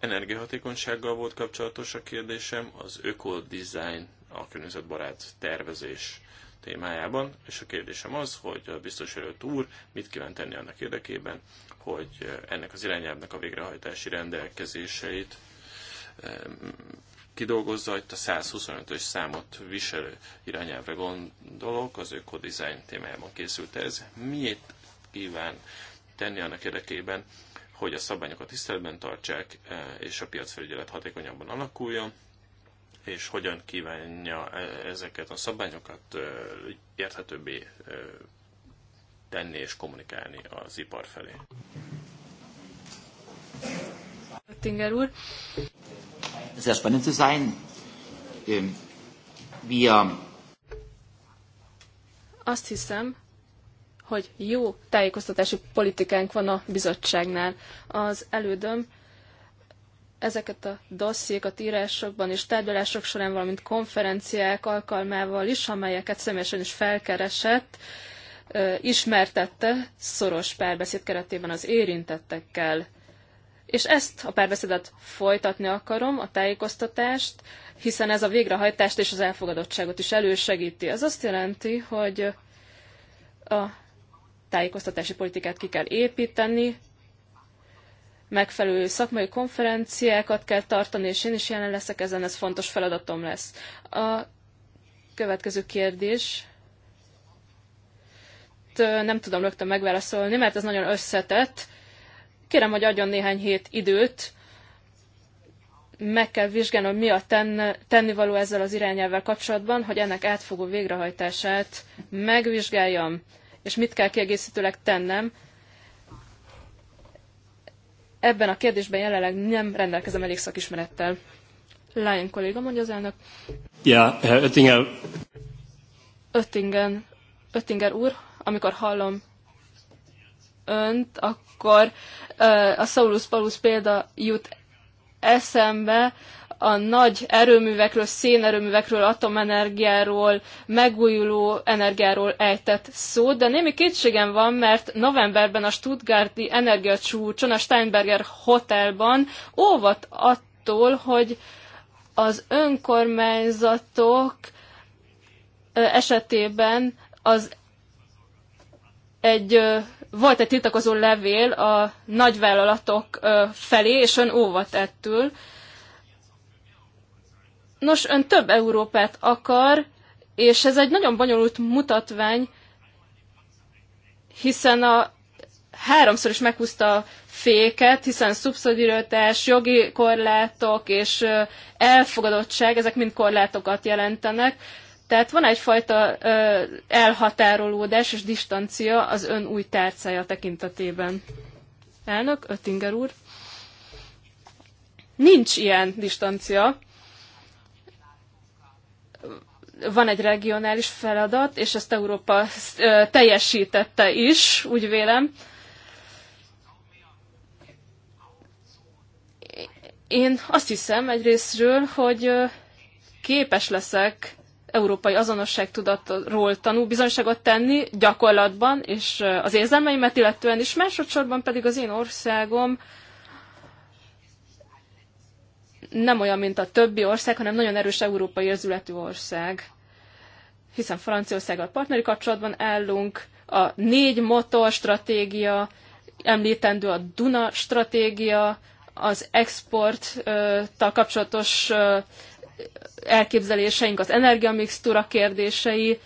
Energiahatékonysággal volt kapcsolatos a kérdésem, az öko-design, a környezetbarát tervezés témájában, és a kérdésem az, hogy a biztos előtt úr mit kíván tenni annak érdekében, hogy ennek az irányelvnek a végrehajtási rendelkezéseit kidolgozza, itt a 125-ös számot viselő irányelvre gondolok, az design témájában készült ez. Miért kíván tenni annak érdekében, hogy a szabályokat tiszteletben tartsák, e, és a piacfelügyelet hatékonyabban alakuljon, és hogyan kívánja e, ezeket a szabályokat e, érthetőbbé tenni és kommunikálni az ipar felé. Tinger úr. Sehr spannend zu sein. Ähm, Wir ähm, azt hiszem, hogy jó tájékoztatási politikánk van a bizottságnál. Az elődöm ezeket a dossziékat írásokban és tárgyalások során, valamint konferenciák alkalmával is, amelyeket személyesen is felkeresett, ismertette szoros párbeszéd keretében az érintettekkel. És ezt a párbeszédet folytatni akarom, a tájékoztatást, hiszen ez a végrehajtást és az elfogadottságot is elősegíti. Ez azt jelenti, hogy a tájékoztatási politikát ki kell építeni, megfelelő szakmai konferenciákat kell tartani, és én is jelen leszek ezen, ez fontos feladatom lesz. A következő kérdés nem tudom rögtön megválaszolni, mert ez nagyon összetett. Kérem, hogy adjon néhány hét időt, meg kell vizsgálni, hogy mi a ten, tennivaló ezzel az irányelvvel kapcsolatban, hogy ennek átfogó végrehajtását megvizsgáljam, és mit kell kiegészítőleg tennem. Ebben a kérdésben jelenleg nem rendelkezem elég szakismerettel. Lion kolléga, mondja az elnök. Ja, yeah, Öttinger. Öttingen, Öttinger úr, amikor hallom önt, akkor a Saulus Paulus példa jut eszembe, a nagy erőművekről, szénerőművekről, atomenergiáról, megújuló energiáról ejtett szó, de némi kétségem van, mert novemberben a Stuttgarti energiacsúcson, a Steinberger Hotelban óvat attól, hogy az önkormányzatok esetében az egy volt egy tiltakozó levél a nagyvállalatok felé, és ön óvat ettől. Nos, ön több Európát akar, és ez egy nagyon bonyolult mutatvány, hiszen a háromszor is meghúzta a féket, hiszen szubszidiaritás, jogi korlátok és elfogadottság, ezek mind korlátokat jelentenek. Tehát van egyfajta elhatárolódás és distancia az ön új tárcája tekintetében. Elnök, Öttinger úr. Nincs ilyen distancia van egy regionális feladat, és ezt Európa teljesítette is, úgy vélem. Én azt hiszem egyrésztről, hogy képes leszek európai azonosságtudatról bizonyságot tenni gyakorlatban, és az érzelmeimet illetően is, másodszorban pedig az én országom nem olyan, mint a többi ország, hanem nagyon erős európai érzületű ország. Hiszen Franciaországgal partneri kapcsolatban állunk, a négy motor stratégia, említendő a Duna stratégia, az exporttal kapcsolatos elképzeléseink, az energiamixtúra kérdései,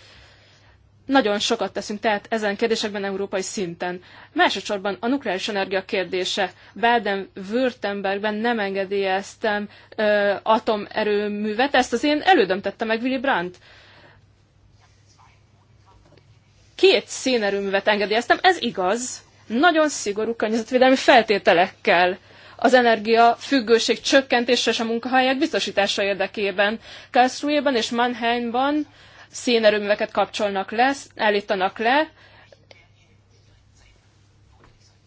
nagyon sokat teszünk tehát ezen kérdésekben európai szinten. Másodszorban a nukleáris energia kérdése. Baden-Württembergben nem engedélyeztem ö, atomerőművet, ezt az én elődöm tette meg Willy Brandt. Két szénerőművet engedélyeztem, ez igaz. Nagyon szigorú környezetvédelmi feltételekkel az energia függőség csökkentése és a munkahelyek biztosítása érdekében. Karlsruhe-ban és Mannheimban szénerőműveket kapcsolnak le, állítanak le,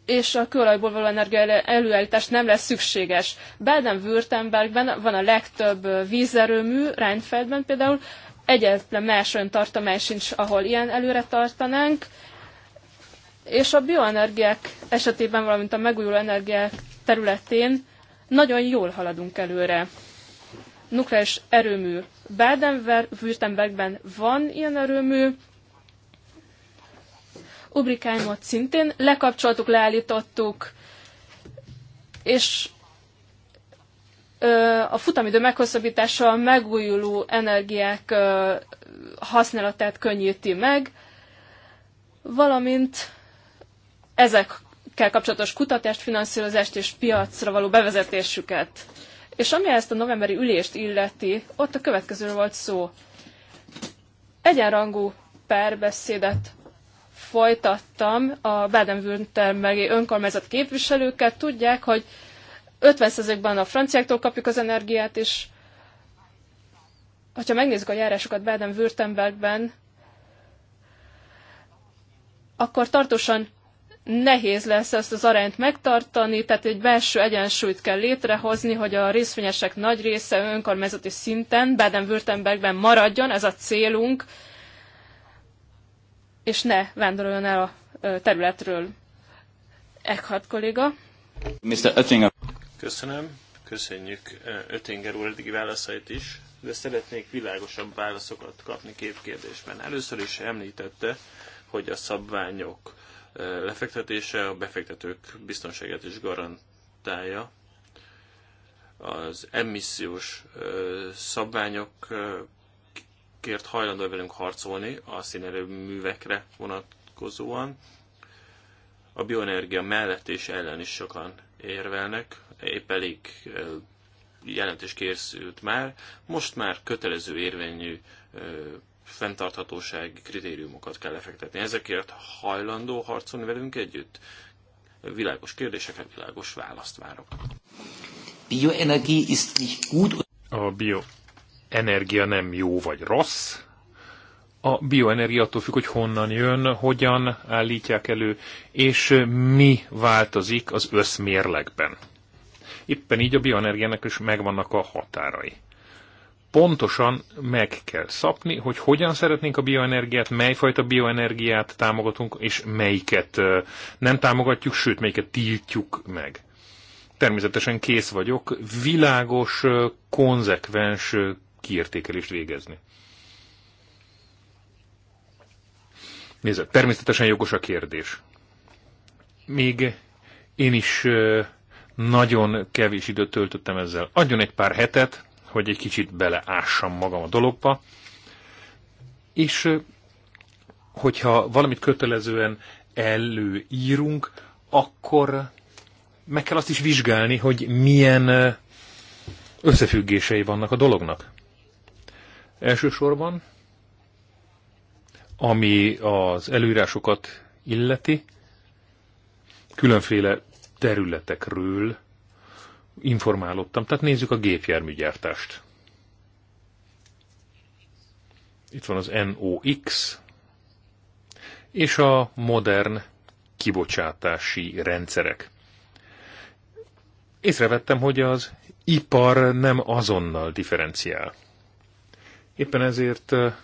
és a kőolajból való energia előállítás nem lesz szükséges. Baden-Württembergben van a legtöbb vízerőmű, Rheinfeldben például, egyetlen más olyan tartomány sincs, ahol ilyen előre tartanánk, és a bioenergiák esetében, valamint a megújuló energiák területén nagyon jól haladunk előre nukleáris erőmű. Baden-Württembergben van ilyen erőmű, Ubrikáimot szintén lekapcsoltuk, leállítottuk, és a futamidő meghosszabbítása a megújuló energiák használatát könnyíti meg, valamint ezekkel kapcsolatos kutatást, finanszírozást és piacra való bevezetésüket. És ami ezt a novemberi ülést illeti, ott a következő volt szó. Egyenrangú párbeszédet folytattam a Baden-Württembergi önkormányzat képviselőkkel. Tudják, hogy 50%-ban a franciáktól kapjuk az energiát, és ha megnézzük a járásokat Baden-Württembergben, akkor tartósan nehéz lesz ezt az arányt megtartani, tehát egy belső egyensúlyt kell létrehozni, hogy a részvényesek nagy része önkormányzati szinten Baden-Württembergben maradjon, ez a célunk, és ne vándoroljon el a területről. Eckhart kolléga. Mr. Oettinger. Köszönöm, köszönjük Oettinger úr eddigi válaszait is, de szeretnék világosabb válaszokat kapni két kérdésben. Először is említette, hogy a szabványok lefektetése a befektetők biztonságát is garantálja. Az emissziós szabványokért hajlandó velünk harcolni a művekre vonatkozóan. A bioenergia mellett és ellen is sokan érvelnek, épp elég jelentés készült már, most már kötelező érvényű fenntarthatósági kritériumokat kell lefektetni. Ezekért hajlandó harcolni velünk együtt? Világos kérdésekre világos választ várok. A bioenergia nem jó vagy rossz. A bioenergia attól függ, hogy honnan jön, hogyan állítják elő, és mi változik az összmérlegben. Éppen így a bioenergiának is megvannak a határai pontosan meg kell szapni, hogy hogyan szeretnénk a bioenergiát, mely fajta bioenergiát támogatunk, és melyiket nem támogatjuk, sőt, melyiket tiltjuk meg. Természetesen kész vagyok világos, konzekvens kiértékelést végezni. Nézd, természetesen jogos a kérdés. Még én is nagyon kevés időt töltöttem ezzel. Adjon egy pár hetet, hogy egy kicsit beleássam magam a dologba, és hogyha valamit kötelezően előírunk, akkor meg kell azt is vizsgálni, hogy milyen összefüggései vannak a dolognak. Elsősorban, ami az előírásokat illeti, különféle területekről informálódtam. Tehát nézzük a gépjárműgyártást. Itt van az NOx, és a modern kibocsátási rendszerek. Észrevettem, hogy az ipar nem azonnal differenciál. Éppen ezért, eh,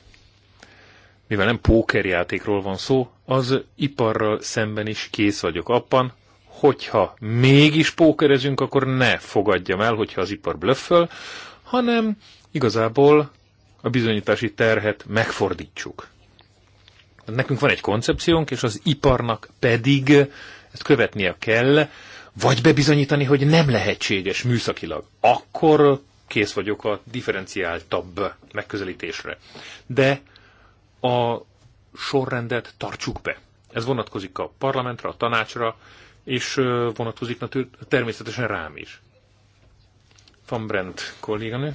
mivel nem pókerjátékról van szó, az iparral szemben is kész vagyok abban, hogyha mégis pókerezünk, akkor ne fogadjam el, hogyha az ipar blöfföl, hanem igazából a bizonyítási terhet megfordítsuk. Nekünk van egy koncepciónk, és az iparnak pedig ezt követnie kell, vagy bebizonyítani, hogy nem lehetséges műszakilag. Akkor kész vagyok a differenciáltabb megközelítésre. De a sorrendet tartsuk be. Ez vonatkozik a parlamentre, a tanácsra, és vonatkozik természetesen rám is. Van Brent kolléganő.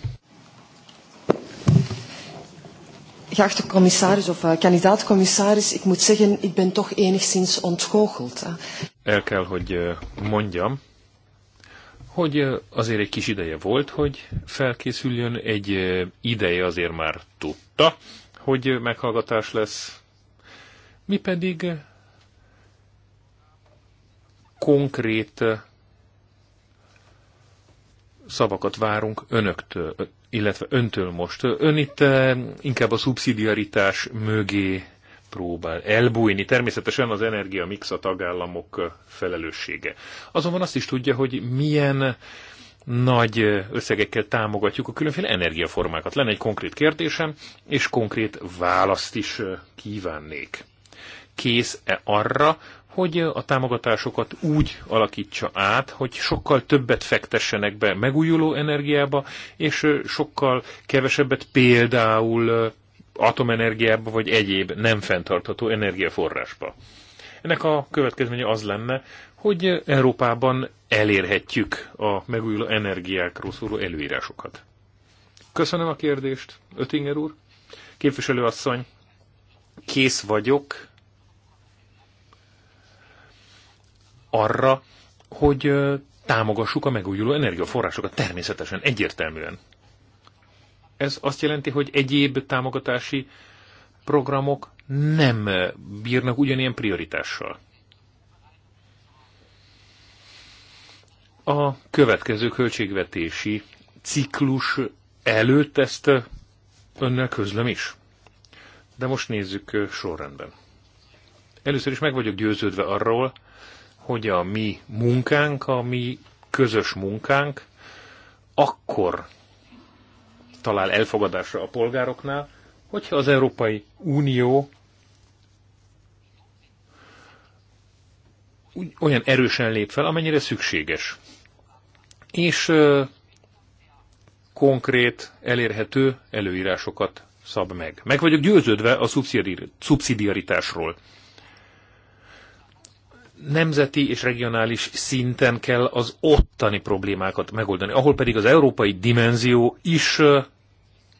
Geachte commissaris of uh, eh, kandidaat commissaris, ik moet zeggen, ik ben toch enigszins ontgoocheld. Eh. El kell, hogy eh, mondjam, hogy azért egy kis ideje volt, hogy felkészüljön, egy ideje azért már tudta, hogy meghallgatás lesz. Mi pedig konkrét szavakat várunk önöktől, illetve öntől most. Ön itt inkább a szubszidiaritás mögé próbál elbújni. Természetesen az energia mix a tagállamok felelőssége. Azonban azt is tudja, hogy milyen nagy összegekkel támogatjuk a különféle energiaformákat. Lenne egy konkrét kérdésem, és konkrét választ is kívánnék. Kész-e arra, hogy a támogatásokat úgy alakítsa át, hogy sokkal többet fektessenek be megújuló energiába, és sokkal kevesebbet például atomenergiába vagy egyéb nem fenntartható energiaforrásba. Ennek a következménye az lenne, hogy Európában elérhetjük a megújuló energiákról szóló előírásokat. Köszönöm a kérdést, Ötinger úr. Képviselőasszony, kész vagyok arra, hogy támogassuk a megújuló energiaforrásokat, természetesen, egyértelműen. Ez azt jelenti, hogy egyéb támogatási programok nem bírnak ugyanilyen prioritással. A következő költségvetési ciklus előtt ezt önnel közlöm is. De most nézzük sorrendben. Először is meg vagyok győződve arról, hogy a mi munkánk, a mi közös munkánk akkor talál elfogadásra a polgároknál, hogyha az Európai Unió olyan erősen lép fel, amennyire szükséges. És konkrét, elérhető előírásokat szab meg. Meg vagyok győződve a szubszidiaritásról nemzeti és regionális szinten kell az ottani problémákat megoldani. Ahol pedig az európai dimenzió is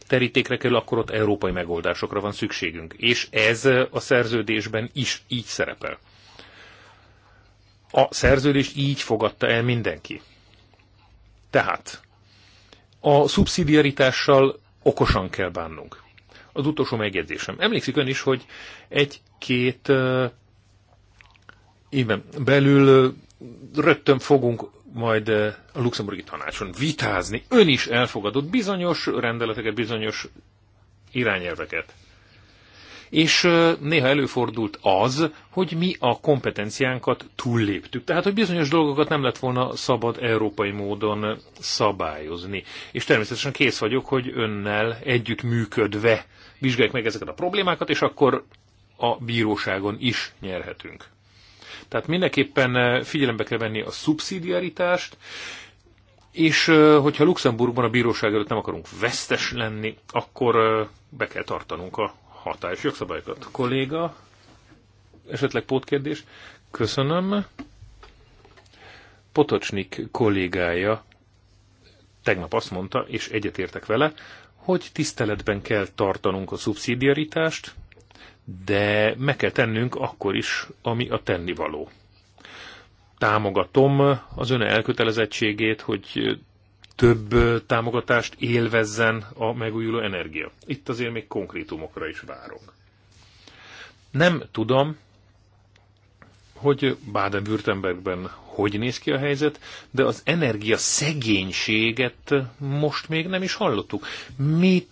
terítékre kerül, akkor ott európai megoldásokra van szükségünk. És ez a szerződésben is így szerepel. A szerződést így fogadta el mindenki. Tehát a szubszidiaritással okosan kell bánnunk. Az utolsó megjegyzésem. Emlékszik ön is, hogy egy-két íme belül rögtön fogunk majd a luxemburgi tanácson vitázni. Ön is elfogadott bizonyos rendeleteket, bizonyos irányelveket. És néha előfordult az, hogy mi a kompetenciánkat túlléptük. Tehát, hogy bizonyos dolgokat nem lett volna szabad európai módon szabályozni. És természetesen kész vagyok, hogy önnel együtt működve vizsgáljuk meg ezeket a problémákat, és akkor a bíróságon is nyerhetünk. Tehát mindenképpen eh, figyelembe kell venni a szubszidiaritást, és eh, hogyha Luxemburgban a bíróság előtt nem akarunk vesztes lenni, akkor eh, be kell tartanunk a hatályos jogszabályokat. Kolléga, esetleg pótkérdés? Köszönöm. Potocsnik kollégája tegnap azt mondta, és egyetértek vele, hogy tiszteletben kell tartanunk a szubszidiaritást, de meg kell tennünk akkor is, ami a tennivaló. Támogatom az ön elkötelezettségét, hogy több támogatást élvezzen a megújuló energia. Itt azért még konkrétumokra is várok. Nem tudom, hogy Baden-Württembergben hogy néz ki a helyzet, de az energia szegénységet most még nem is hallottuk. Mit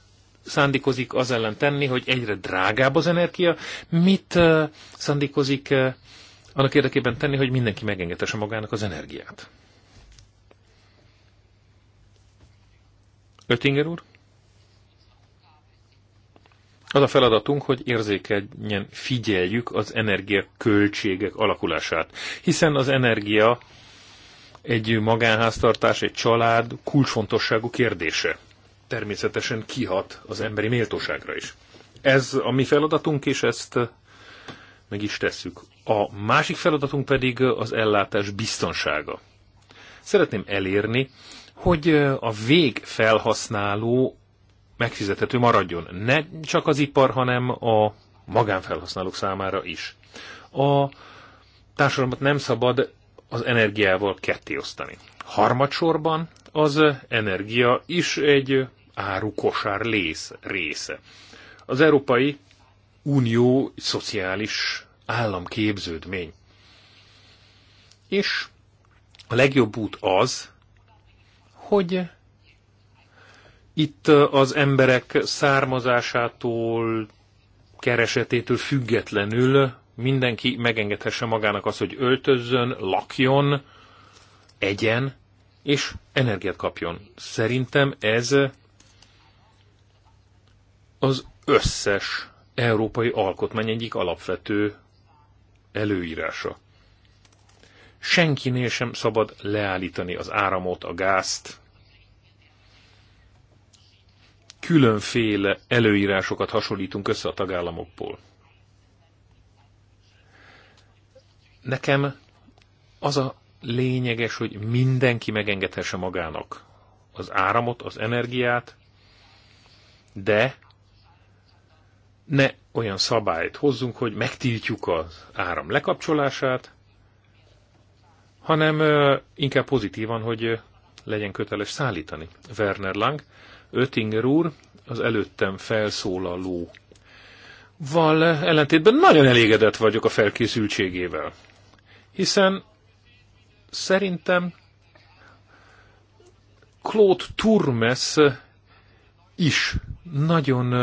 szándékozik az ellen tenni, hogy egyre drágább az energia, mit szándékozik annak érdekében tenni, hogy mindenki megengedhesse magának az energiát. Öttinger úr? Az a feladatunk, hogy érzékenyen figyeljük az energiaköltségek alakulását, hiszen az energia egy magánháztartás, egy család kulcsfontosságú kérdése természetesen kihat az emberi méltóságra is. Ez a mi feladatunk, és ezt meg is tesszük. A másik feladatunk pedig az ellátás biztonsága. Szeretném elérni, hogy a végfelhasználó megfizethető maradjon. Ne csak az ipar, hanem a magánfelhasználók számára is. A társadalmat nem szabad az energiával kettéosztani. Harmadsorban az energia is egy árukosár lész része. Az Európai Unió szociális államképződmény. És a legjobb út az, hogy itt az emberek származásától, keresetétől függetlenül mindenki megengedhesse magának azt, hogy öltözzön, lakjon, egyen, és energiát kapjon. Szerintem ez az összes európai alkotmány egyik alapvető előírása. Senkinél sem szabad leállítani az áramot, a gázt. Különféle előírásokat hasonlítunk össze a tagállamokból. Nekem az a lényeges, hogy mindenki megengedhesse magának az áramot, az energiát, de ne olyan szabályt hozzunk, hogy megtiltjuk az áram lekapcsolását, hanem inkább pozitívan, hogy legyen köteles szállítani. Werner Lang, Öttinger úr, az előttem felszólaló val ellentétben nagyon elégedett vagyok a felkészültségével. Hiszen szerintem Claude Turmes is nagyon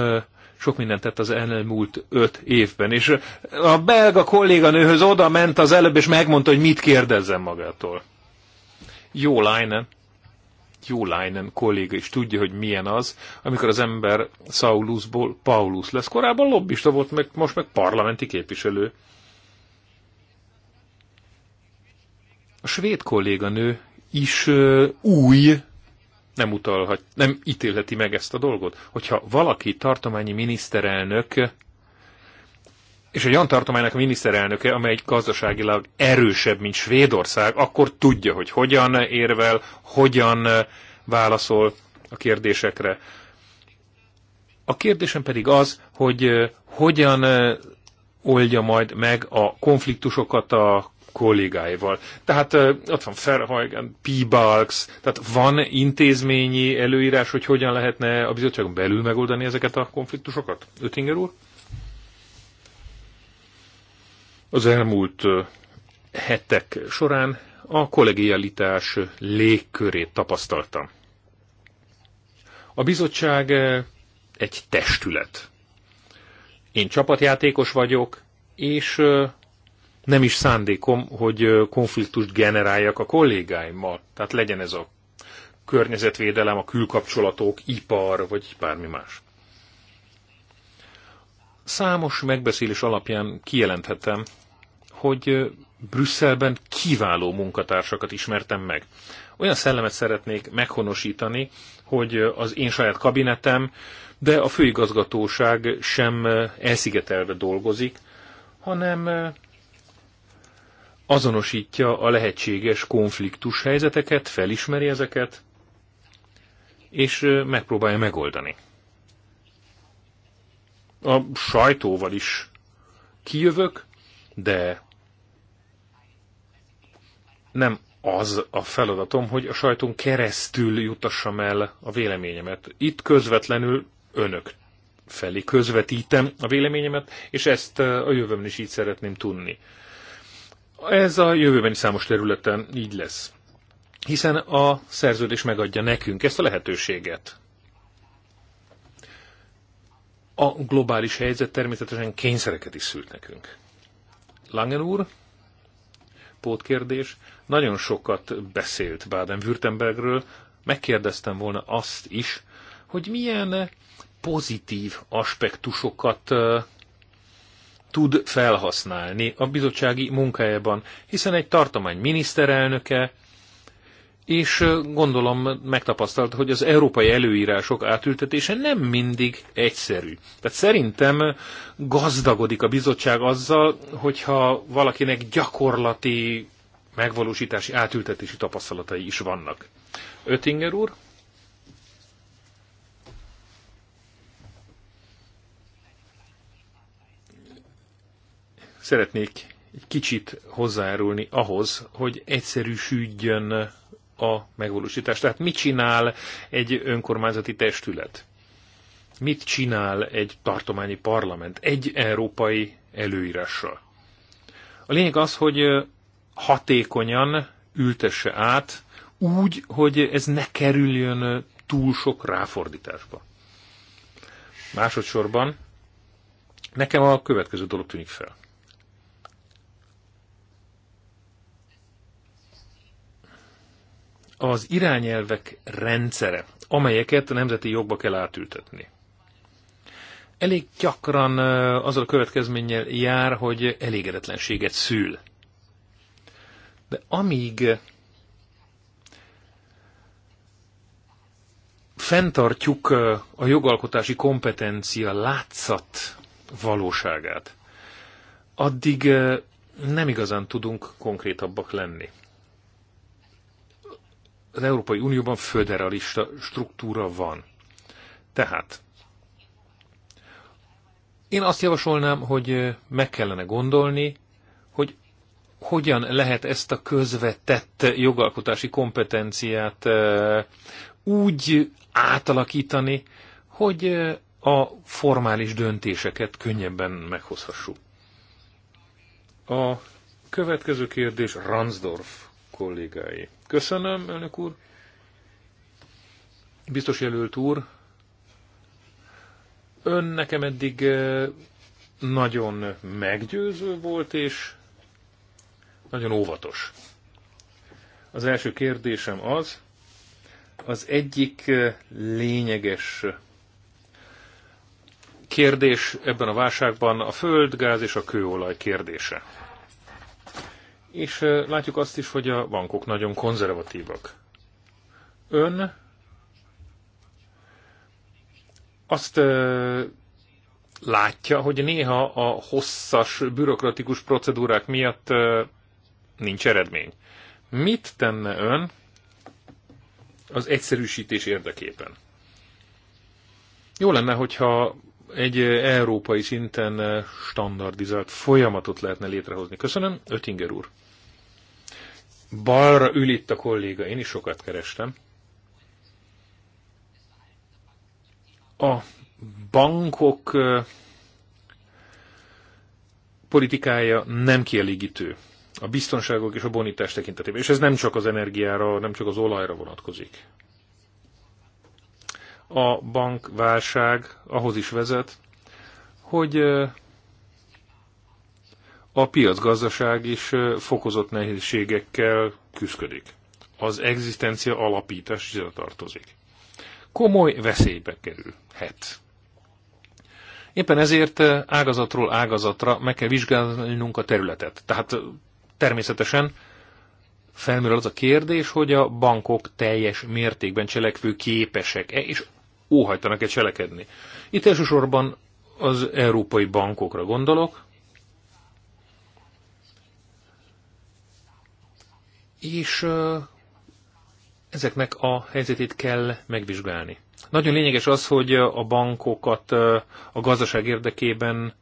sok mindent tett az elmúlt öt évben, és a belga kolléganőhöz oda ment az előbb, és megmondta, hogy mit kérdezzem magától. Jó lányen, jó Leinen kolléga is tudja, hogy milyen az, amikor az ember Saulusból Paulus lesz. Korábban lobbista volt, meg, most meg parlamenti képviselő. A svéd kolléganő is új nem utalhat, nem ítélheti meg ezt a dolgot. Hogyha valaki tartományi miniszterelnök, és egy olyan tartománynak a miniszterelnöke, amely gazdaságilag erősebb, mint Svédország, akkor tudja, hogy hogyan érvel, hogyan eh, válaszol a kérdésekre. A kérdésem pedig az, hogy eh, hogyan eh, oldja majd meg a konfliktusokat, a kollégáival. Tehát ott van Ferhajgen, P-Balks, tehát van intézményi előírás, hogy hogyan lehetne a bizottságon belül megoldani ezeket a konfliktusokat? Ötinger úr? Az elmúlt hetek során a kollegialitás légkörét tapasztaltam. A bizottság egy testület. Én csapatjátékos vagyok, és nem is szándékom, hogy konfliktust generáljak a kollégáimmal. Tehát legyen ez a környezetvédelem, a külkapcsolatok, ipar, vagy bármi más. Számos megbeszélés alapján kijelenthetem, hogy Brüsszelben kiváló munkatársakat ismertem meg. Olyan szellemet szeretnék meghonosítani, hogy az én saját kabinetem, de a főigazgatóság sem elszigetelve dolgozik, hanem azonosítja a lehetséges konfliktus helyzeteket, felismeri ezeket, és megpróbálja megoldani. A sajtóval is kijövök, de nem az a feladatom, hogy a sajtón keresztül jutassam el a véleményemet. Itt közvetlenül önök felé közvetítem a véleményemet, és ezt a jövőben is így szeretném tudni. Ez a jövőbeni számos területen így lesz. Hiszen a szerződés megadja nekünk ezt a lehetőséget. A globális helyzet természetesen kényszereket is szült nekünk. Langen úr, pótkérdés, nagyon sokat beszélt Baden-Württembergről, megkérdeztem volna azt is, hogy milyen pozitív aspektusokat tud felhasználni a bizottsági munkájában, hiszen egy tartomány miniszterelnöke, és gondolom megtapasztalt, hogy az európai előírások átültetése nem mindig egyszerű. Tehát szerintem gazdagodik a bizottság azzal, hogyha valakinek gyakorlati megvalósítási, átültetési tapasztalatai is vannak. Öttinger úr? szeretnék egy kicsit hozzárulni ahhoz, hogy egyszerűsüljön a megvalósítás. Tehát mit csinál egy önkormányzati testület? Mit csinál egy tartományi parlament egy európai előírással? A lényeg az, hogy hatékonyan ültesse át úgy, hogy ez ne kerüljön túl sok ráfordításba. Másodszorban nekem a következő dolog tűnik fel. az irányelvek rendszere, amelyeket a nemzeti jogba kell átültetni. Elég gyakran azzal a következménnyel jár, hogy elégedetlenséget szül. De amíg fenntartjuk a jogalkotási kompetencia látszat valóságát, addig nem igazán tudunk konkrétabbak lenni az Európai Unióban föderalista struktúra van. Tehát én azt javasolnám, hogy meg kellene gondolni, hogy hogyan lehet ezt a közvetett jogalkotási kompetenciát úgy átalakítani, hogy a formális döntéseket könnyebben meghozhassuk. A következő kérdés Ransdorf kollégái. Köszönöm, elnök úr. Biztos jelölt úr, ön nekem eddig eh, nagyon meggyőző volt, és nagyon óvatos. Az első kérdésem az, az egyik eh, lényeges kérdés ebben a válságban a földgáz és a kőolaj kérdése. És látjuk azt is, hogy a bankok nagyon konzervatívak. Ön azt látja, hogy néha a hosszas bürokratikus procedúrák miatt nincs eredmény. Mit tenne ön az egyszerűsítés érdekében? Jó lenne, hogyha egy európai szinten standardizált folyamatot lehetne létrehozni. Köszönöm, Ötinger úr. Balra ül itt a kolléga, én is sokat kerestem. A bankok politikája nem kielégítő a biztonságok és a bonitás tekintetében. És ez nem csak az energiára, nem csak az olajra vonatkozik. A bankválság ahhoz is vezet, hogy a piacgazdaság is fokozott nehézségekkel küzdik. Az egzisztencia alapítás ide tartozik. Komoly veszélybe kerülhet. Éppen ezért ágazatról ágazatra meg kell vizsgálnunk a területet. Tehát természetesen felmerül az a kérdés, hogy a bankok teljes mértékben cselekvő képesek-e, és óhajtanak-e cselekedni. Itt elsősorban az európai bankokra gondolok, és ezeknek a helyzetét kell megvizsgálni. Nagyon lényeges az, hogy a bankokat a gazdaság érdekében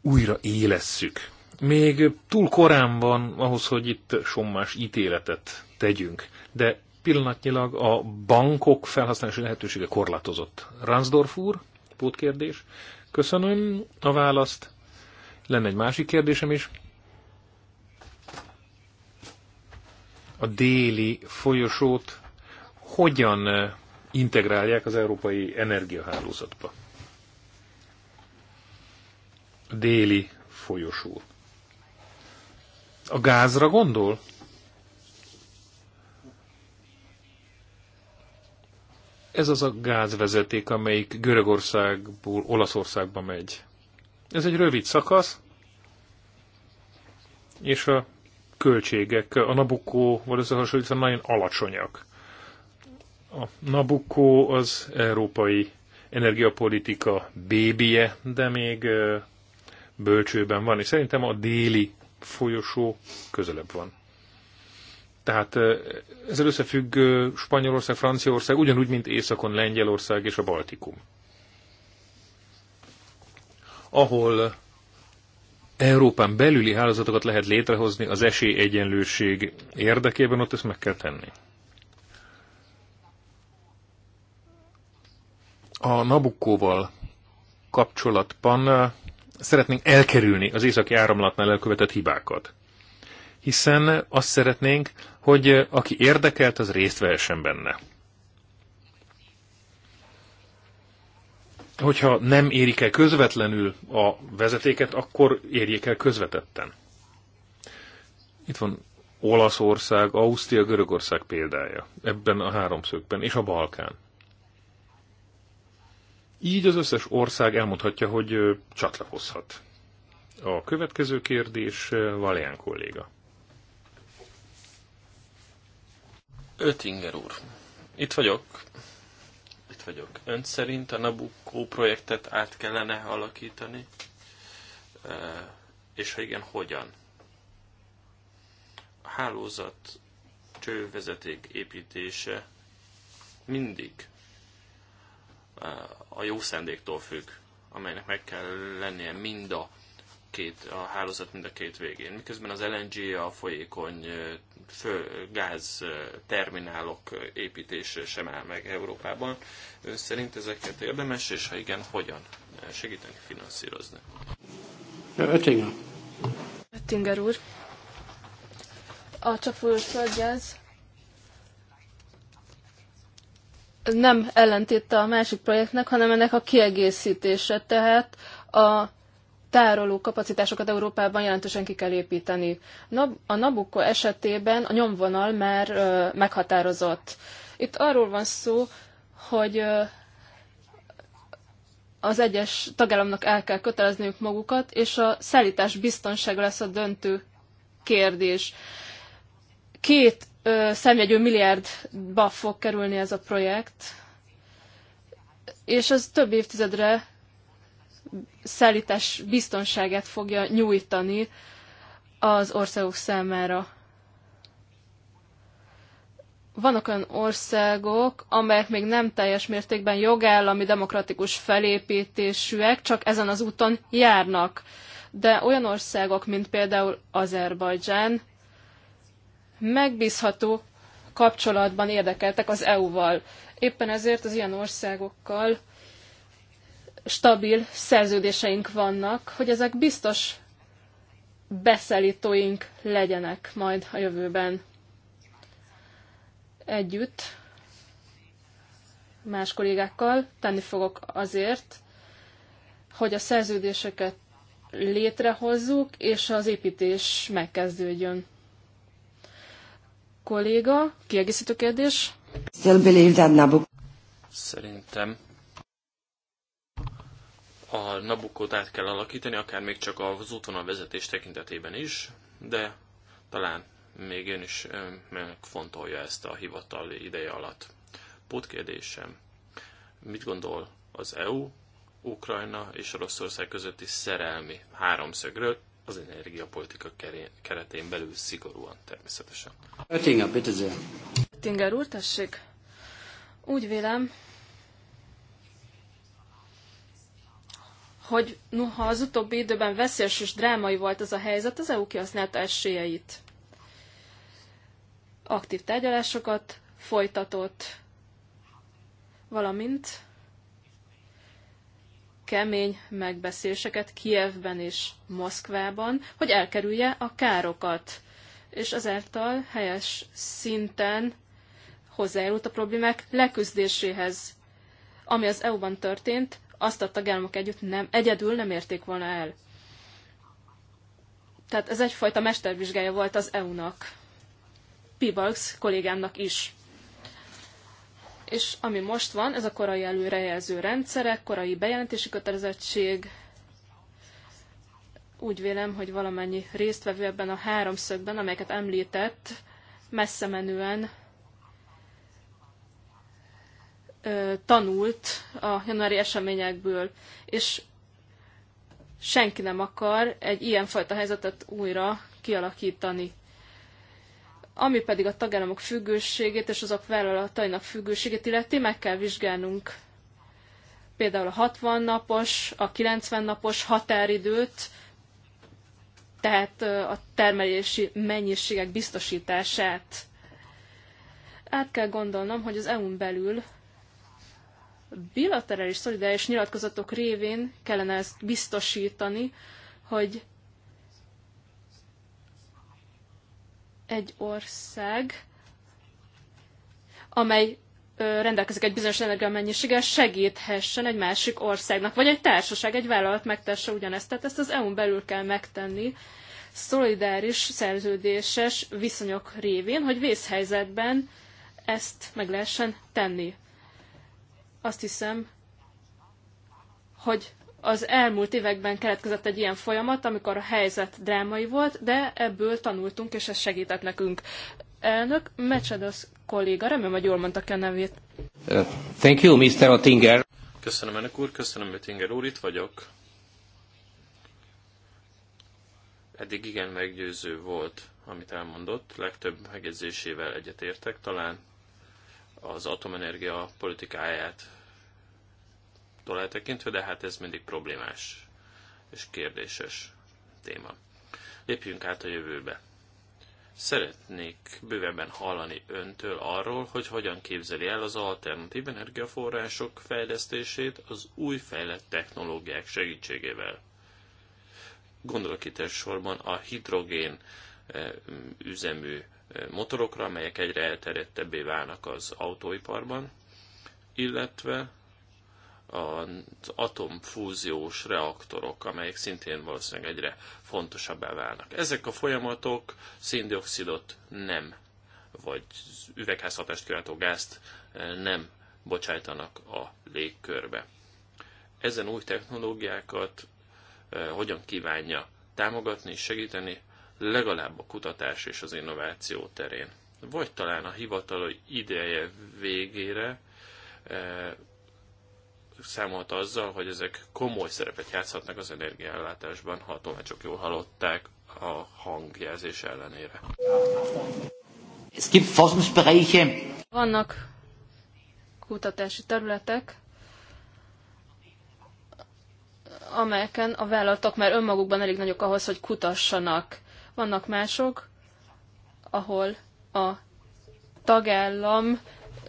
újra élesszük. Még túl korán van ahhoz, hogy itt sommás ítéletet tegyünk, de pillanatnyilag a bankok felhasználási lehetősége korlátozott. Ransdorf úr, pótkérdés. Köszönöm a választ. Lenne egy másik kérdésem is. a déli folyosót hogyan eh, integrálják az európai energiahálózatba. A déli folyosó. A gázra gondol? Ez az a gázvezeték, amelyik Görögországból Olaszországba megy. Ez egy rövid szakasz, és a költségek a Nabukóval hasonlítva, nagyon alacsonyak. A Nabukó az európai energiapolitika bébie, de még bölcsőben van, és szerintem a déli folyosó közelebb van. Tehát ezzel összefügg Spanyolország, Franciaország, ugyanúgy, mint Északon Lengyelország és a Baltikum. Ahol Európán belüli hálózatokat lehet létrehozni az esélyegyenlőség érdekében, ott ezt meg kell tenni. A Nabukkóval kapcsolatban eh, szeretnénk elkerülni az északi áramlatnál elkövetett hibákat. Hiszen azt szeretnénk, hogy eh, aki érdekelt, az részt vehessen benne. hogyha nem érik el közvetlenül a vezetéket, akkor érjék el közvetetten. Itt van Olaszország, Ausztria, Görögország példája ebben a háromszögben, és a Balkán. Így az összes ország elmondhatja, hogy csatlakozhat. A következő kérdés Valéán kolléga. Ötinger úr, itt vagyok vagyok. Ön szerint a Nabucco projektet át kellene alakítani? És ha igen, hogyan? A hálózat csővezeték építése mindig a jó szendéktól függ, amelynek meg kell lennie mind a két, a hálózat mind a két végén. Miközben az LNG, a folyékony fő, gáz terminálok építése sem áll meg Európában. Ön szerint ezeket érdemes, és ha igen, hogyan segíteni finanszírozni? Öttinger. Öttinger úr. A csapolós földgáz nem ellentét a másik projektnek, hanem ennek a kiegészítése. Tehát a tároló kapacitásokat Európában jelentősen ki kell építeni. A Nabucco esetében a nyomvonal már meghatározott. Itt arról van szó, hogy az egyes tagállamnak el kell kötelezniük magukat, és a szállítás biztonsága lesz a döntő kérdés. Két ö, szemjegyő milliárdba fog kerülni ez a projekt, és ez több évtizedre szállítás biztonságát fogja nyújtani az országok számára. Vannak olyan országok, amelyek még nem teljes mértékben jogállami, demokratikus felépítésűek, csak ezen az úton járnak. De olyan országok, mint például Azerbajdzsán, megbízható kapcsolatban érdekeltek az EU-val. Éppen ezért az ilyen országokkal stabil szerződéseink vannak, hogy ezek biztos beszállítóink legyenek majd a jövőben együtt más kollégákkal tenni fogok azért, hogy a szerződéseket létrehozzuk, és az építés megkezdődjön. Kolléga, kiegészítő kérdés? Still believe that Nabucco. Szerintem a Nabukot át kell alakítani, akár még csak az útvonal vezetés tekintetében is, de talán még ön is megfontolja ezt a hivatal ideje alatt. Pótkérdésem, mit gondol az EU, Ukrajna és Oroszország közötti szerelmi háromszögről az energiapolitika keretén belül szigorúan természetesen? Öttinger, bitte sehr. Öttinger úr, tessék. Úgy vélem, hogy noha az utóbbi időben veszélyes és drámai volt ez a helyzet, az EU kihasználta esélyeit. Aktív tárgyalásokat folytatott, valamint kemény megbeszéléseket Kievben és Moszkvában, hogy elkerülje a károkat, és ezáltal helyes szinten hozzájárult a problémák leküzdéséhez. Ami az EU-ban történt, azt a tagállamok együtt nem, egyedül nem érték volna el. Tehát ez egyfajta mestervizsgája volt az EU-nak, Pibalks kollégámnak is. És ami most van, ez a korai előrejelző rendszerek, korai bejelentési kötelezettség, úgy vélem, hogy valamennyi résztvevő ebben a háromszögben, amelyeket említett, messze menően tanult a januári eseményekből, és senki nem akar egy ilyenfajta helyzetet újra kialakítani. Ami pedig a tagállamok függőségét és azok vállalatainak függőségét illeti, meg kell vizsgálnunk például a 60 napos, a 90 napos határidőt, tehát a termelési mennyiségek biztosítását. Át kell gondolnom, hogy az EU-n belül bilaterális szolidáris nyilatkozatok révén kellene ezt biztosítani, hogy egy ország, amely rendelkezik egy bizonyos energiamennyiséggel, segíthessen egy másik országnak, vagy egy társaság, egy vállalat megtesse ugyanezt. Tehát ezt az EU-n belül kell megtenni, szolidáris szerződéses viszonyok révén, hogy vészhelyzetben ezt meg lehessen tenni. Azt hiszem, hogy az elmúlt években keletkezett egy ilyen folyamat, amikor a helyzet drámai volt, de ebből tanultunk, és ez segített nekünk. Elnök, Mecsedos kolléga, remélem, hogy jól mondta ki a nevét. Uh, thank you, Mr. Ottinger. Köszönöm, elnök úr, köszönöm, Ottinger úr, itt vagyok. Eddig igen meggyőző volt, amit elmondott, legtöbb megjegyzésével egyetértek, talán az atomenergia politikáját eltekintve, de hát ez mindig problémás és kérdéses téma. Lépjünk át a jövőbe. Szeretnék bővebben hallani öntől arról, hogy hogyan képzeli el az alternatív energiaforrások fejlesztését az új fejlett technológiák segítségével. Gondolok itt elsősorban a hidrogén eh, üzemű motorokra, amelyek egyre elterjedtebbé válnak az autóiparban, illetve az atomfúziós reaktorok, amelyek szintén valószínűleg egyre fontosabbá válnak. Ezek a folyamatok széndiokszidot nem, vagy üvegházhatást kiváltó gázt eh, nem bocsájtanak a légkörbe. Ezen új technológiákat eh, hogyan kívánja támogatni és segíteni legalább a kutatás és az innováció terén. Vagy talán a hivatal ideje végére e, számolt azzal, hogy ezek komoly szerepet játszhatnak az energiaellátásban, ha a tolmácsok jól hallották a hangjelzés ellenére. Es gibt Forschungsbereiche. Vannak kutatási területek, amelyeken a vállalatok már önmagukban elég nagyok ahhoz, hogy kutassanak. Vannak mások, ahol a tagállam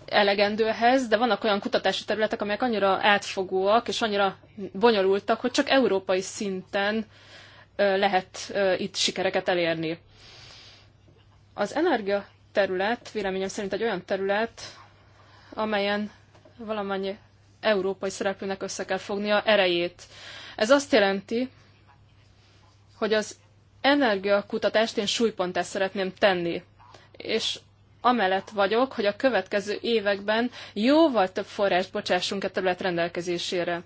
elegendőhez, de vannak olyan kutatási területek, amelyek annyira átfogóak és annyira bonyolultak, hogy csak európai szinten lehet itt sikereket elérni. Az energia terület véleményem szerint egy olyan terület, amelyen valamennyi európai szereplőnek össze kell fognia erejét. Ez azt jelenti, hogy az energiakutatást én súlypontá szeretném tenni. És amellett vagyok, hogy a következő években jóval több forrást bocsássunk a e terület rendelkezésére.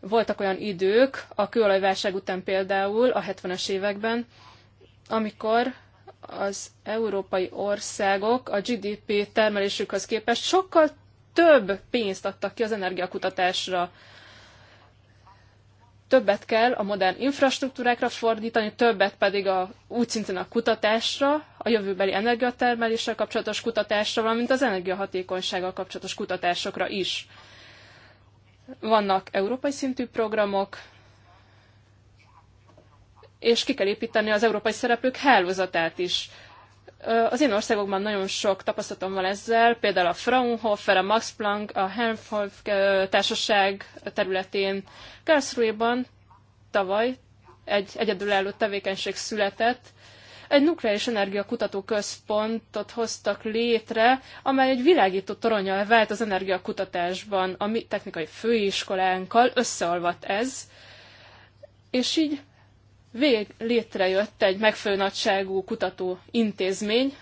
Voltak olyan idők, a kőolajválság után például a 70-es években, amikor az európai országok a GDP termelésükhöz képest sokkal több pénzt adtak ki az energiakutatásra többet kell a modern infrastruktúrákra fordítani, többet pedig a, úgy szintén a kutatásra, a jövőbeli energiatermeléssel kapcsolatos kutatásra, valamint az energiahatékonysággal kapcsolatos kutatásokra is. Vannak európai szintű programok, és ki kell építeni az európai szereplők hálózatát is. Az én országokban nagyon sok tapasztalatom van ezzel, például a Fraunhofer, a Max Planck, a Helmholtz társaság területén. Karlsruhe-ban tavaly egy egyedülálló tevékenység született, egy nukleáris energiakutató központot hoztak létre, amely egy világító toronyal vált az energiakutatásban. A mi technikai főiskolánkkal összeolvadt ez, és így vég létrejött egy megfelelő nagyságú kutató intézmény.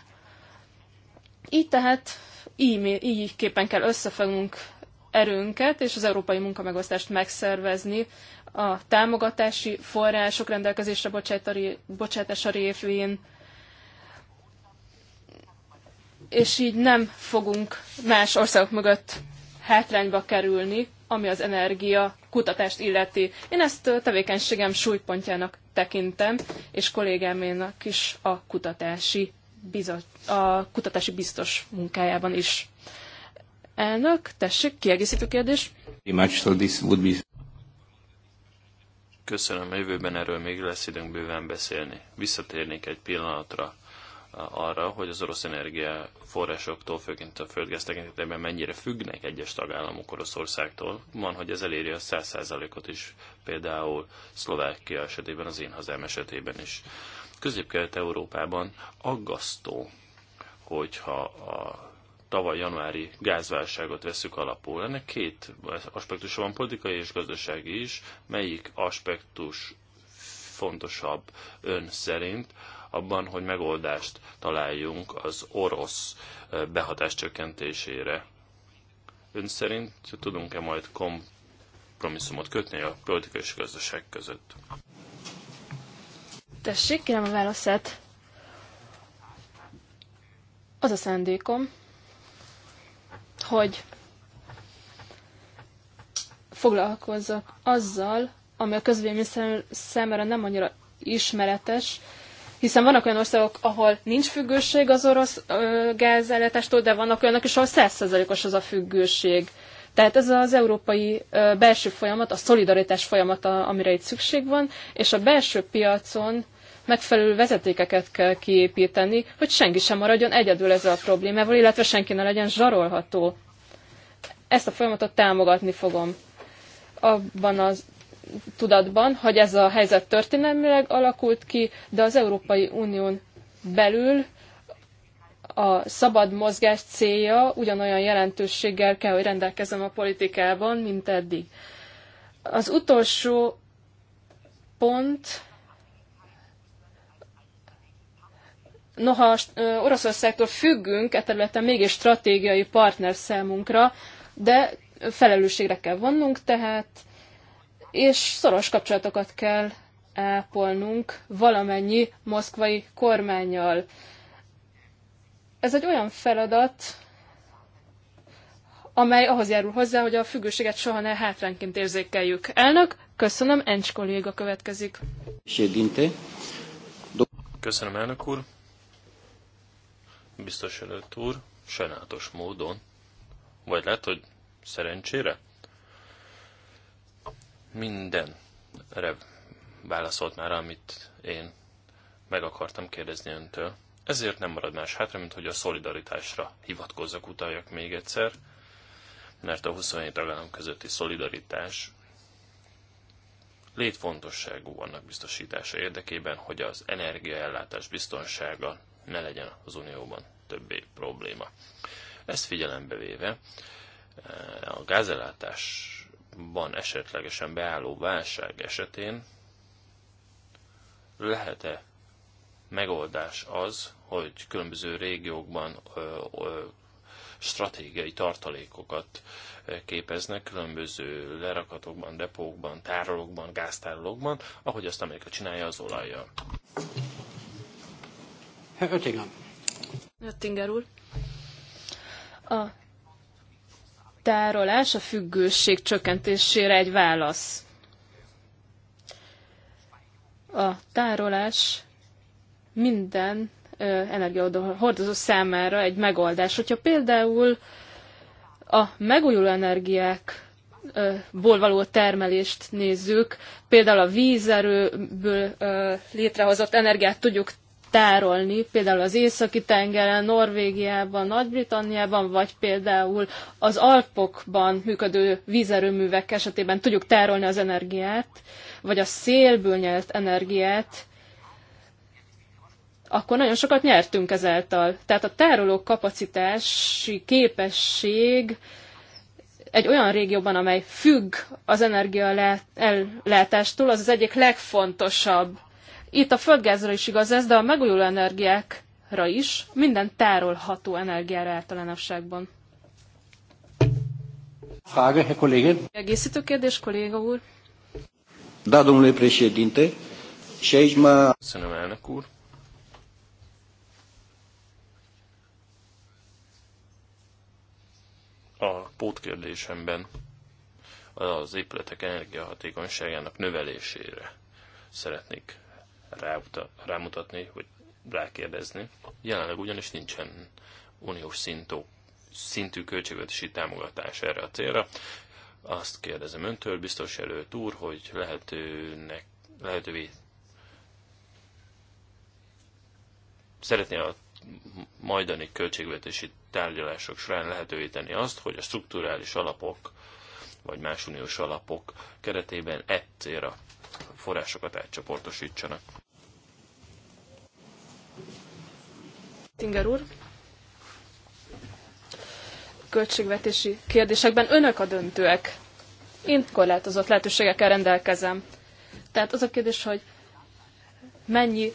Így tehát így, így képen kell összefognunk erőnket és az európai munkamegosztást megszervezni a támogatási források rendelkezésre bocsátása révén, és így nem fogunk más országok mögött hátrányba kerülni, ami az energia kutatást illeti. Én ezt tevékenységem súlypontjának tekintem, és kollégáménak is a kutatási, bizot, a kutatási biztos munkájában is. Elnök, tessék, kiegészítő kérdés. Köszönöm, a jövőben erről még lesz időnk bőven beszélni. Visszatérnék egy pillanatra arra, hogy az orosz energia forrásoktól, főként a földgáz tekintetében mennyire függnek egyes tagállamok Oroszországtól. Van, hogy ez eléri a 100%-ot is, például Szlovákia esetében, az én hazám esetében is. Közép-Kelet-Európában aggasztó, hogyha a tavaly januári gázválságot veszük alapul. Ennek két aspektusa van, politikai és gazdasági is. Melyik aspektus fontosabb ön szerint? abban, hogy megoldást találjunk az orosz behatás csökkentésére. Ön szerint tudunk-e majd kompromisszumot kötni a politikai és gazdaság között? Tessék, kérem a válaszát. Az a szándékom, hogy foglalkozzak azzal, ami a közvélemény számára nem annyira ismeretes, hiszen vannak olyan országok, ahol nincs függőség az orosz gázellátástól, de vannak olyanok is, ahol 100%-os az a függőség. Tehát ez az európai belső folyamat, a szolidaritás folyamata, amire itt szükség van, és a belső piacon megfelelő vezetékeket kell kiépíteni, hogy senki sem maradjon egyedül ezzel a problémával, illetve senki ne legyen zsarolható. Ezt a folyamatot támogatni fogom. Abban az tudatban, hogy ez a helyzet történelmileg alakult ki, de az Európai Unión belül a szabad mozgás célja ugyanolyan jelentőséggel kell, hogy rendelkezem a politikában, mint eddig. Az utolsó pont, noha Oroszországtól függünk, e területen mégis stratégiai partner számunkra, de felelősségre kell vonnunk, tehát és szoros kapcsolatokat kell ápolnunk valamennyi moszkvai kormányjal. Ez egy olyan feladat, amely ahhoz járul hozzá, hogy a függőséget soha ne hátránként érzékeljük. Elnök, köszönöm, Encs kolléga következik. Köszönöm, elnök úr. Biztos előtt úr, sajnálatos módon. Vagy lehet, hogy szerencsére mindenre válaszolt már, amit én meg akartam kérdezni öntől. Ezért nem marad más hátra, mint hogy a szolidaritásra hivatkozzak, utaljak még egyszer, mert a 27 tagállam közötti szolidaritás létfontosságú annak biztosítása érdekében, hogy az energiaellátás biztonsága ne legyen az Unióban többé probléma. Ezt figyelembe véve eh, a gázellátás van esetlegesen beálló válság esetén lehet-e megoldás az, hogy különböző régiókban ö, ö, stratégiai tartalékokat képeznek különböző lerakatokban, depókban, tárolókban, gáztárolókban, ahogy azt Amerika csinálja az olajjal. Öttinger. Öttinger úr. A tárolás a függőség csökkentésére egy válasz. A tárolás minden energiahordozó számára egy megoldás. Hogyha például a megújuló energiák ból való termelést nézzük, például a vízerőből létrehozott energiát tudjuk tárolni, például az északi tengeren, Norvégiában, Nagy-Britanniában, vagy például az Alpokban működő vízerőművek esetében tudjuk tárolni az energiát, vagy a szélből nyert energiát, akkor nagyon sokat nyertünk ezáltal. Tehát a tároló kapacitási képesség egy olyan régióban, amely függ az energia ellátástól, az az egyik legfontosabb itt a földgázra is igaz ez, de a megújuló energiákra is, minden tárolható energiára általánosságban. Frage, Herr Kollege. Egészítő kérdés, kolléga úr. Da, domnule președinte, și aici mă... Köszönöm, elnök úr. a pótkérdésemben az épületek energiahatékonyságának növelésére szeretnék ráuta, rámutatni, vagy rákérdezni. Jelenleg ugyanis nincsen uniós szintú, szintű költségvetési támogatás erre a célra. Azt kérdezem öntől, biztos előtt úr, hogy lehetőnek, lehetővé szeretné a majdani költségvetési tárgyalások során lehetővé tenni azt, hogy a strukturális alapok vagy más uniós alapok keretében e a forrásokat átcsoportosítsanak. Oettinger úr. Költségvetési kérdésekben önök a döntőek. Én korlátozott lehetőségekkel rendelkezem. Tehát az a kérdés, hogy mennyi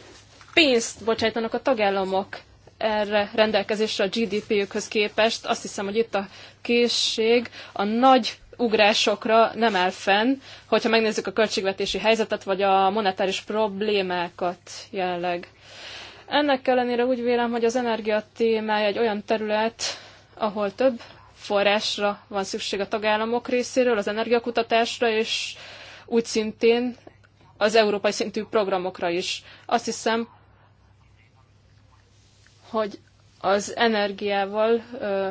pénzt bocsájtanak a tagállamok erre rendelkezésre a GDP-jükhöz képest. Azt hiszem, hogy itt a készség a nagy ugrásokra nem áll fenn, hogyha megnézzük a költségvetési helyzetet, vagy a monetáris problémákat jelenleg. Ennek ellenére úgy vélem, hogy az energia témája egy olyan terület, ahol több forrásra van szükség a tagállamok részéről, az energiakutatásra, és úgy szintén az európai szintű programokra is. Azt hiszem, hogy az energiával ö,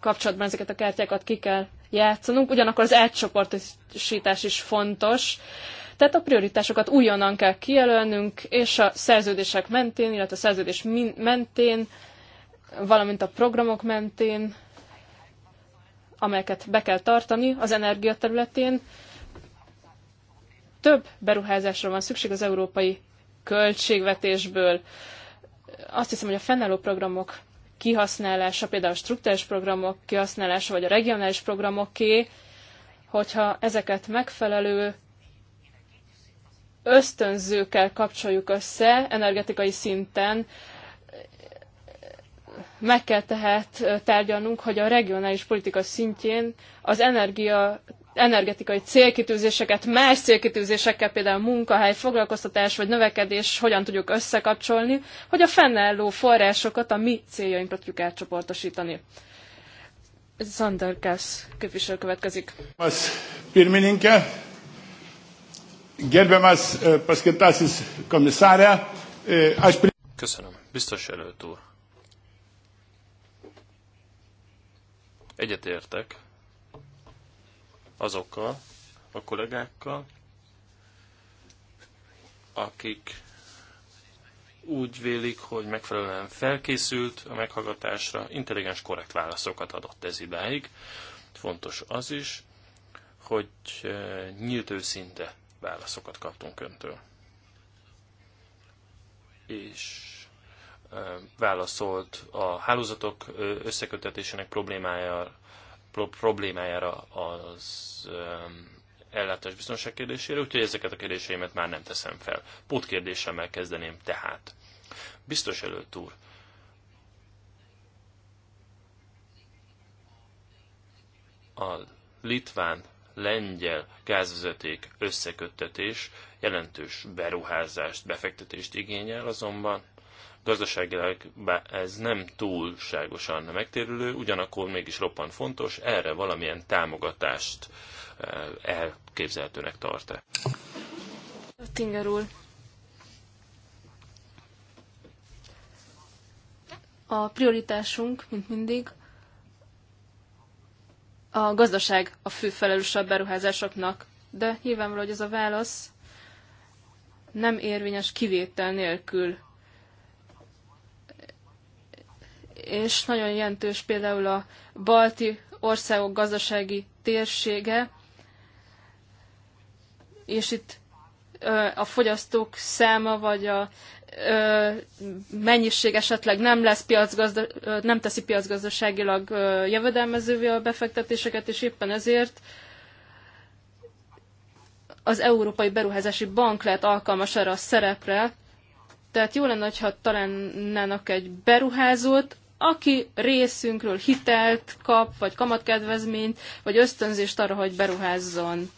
kapcsolatban ezeket a kártyákat ki kell játszanunk, ugyanakkor az átcsoportosítás is fontos. Ö, tehát a prioritásokat újonnan kell kijelölnünk, és a szerződések mentén, illetve a szerződés mentén, valamint a programok mentén, amelyeket be kell tartani az energia területén, több beruházásra van szükség az európai költségvetésből. Azt hiszem, hogy a fennálló programok kihasználása, például a struktúrális programok kihasználása, vagy a regionális programoké, hogyha ezeket megfelelő ösztönzőkkel kapcsoljuk össze energetikai szinten, meg kell tehát tárgyalnunk, hogy a regionális politika szintjén az energia, energetikai célkitűzéseket más célkitűzésekkel, például munkahely, foglalkoztatás vagy növekedés hogyan tudjuk összekapcsolni, hogy a fennálló forrásokat a mi céljainkra tudjuk átcsoportosítani. Zander Gász képviselő következik. Az Pirmininke, Gerbiamas e, paskirtasis komisarė, e, aš... Köszönöm. Biztos előtt úr. Egyetértek azokkal a kollégákkal, akik úgy vélik, hogy megfelelően felkészült a meghallgatásra, intelligens, korrekt válaszokat adott ez idáig. Fontos az is, hogy e, nyílt őszinte válaszokat kaptunk öntől. És válaszolt a hálózatok összekötetésének problémájára, problémájára az ellátás biztonság kérdésére, úgyhogy ezeket a kérdéseimet már nem teszem fel. kérdésemmel kezdeném tehát. Biztos előtt úr, a litván lengyel gázvezeték összeköttetés jelentős beruházást, befektetést igényel, azonban gazdaságilag ez nem túlságosan megtérülő, ugyanakkor mégis roppant fontos, erre valamilyen támogatást eh, elképzelhetőnek tart-e? Tinger úr. A prioritásunk, mint mindig, a gazdaság a fő felelős a beruházásoknak, de nyilvánvaló, hogy ez a válasz nem érvényes kivétel nélkül. És nagyon jelentős például a balti országok gazdasági térsége, és itt a fogyasztók száma, vagy a mennyiség esetleg nem lesz piacgazda, nem teszi piacgazdaságilag jövedelmezővé a befektetéseket, és éppen ezért az Európai Beruházási Bank lehet alkalmas erre a szerepre, tehát jó lenne, ha találnának egy beruházót, aki részünkről hitelt kap, vagy kamatkedvezményt, vagy ösztönzést arra, hogy beruházzon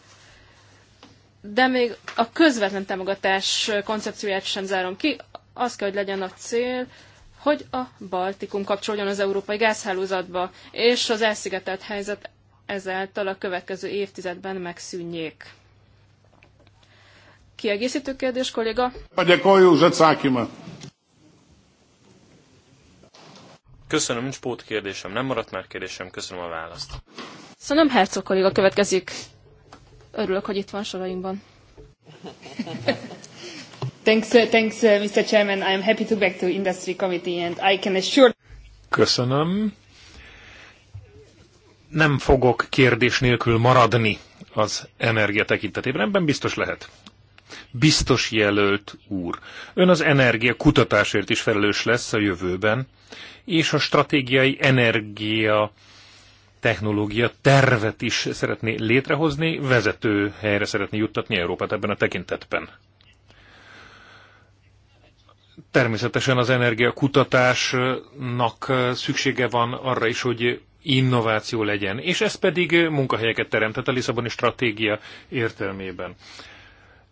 de még a közvetlen támogatás koncepcióját sem zárom ki. Az kell, hogy legyen a cél, hogy a Baltikum kapcsoljon az európai gázhálózatba, és az elszigetelt helyzet ezáltal a következő évtizedben megszűnjék. Kiegészítő kérdés, kolléga? Köszönöm, nincs kérdésem nem maradt már kérdésem, köszönöm a választ. Szóval nem Herzog kolléga következik. Örülök, hogy itt van sorainkban. thanks, uh, thanks, uh, Mr. Chairman. I am happy to back to Industry Committee and I can assure... Köszönöm. Nem fogok kérdés nélkül maradni az energia tekintetében, ebben biztos lehet. Biztos jelölt úr, ön az energia kutatásért is felelős lesz a jövőben, és a stratégiai energia technológia tervet is szeretné létrehozni, vezető helyre szeretné juttatni Európát ebben a tekintetben. Természetesen az energiakutatásnak szüksége van arra is, hogy innováció legyen, és ez pedig munkahelyeket teremtett a Lisszaboni stratégia értelmében.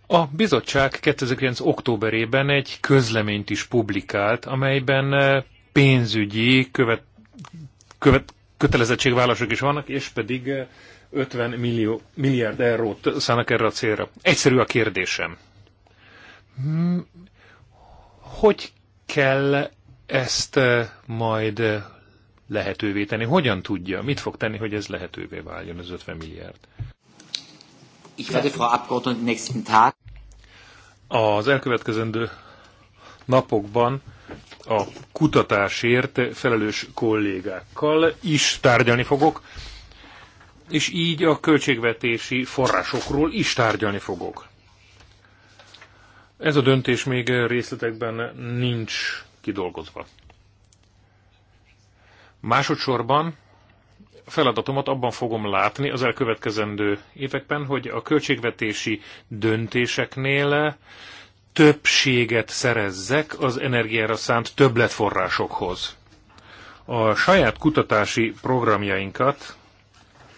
A bizottság 2009. októberében egy közleményt is publikált, amelyben pénzügyi követ, követ, kötelezettségvállalások is vannak, és pedig 50 eh, millió, milliárd eurót szállnak erre a célra. Egyszerű a kérdésem. Hmm, hogy kell ezt eh, majd eh, lehetővé tenni? Hogyan tudja? Mit fog tenni, hogy ez lehetővé váljon, az 50 milliárd? Az elkövetkezendő napokban a kutatásért felelős kollégákkal is tárgyalni fogok, és így a költségvetési forrásokról is tárgyalni fogok. Ez a döntés még részletekben nincs kidolgozva. Másodszorban feladatomat abban fogom látni az elkövetkezendő években, hogy a költségvetési döntéseknél többséget szerezzek az energiára szánt többletforrásokhoz. A saját kutatási programjainkat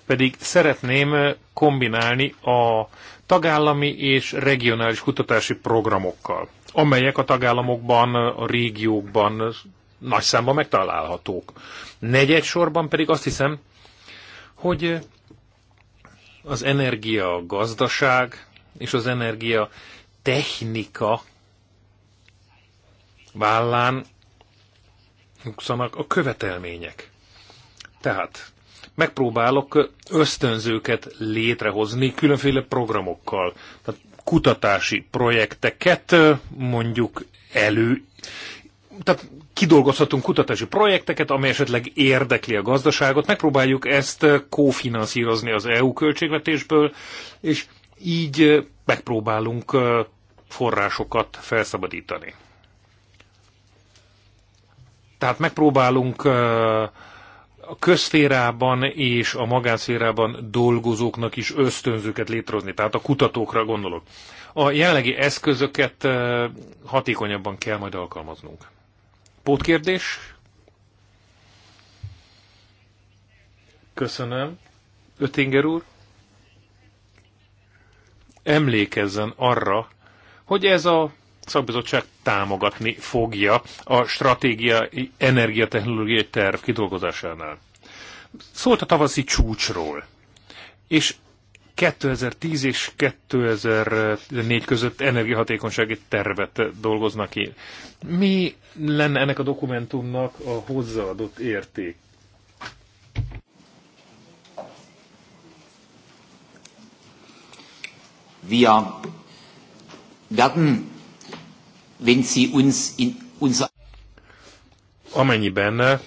pedig szeretném kombinálni a tagállami és regionális kutatási programokkal, amelyek a tagállamokban, a régiókban nagy számban megtalálhatók. Negyed sorban pedig azt hiszem, hogy az energia gazdaság és az energia technika vállán nyugszanak a követelmények. Tehát megpróbálok ösztönzőket létrehozni különféle programokkal. Tehát kutatási projekteket mondjuk elő, tehát kidolgozhatunk kutatási projekteket, ami esetleg érdekli a gazdaságot, megpróbáljuk ezt kófinanszírozni az EU költségvetésből, és így megpróbálunk forrásokat felszabadítani. Tehát megpróbálunk a közférában és a magánszférában dolgozóknak is ösztönzőket létrehozni, tehát a kutatókra gondolok. A jelenlegi eszközöket hatékonyabban kell majd alkalmaznunk. Pótkérdés? Köszönöm. Ötinger úr? emlékezzen arra, hogy ez a szakbizottság támogatni fogja a stratégiai energiatechnológiai terv kidolgozásánál. Szólt a tavaszi csúcsról, és 2010 és 2004 között energiahatékonysági tervet dolgoznak ki. Mi lenne ennek a dokumentumnak a hozzáadott érték? Wir werden, wenn Sie uns in unser Amennyiben eh,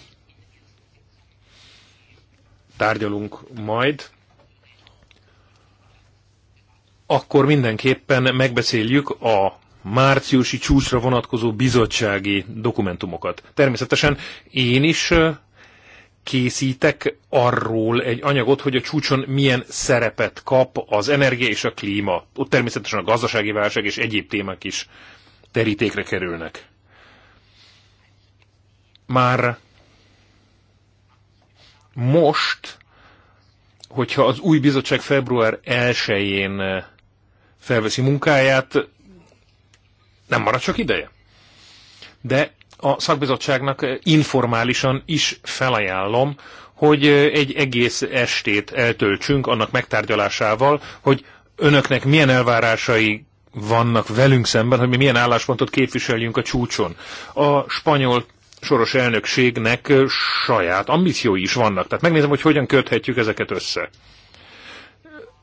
tárgyalunk majd, akkor mindenképpen megbeszéljük a márciusi csúcsra vonatkozó bizottsági dokumentumokat. Természetesen én is eh, készítek arról egy anyagot, hogy a csúcson milyen szerepet kap az energia és a klíma. Ott természetesen a gazdasági válság és egyéb témák is terítékre kerülnek. Már most, hogyha az új bizottság február 1-én eh, felveszi munkáját, nem marad csak ideje. De a szakbizottságnak eh, informálisan is felajánlom, hogy egy egész estét eltöltsünk annak megtárgyalásával, hogy önöknek milyen elvárásai vannak velünk szemben, hogy mi milyen álláspontot képviseljünk a csúcson. A spanyol soros elnökségnek saját ambíciói is vannak. Tehát megnézem, hogy hogyan köthetjük ezeket össze.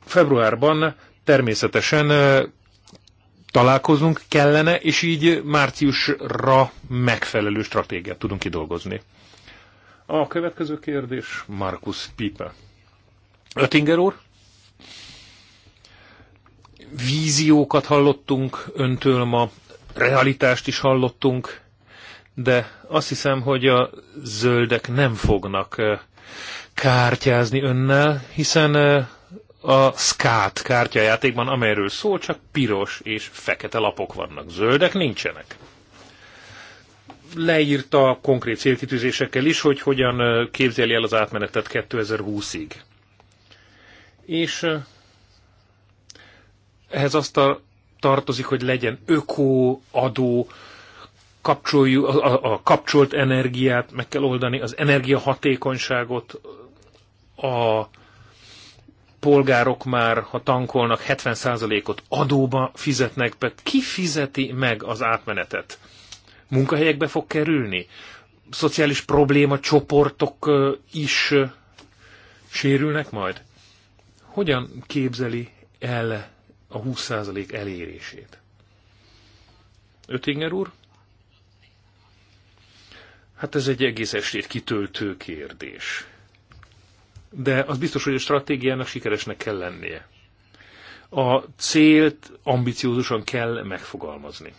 Februárban természetesen találkozunk kellene, és így márciusra megfelelő stratégiát tudunk kidolgozni. A következő kérdés Markus Pipe. Ötinger úr? Víziókat hallottunk öntől ma, realitást is hallottunk, de azt hiszem, hogy a zöldek nem fognak eh, kártyázni önnel, hiszen eh, a SCAT kártyajátékban, amelyről szól, csak piros és fekete lapok vannak. Zöldek nincsenek leírta konkrét célkitűzésekkel is, hogy hogyan képzeli el az átmenetet 2020-ig. És ehhez azt a, tartozik, hogy legyen ökó, adó, kapcsoljuk, a, a, a kapcsolt energiát meg kell oldani, az energiahatékonyságot, a polgárok már, ha tankolnak, 70%-ot adóba fizetnek be. Ki fizeti meg az átmenetet? munkahelyekbe fog kerülni? Szociális probléma csoportok is sérülnek majd? Hogyan képzeli el a 20% elérését? Ötinger úr? Hát ez egy egész estét kitöltő kérdés. De az biztos, hogy a stratégiának sikeresnek kell lennie. A célt ambiciózusan kell megfogalmazni.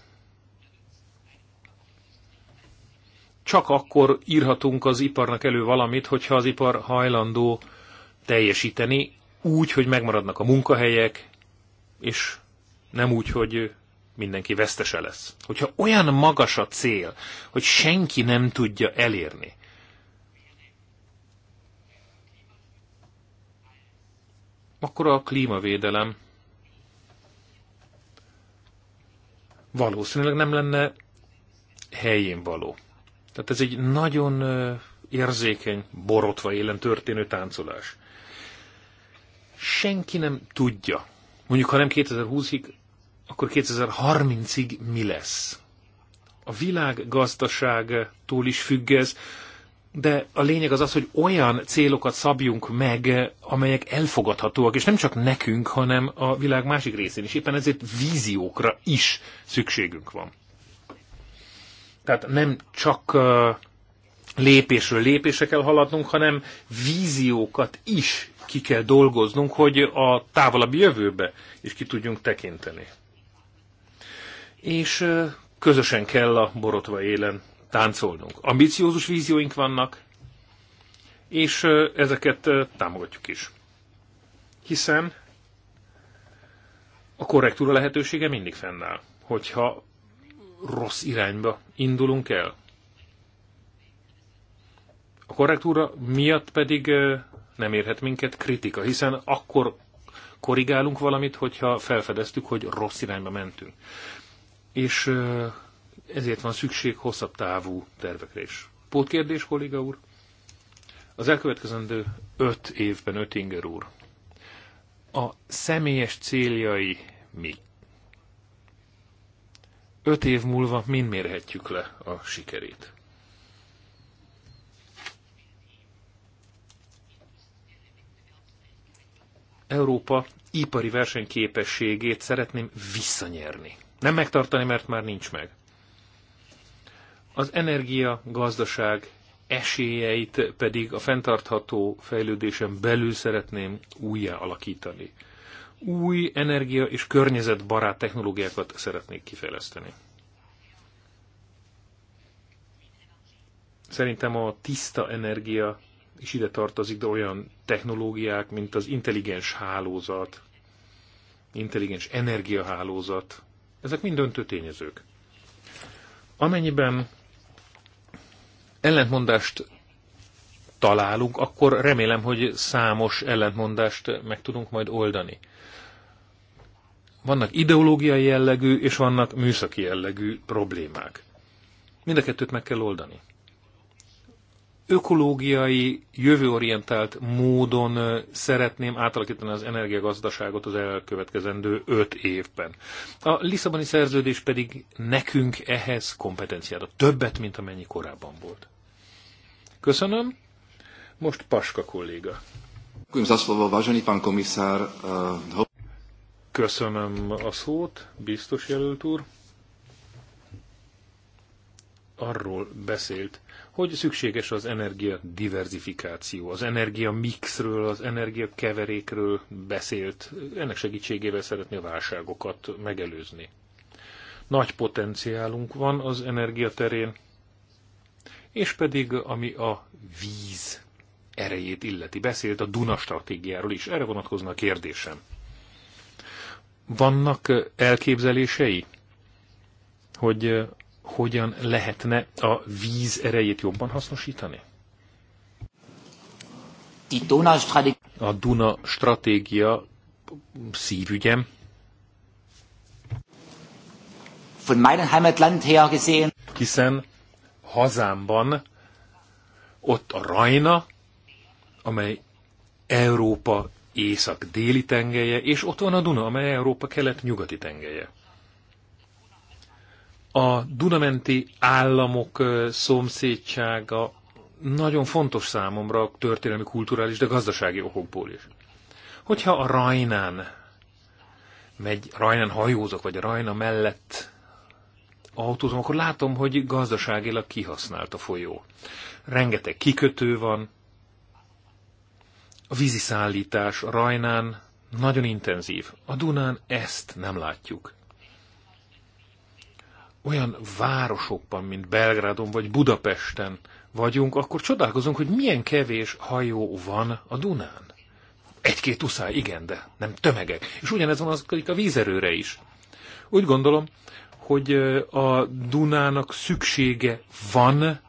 csak akkor írhatunk az iparnak elő valamit, hogyha az ipar hajlandó teljesíteni, úgy, hogy megmaradnak a munkahelyek, és nem úgy, hogy mindenki vesztese lesz. Hogyha olyan magas a cél, hogy senki nem tudja elérni, akkor a klímavédelem valószínűleg nem lenne helyén való. Tehát ez egy nagyon érzékeny, borotva élen történő táncolás. Senki nem tudja. Mondjuk, ha nem 2020-ig, akkor 2030-ig mi lesz? A világ gazdaságtól is függ ez, de a lényeg az az, hogy olyan célokat szabjunk meg, amelyek elfogadhatóak, és nem csak nekünk, hanem a világ másik részén is. Éppen ezért víziókra is szükségünk van. Tehát nem csak lépésről lépésre kell haladnunk, hanem víziókat is ki kell dolgoznunk, hogy a távolabbi jövőbe is ki tudjunk tekinteni. És közösen kell a borotva élen táncolnunk. Ambiciózus vízióink vannak, és ezeket támogatjuk is. Hiszen a korrektúra lehetősége mindig fennáll. Hogyha rossz irányba indulunk el. A korrektúra miatt pedig nem érhet minket kritika, hiszen akkor korrigálunk valamit, hogyha felfedeztük, hogy rossz irányba mentünk. És ezért van szükség hosszabb távú tervekre is. Pótkérdés, kolléga úr? Az elkövetkezendő öt évben inger úr, a személyes céljai mik? öt év múlva mind mérhetjük le a sikerét. Európa ipari versenyképességét szeretném visszanyerni. Nem megtartani, mert már nincs meg. Az energia, gazdaság esélyeit pedig a fenntartható fejlődésen belül szeretném újjá alakítani új energia és környezetbarát technológiákat szeretnék kifejleszteni. Szerintem a tiszta energia is ide tartozik, de olyan technológiák, mint az intelligens hálózat, intelligens energiahálózat, ezek mind döntő tényezők. Amennyiben ellentmondást találunk, akkor remélem, hogy számos ellentmondást meg tudunk majd oldani vannak ideológiai jellegű és vannak műszaki jellegű problémák. Mind a kettőt meg kell oldani. Ökológiai, jövőorientált módon szeretném átalakítani az energiagazdaságot az elkövetkezendő öt évben. A Lisszaboni szerződés pedig nekünk ehhez kompetenciára többet, mint amennyi korábban volt. Köszönöm. Most Paska kolléga. Köszönöm vážený pán komisár. Köszönöm a szót, biztos jelölt úr. Arról beszélt, hogy szükséges az energia diverzifikáció. Az energia mixről, az energia keverékről beszélt. Ennek segítségével szeretné a válságokat megelőzni. Nagy potenciálunk van az energia terén, és pedig ami a víz erejét illeti. Beszélt a Duna stratégiáról is. Erre vonatkozna a kérdésem vannak elképzelései, hogy hogyan lehetne a víz erejét jobban hasznosítani? A Duna stratégia szívügyem. Von meinem Heimatland her gesehen. Hiszen hazámban ott a Rajna, amely Európa észak-déli tengelye, és ott van a Duna, amely Európa kelet-nyugati tengelye. A Dunamenti államok szomszédsága nagyon fontos számomra történelmi, kulturális, de gazdasági okokból is. Hogyha a Rajnán megy, Rajnán hajózok, vagy a Rajna mellett autózom, akkor látom, hogy gazdaságilag kihasznált a folyó. Rengeteg kikötő van, a víziszállítás a Rajnán nagyon intenzív. A Dunán ezt nem látjuk. Olyan városokban, mint Belgrádon vagy Budapesten vagyunk, akkor csodálkozunk, hogy milyen kevés hajó van a Dunán. Egy-két uszály, igen, de nem tömegek. És ugyanez van az a vízerőre is. Úgy gondolom, hogy a Dunának szüksége van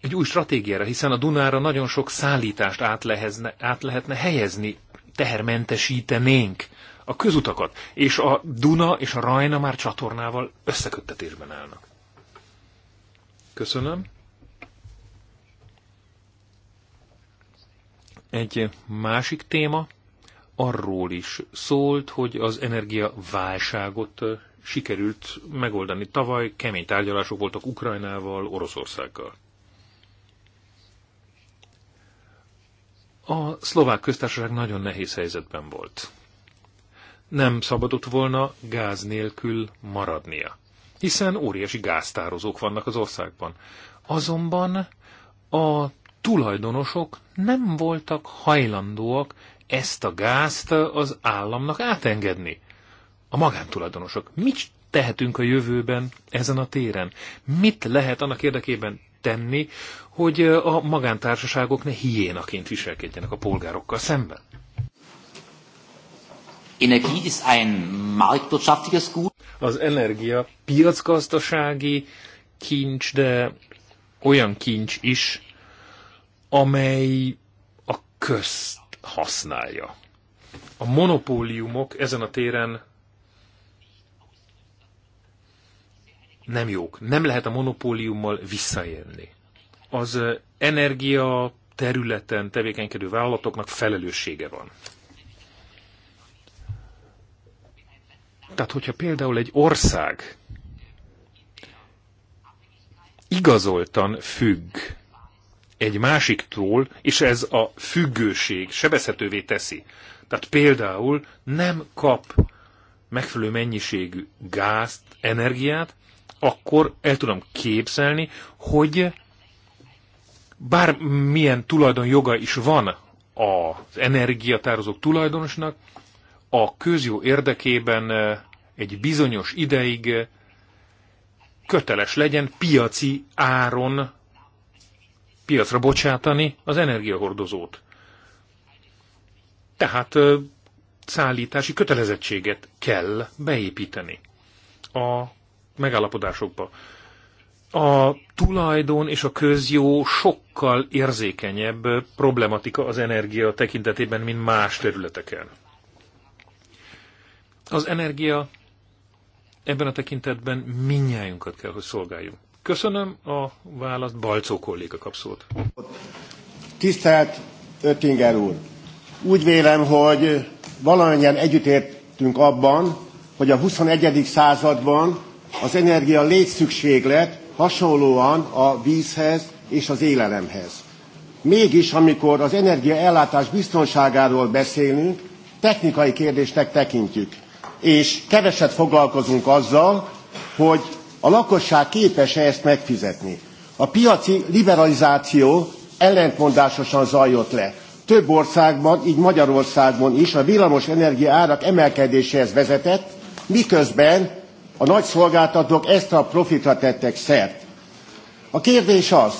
egy új stratégiára, hiszen a Dunára nagyon sok szállítást át, lehezne, át lehetne helyezni, tehermentesítenénk a közutakat, és a Duna és a Rajna már csatornával összeköttetésben állnak. Köszönöm. Egy másik téma arról is szólt, hogy az energiaválságot sikerült megoldani. Tavaly kemény tárgyalások voltak Ukrajnával, Oroszországgal. A szlovák köztársaság nagyon nehéz helyzetben volt. Nem szabadott volna gáz nélkül maradnia, hiszen óriási gáztározók vannak az országban. Azonban a tulajdonosok nem voltak hajlandóak ezt a gázt az államnak átengedni. A magántulajdonosok. Mit tehetünk a jövőben ezen a téren? Mit lehet annak érdekében tenni, hogy a magántársaságok ne hiénaként viselkedjenek a polgárokkal szemben? Az energia piacgazdasági kincs, de olyan kincs is, amely a közt használja. A monopóliumok ezen a téren nem jók. Nem lehet a monopóliummal visszaélni. Az energia területen tevékenykedő vállalatoknak felelőssége van. Tehát, hogyha például egy ország igazoltan függ egy másiktól, és ez a függőség sebezhetővé teszi. Tehát például nem kap megfelelő mennyiségű gázt, energiát, akkor el tudom képzelni, hogy bármilyen tulajdonjoga is van az energiatározók tulajdonosnak, a közjó érdekében egy bizonyos ideig köteles legyen piaci áron piacra bocsátani az energiahordozót. Tehát szállítási kötelezettséget kell beépíteni a megállapodásokba. A tulajdon és a közjó sokkal érzékenyebb problematika az energia tekintetében, mint más területeken. Az energia ebben a tekintetben minnyájunkat kell, hogy szolgáljunk. Köszönöm a választ, Balcó kolléga kap szót. Tisztelt Öttinger úr! Úgy vélem, hogy valamennyien együttértünk abban, hogy a 21. században az energia létszükséglet hasonlóan a vízhez és az élelemhez. Mégis, amikor az energiaellátás biztonságáról beszélünk, technikai kérdésnek tekintjük, és keveset foglalkozunk azzal, hogy a lakosság képes-e ezt megfizetni. A piaci liberalizáció ellentmondásosan zajlott le. Több országban, így Magyarországon is a villamos energia árak emelkedéséhez vezetett, miközben a nagyszolgáltatók ezt a profitra tettek szert. A kérdés az,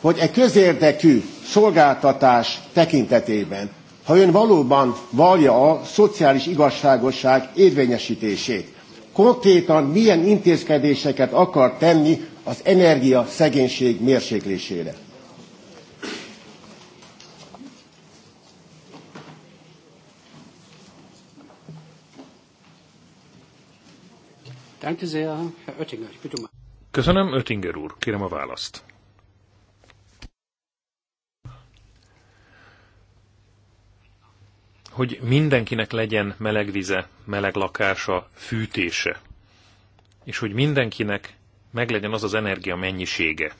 hogy egy közérdekű szolgáltatás tekintetében, ha ön valóban valja a szociális igazságosság érvényesítését, konkrétan milyen intézkedéseket akar tenni az energia szegénység mérséklésére? Um- Köszönöm, Oettinger úr. Kérem a választ. Hogy mindenkinek legyen meleg vize, meleg lakása, fűtése. És hogy mindenkinek meglegyen az az energia mennyisége,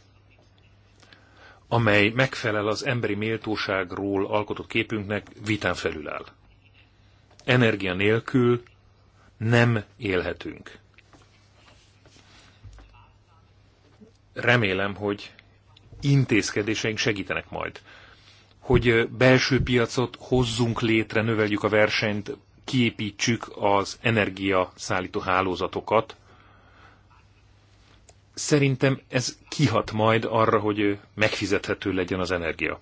amely megfelel az emberi méltóságról alkotott képünknek, vitán áll. Energia nélkül nem élhetünk. remélem, hogy intézkedéseink segítenek majd, hogy belső piacot hozzunk létre, növeljük a versenyt, kiépítsük az energiaszállító hálózatokat. Szerintem ez kihat majd arra, hogy megfizethető legyen az energia.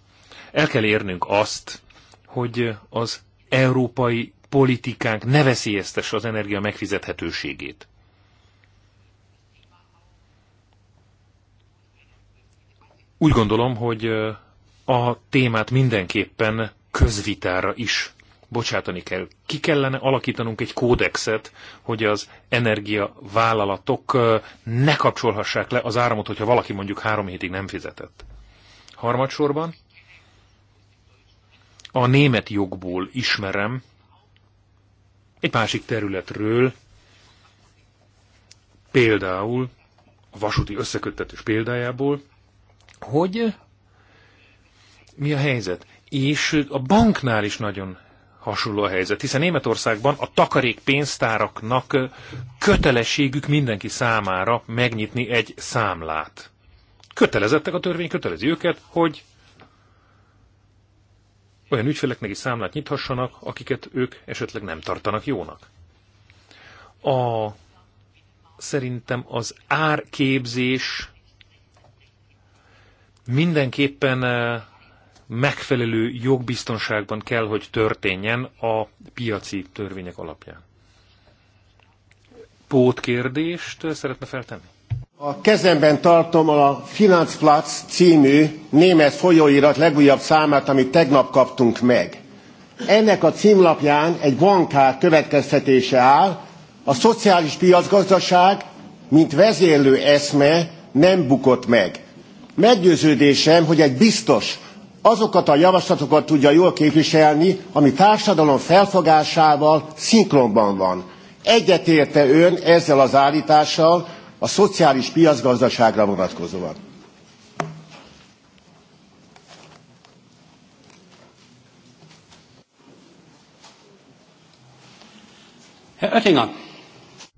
El kell érnünk azt, hogy az európai politikánk ne veszélyeztesse az energia megfizethetőségét. Úgy gondolom, hogy a témát mindenképpen közvitára is bocsátani kell. Ki kellene alakítanunk egy kódexet, hogy az energiavállalatok ne kapcsolhassák le az áramot, hogyha valaki mondjuk három hétig nem fizetett. Harmadsorban a német jogból ismerem egy másik területről, például a vasúti összeköttetés példájából, hogy mi a helyzet. És a banknál is nagyon hasonló a helyzet, hiszen Németországban a pénztáraknak kötelességük mindenki számára megnyitni egy számlát. Kötelezettek a törvény, kötelezi őket, hogy olyan ügyfeleknek is számlát nyithassanak, akiket ők esetleg nem tartanak jónak. A, szerintem az árképzés mindenképpen eh, megfelelő jogbiztonságban kell, hogy történjen a piaci törvények alapján. kérdést szeretne feltenni? A kezemben tartom a Finanzplatz című német folyóirat legújabb számát, amit tegnap kaptunk meg. Ennek a címlapján egy bankár következtetése áll, a szociális piacgazdaság, mint vezérlő eszme nem bukott meg Meggyőződésem, hogy egy biztos azokat a javaslatokat tudja jól képviselni, ami társadalom felfogásával szinkronban van. Egyetérte ön ezzel az állítással a szociális piacgazdaságra vonatkozóan?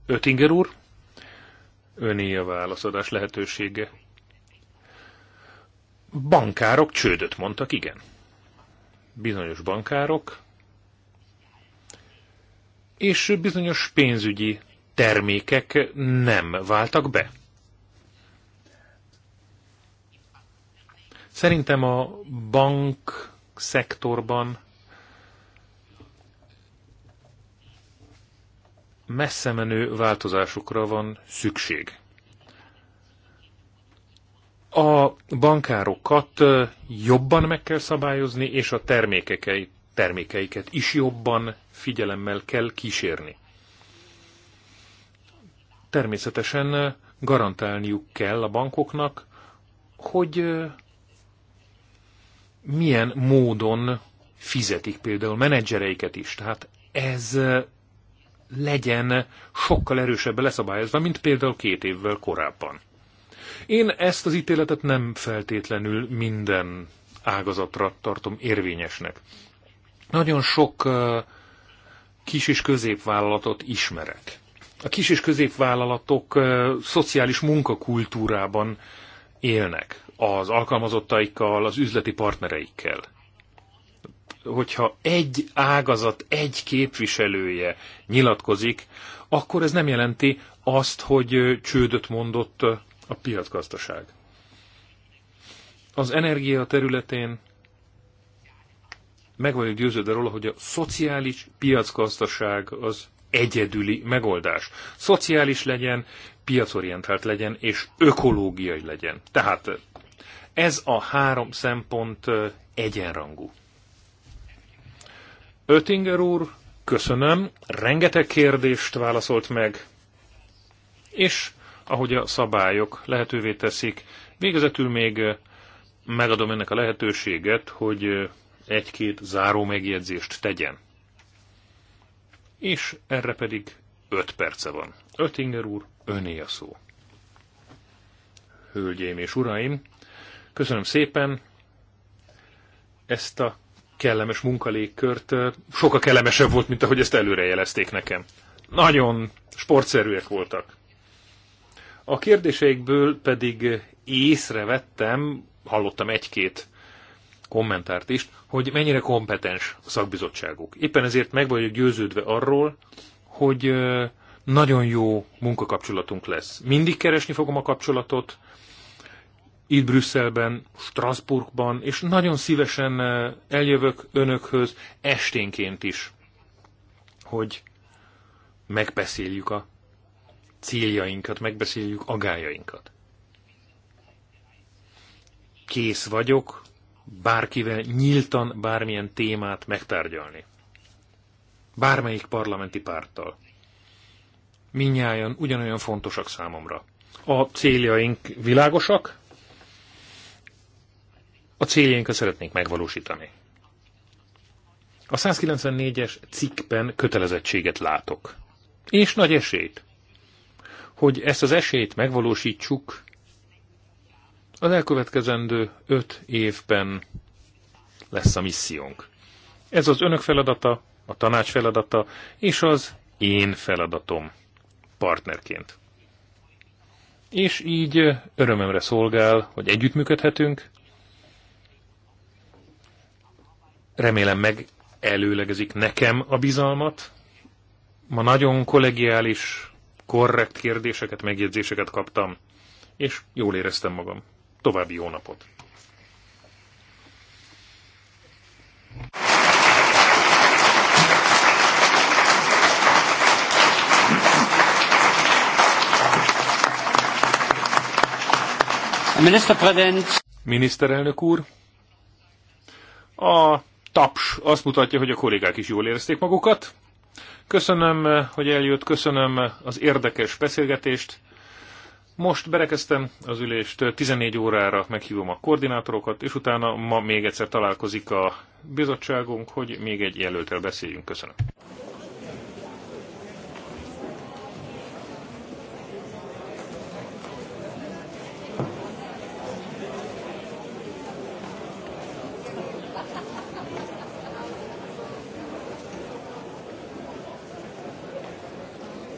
Oettinger úr, öné a válaszadás lehetősége bankárok csődöt mondtak, igen. Bizonyos bankárok, és bizonyos pénzügyi termékek nem váltak be. Szerintem a bank szektorban messze menő változásokra van szükség. A bankárokat jobban meg kell szabályozni, és a termékeiket, termékeiket is jobban figyelemmel kell kísérni. Természetesen garantálniuk kell a bankoknak, hogy milyen módon fizetik például menedzsereiket is. Tehát ez legyen sokkal erősebben leszabályozva, mint például két évvel korábban. Én ezt az ítéletet nem feltétlenül minden ágazatra tartom érvényesnek. Nagyon sok kis és középvállalatot ismerek. A kis és középvállalatok szociális munkakultúrában élnek az alkalmazottaikkal, az üzleti partnereikkel. Hogyha egy ágazat, egy képviselője nyilatkozik, akkor ez nem jelenti azt, hogy csődöt mondott a piacgazdaság. Az energia területén meg vagyok győződve róla, hogy a szociális piacgazdaság az egyedüli megoldás. Szociális legyen, piacorientált legyen, és ökológiai legyen. Tehát ez a három szempont egyenrangú. Ötinger úr, köszönöm, rengeteg kérdést válaszolt meg, és ahogy a szabályok lehetővé teszik. Végezetül még megadom ennek a lehetőséget, hogy egy-két záró megjegyzést tegyen. És erre pedig öt perce van. Öttinger úr, öné a szó. Hölgyeim és uraim, köszönöm szépen ezt a kellemes munkalégkört. Sokkal kellemesebb volt, mint ahogy ezt előrejelezték nekem. Nagyon sportszerűek voltak. A kérdéseikből pedig észrevettem, hallottam egy-két kommentárt is, hogy mennyire kompetens a szakbizottságuk. Éppen ezért meg vagyok győződve arról, hogy nagyon jó munkakapcsolatunk lesz. Mindig keresni fogom a kapcsolatot, itt Brüsszelben, Strasbourgban, és nagyon szívesen eljövök önökhöz esténként is, hogy megbeszéljük a céljainkat, megbeszéljük agájainkat. Kész vagyok bárkivel nyíltan bármilyen témát megtárgyalni. Bármelyik parlamenti párttal. Minnyáján ugyanolyan fontosak számomra. A céljaink világosak, a céljainkat szeretnénk megvalósítani. A 194-es cikkben kötelezettséget látok. És nagy esélyt hogy ezt az esélyt megvalósítsuk az elkövetkezendő öt évben lesz a missziónk. Ez az önök feladata, a tanács feladata, és az én feladatom partnerként. És így örömemre szolgál, hogy együttműködhetünk. Remélem meg előlegezik nekem a bizalmat. Ma nagyon kollegiális korrekt kérdéseket, megjegyzéseket kaptam, és jól éreztem magam. További jó napot! Miniszterelnök úr, a taps azt mutatja, hogy a kollégák is jól érezték magukat. Köszönöm, eh, hogy eljött, köszönöm eh, az érdekes beszélgetést. Most berekeztem az ülést, 14 eh, órára meghívom a koordinátorokat, és utána ma még egyszer találkozik a bizottságunk, hogy még egy jelöltel beszéljünk. Köszönöm.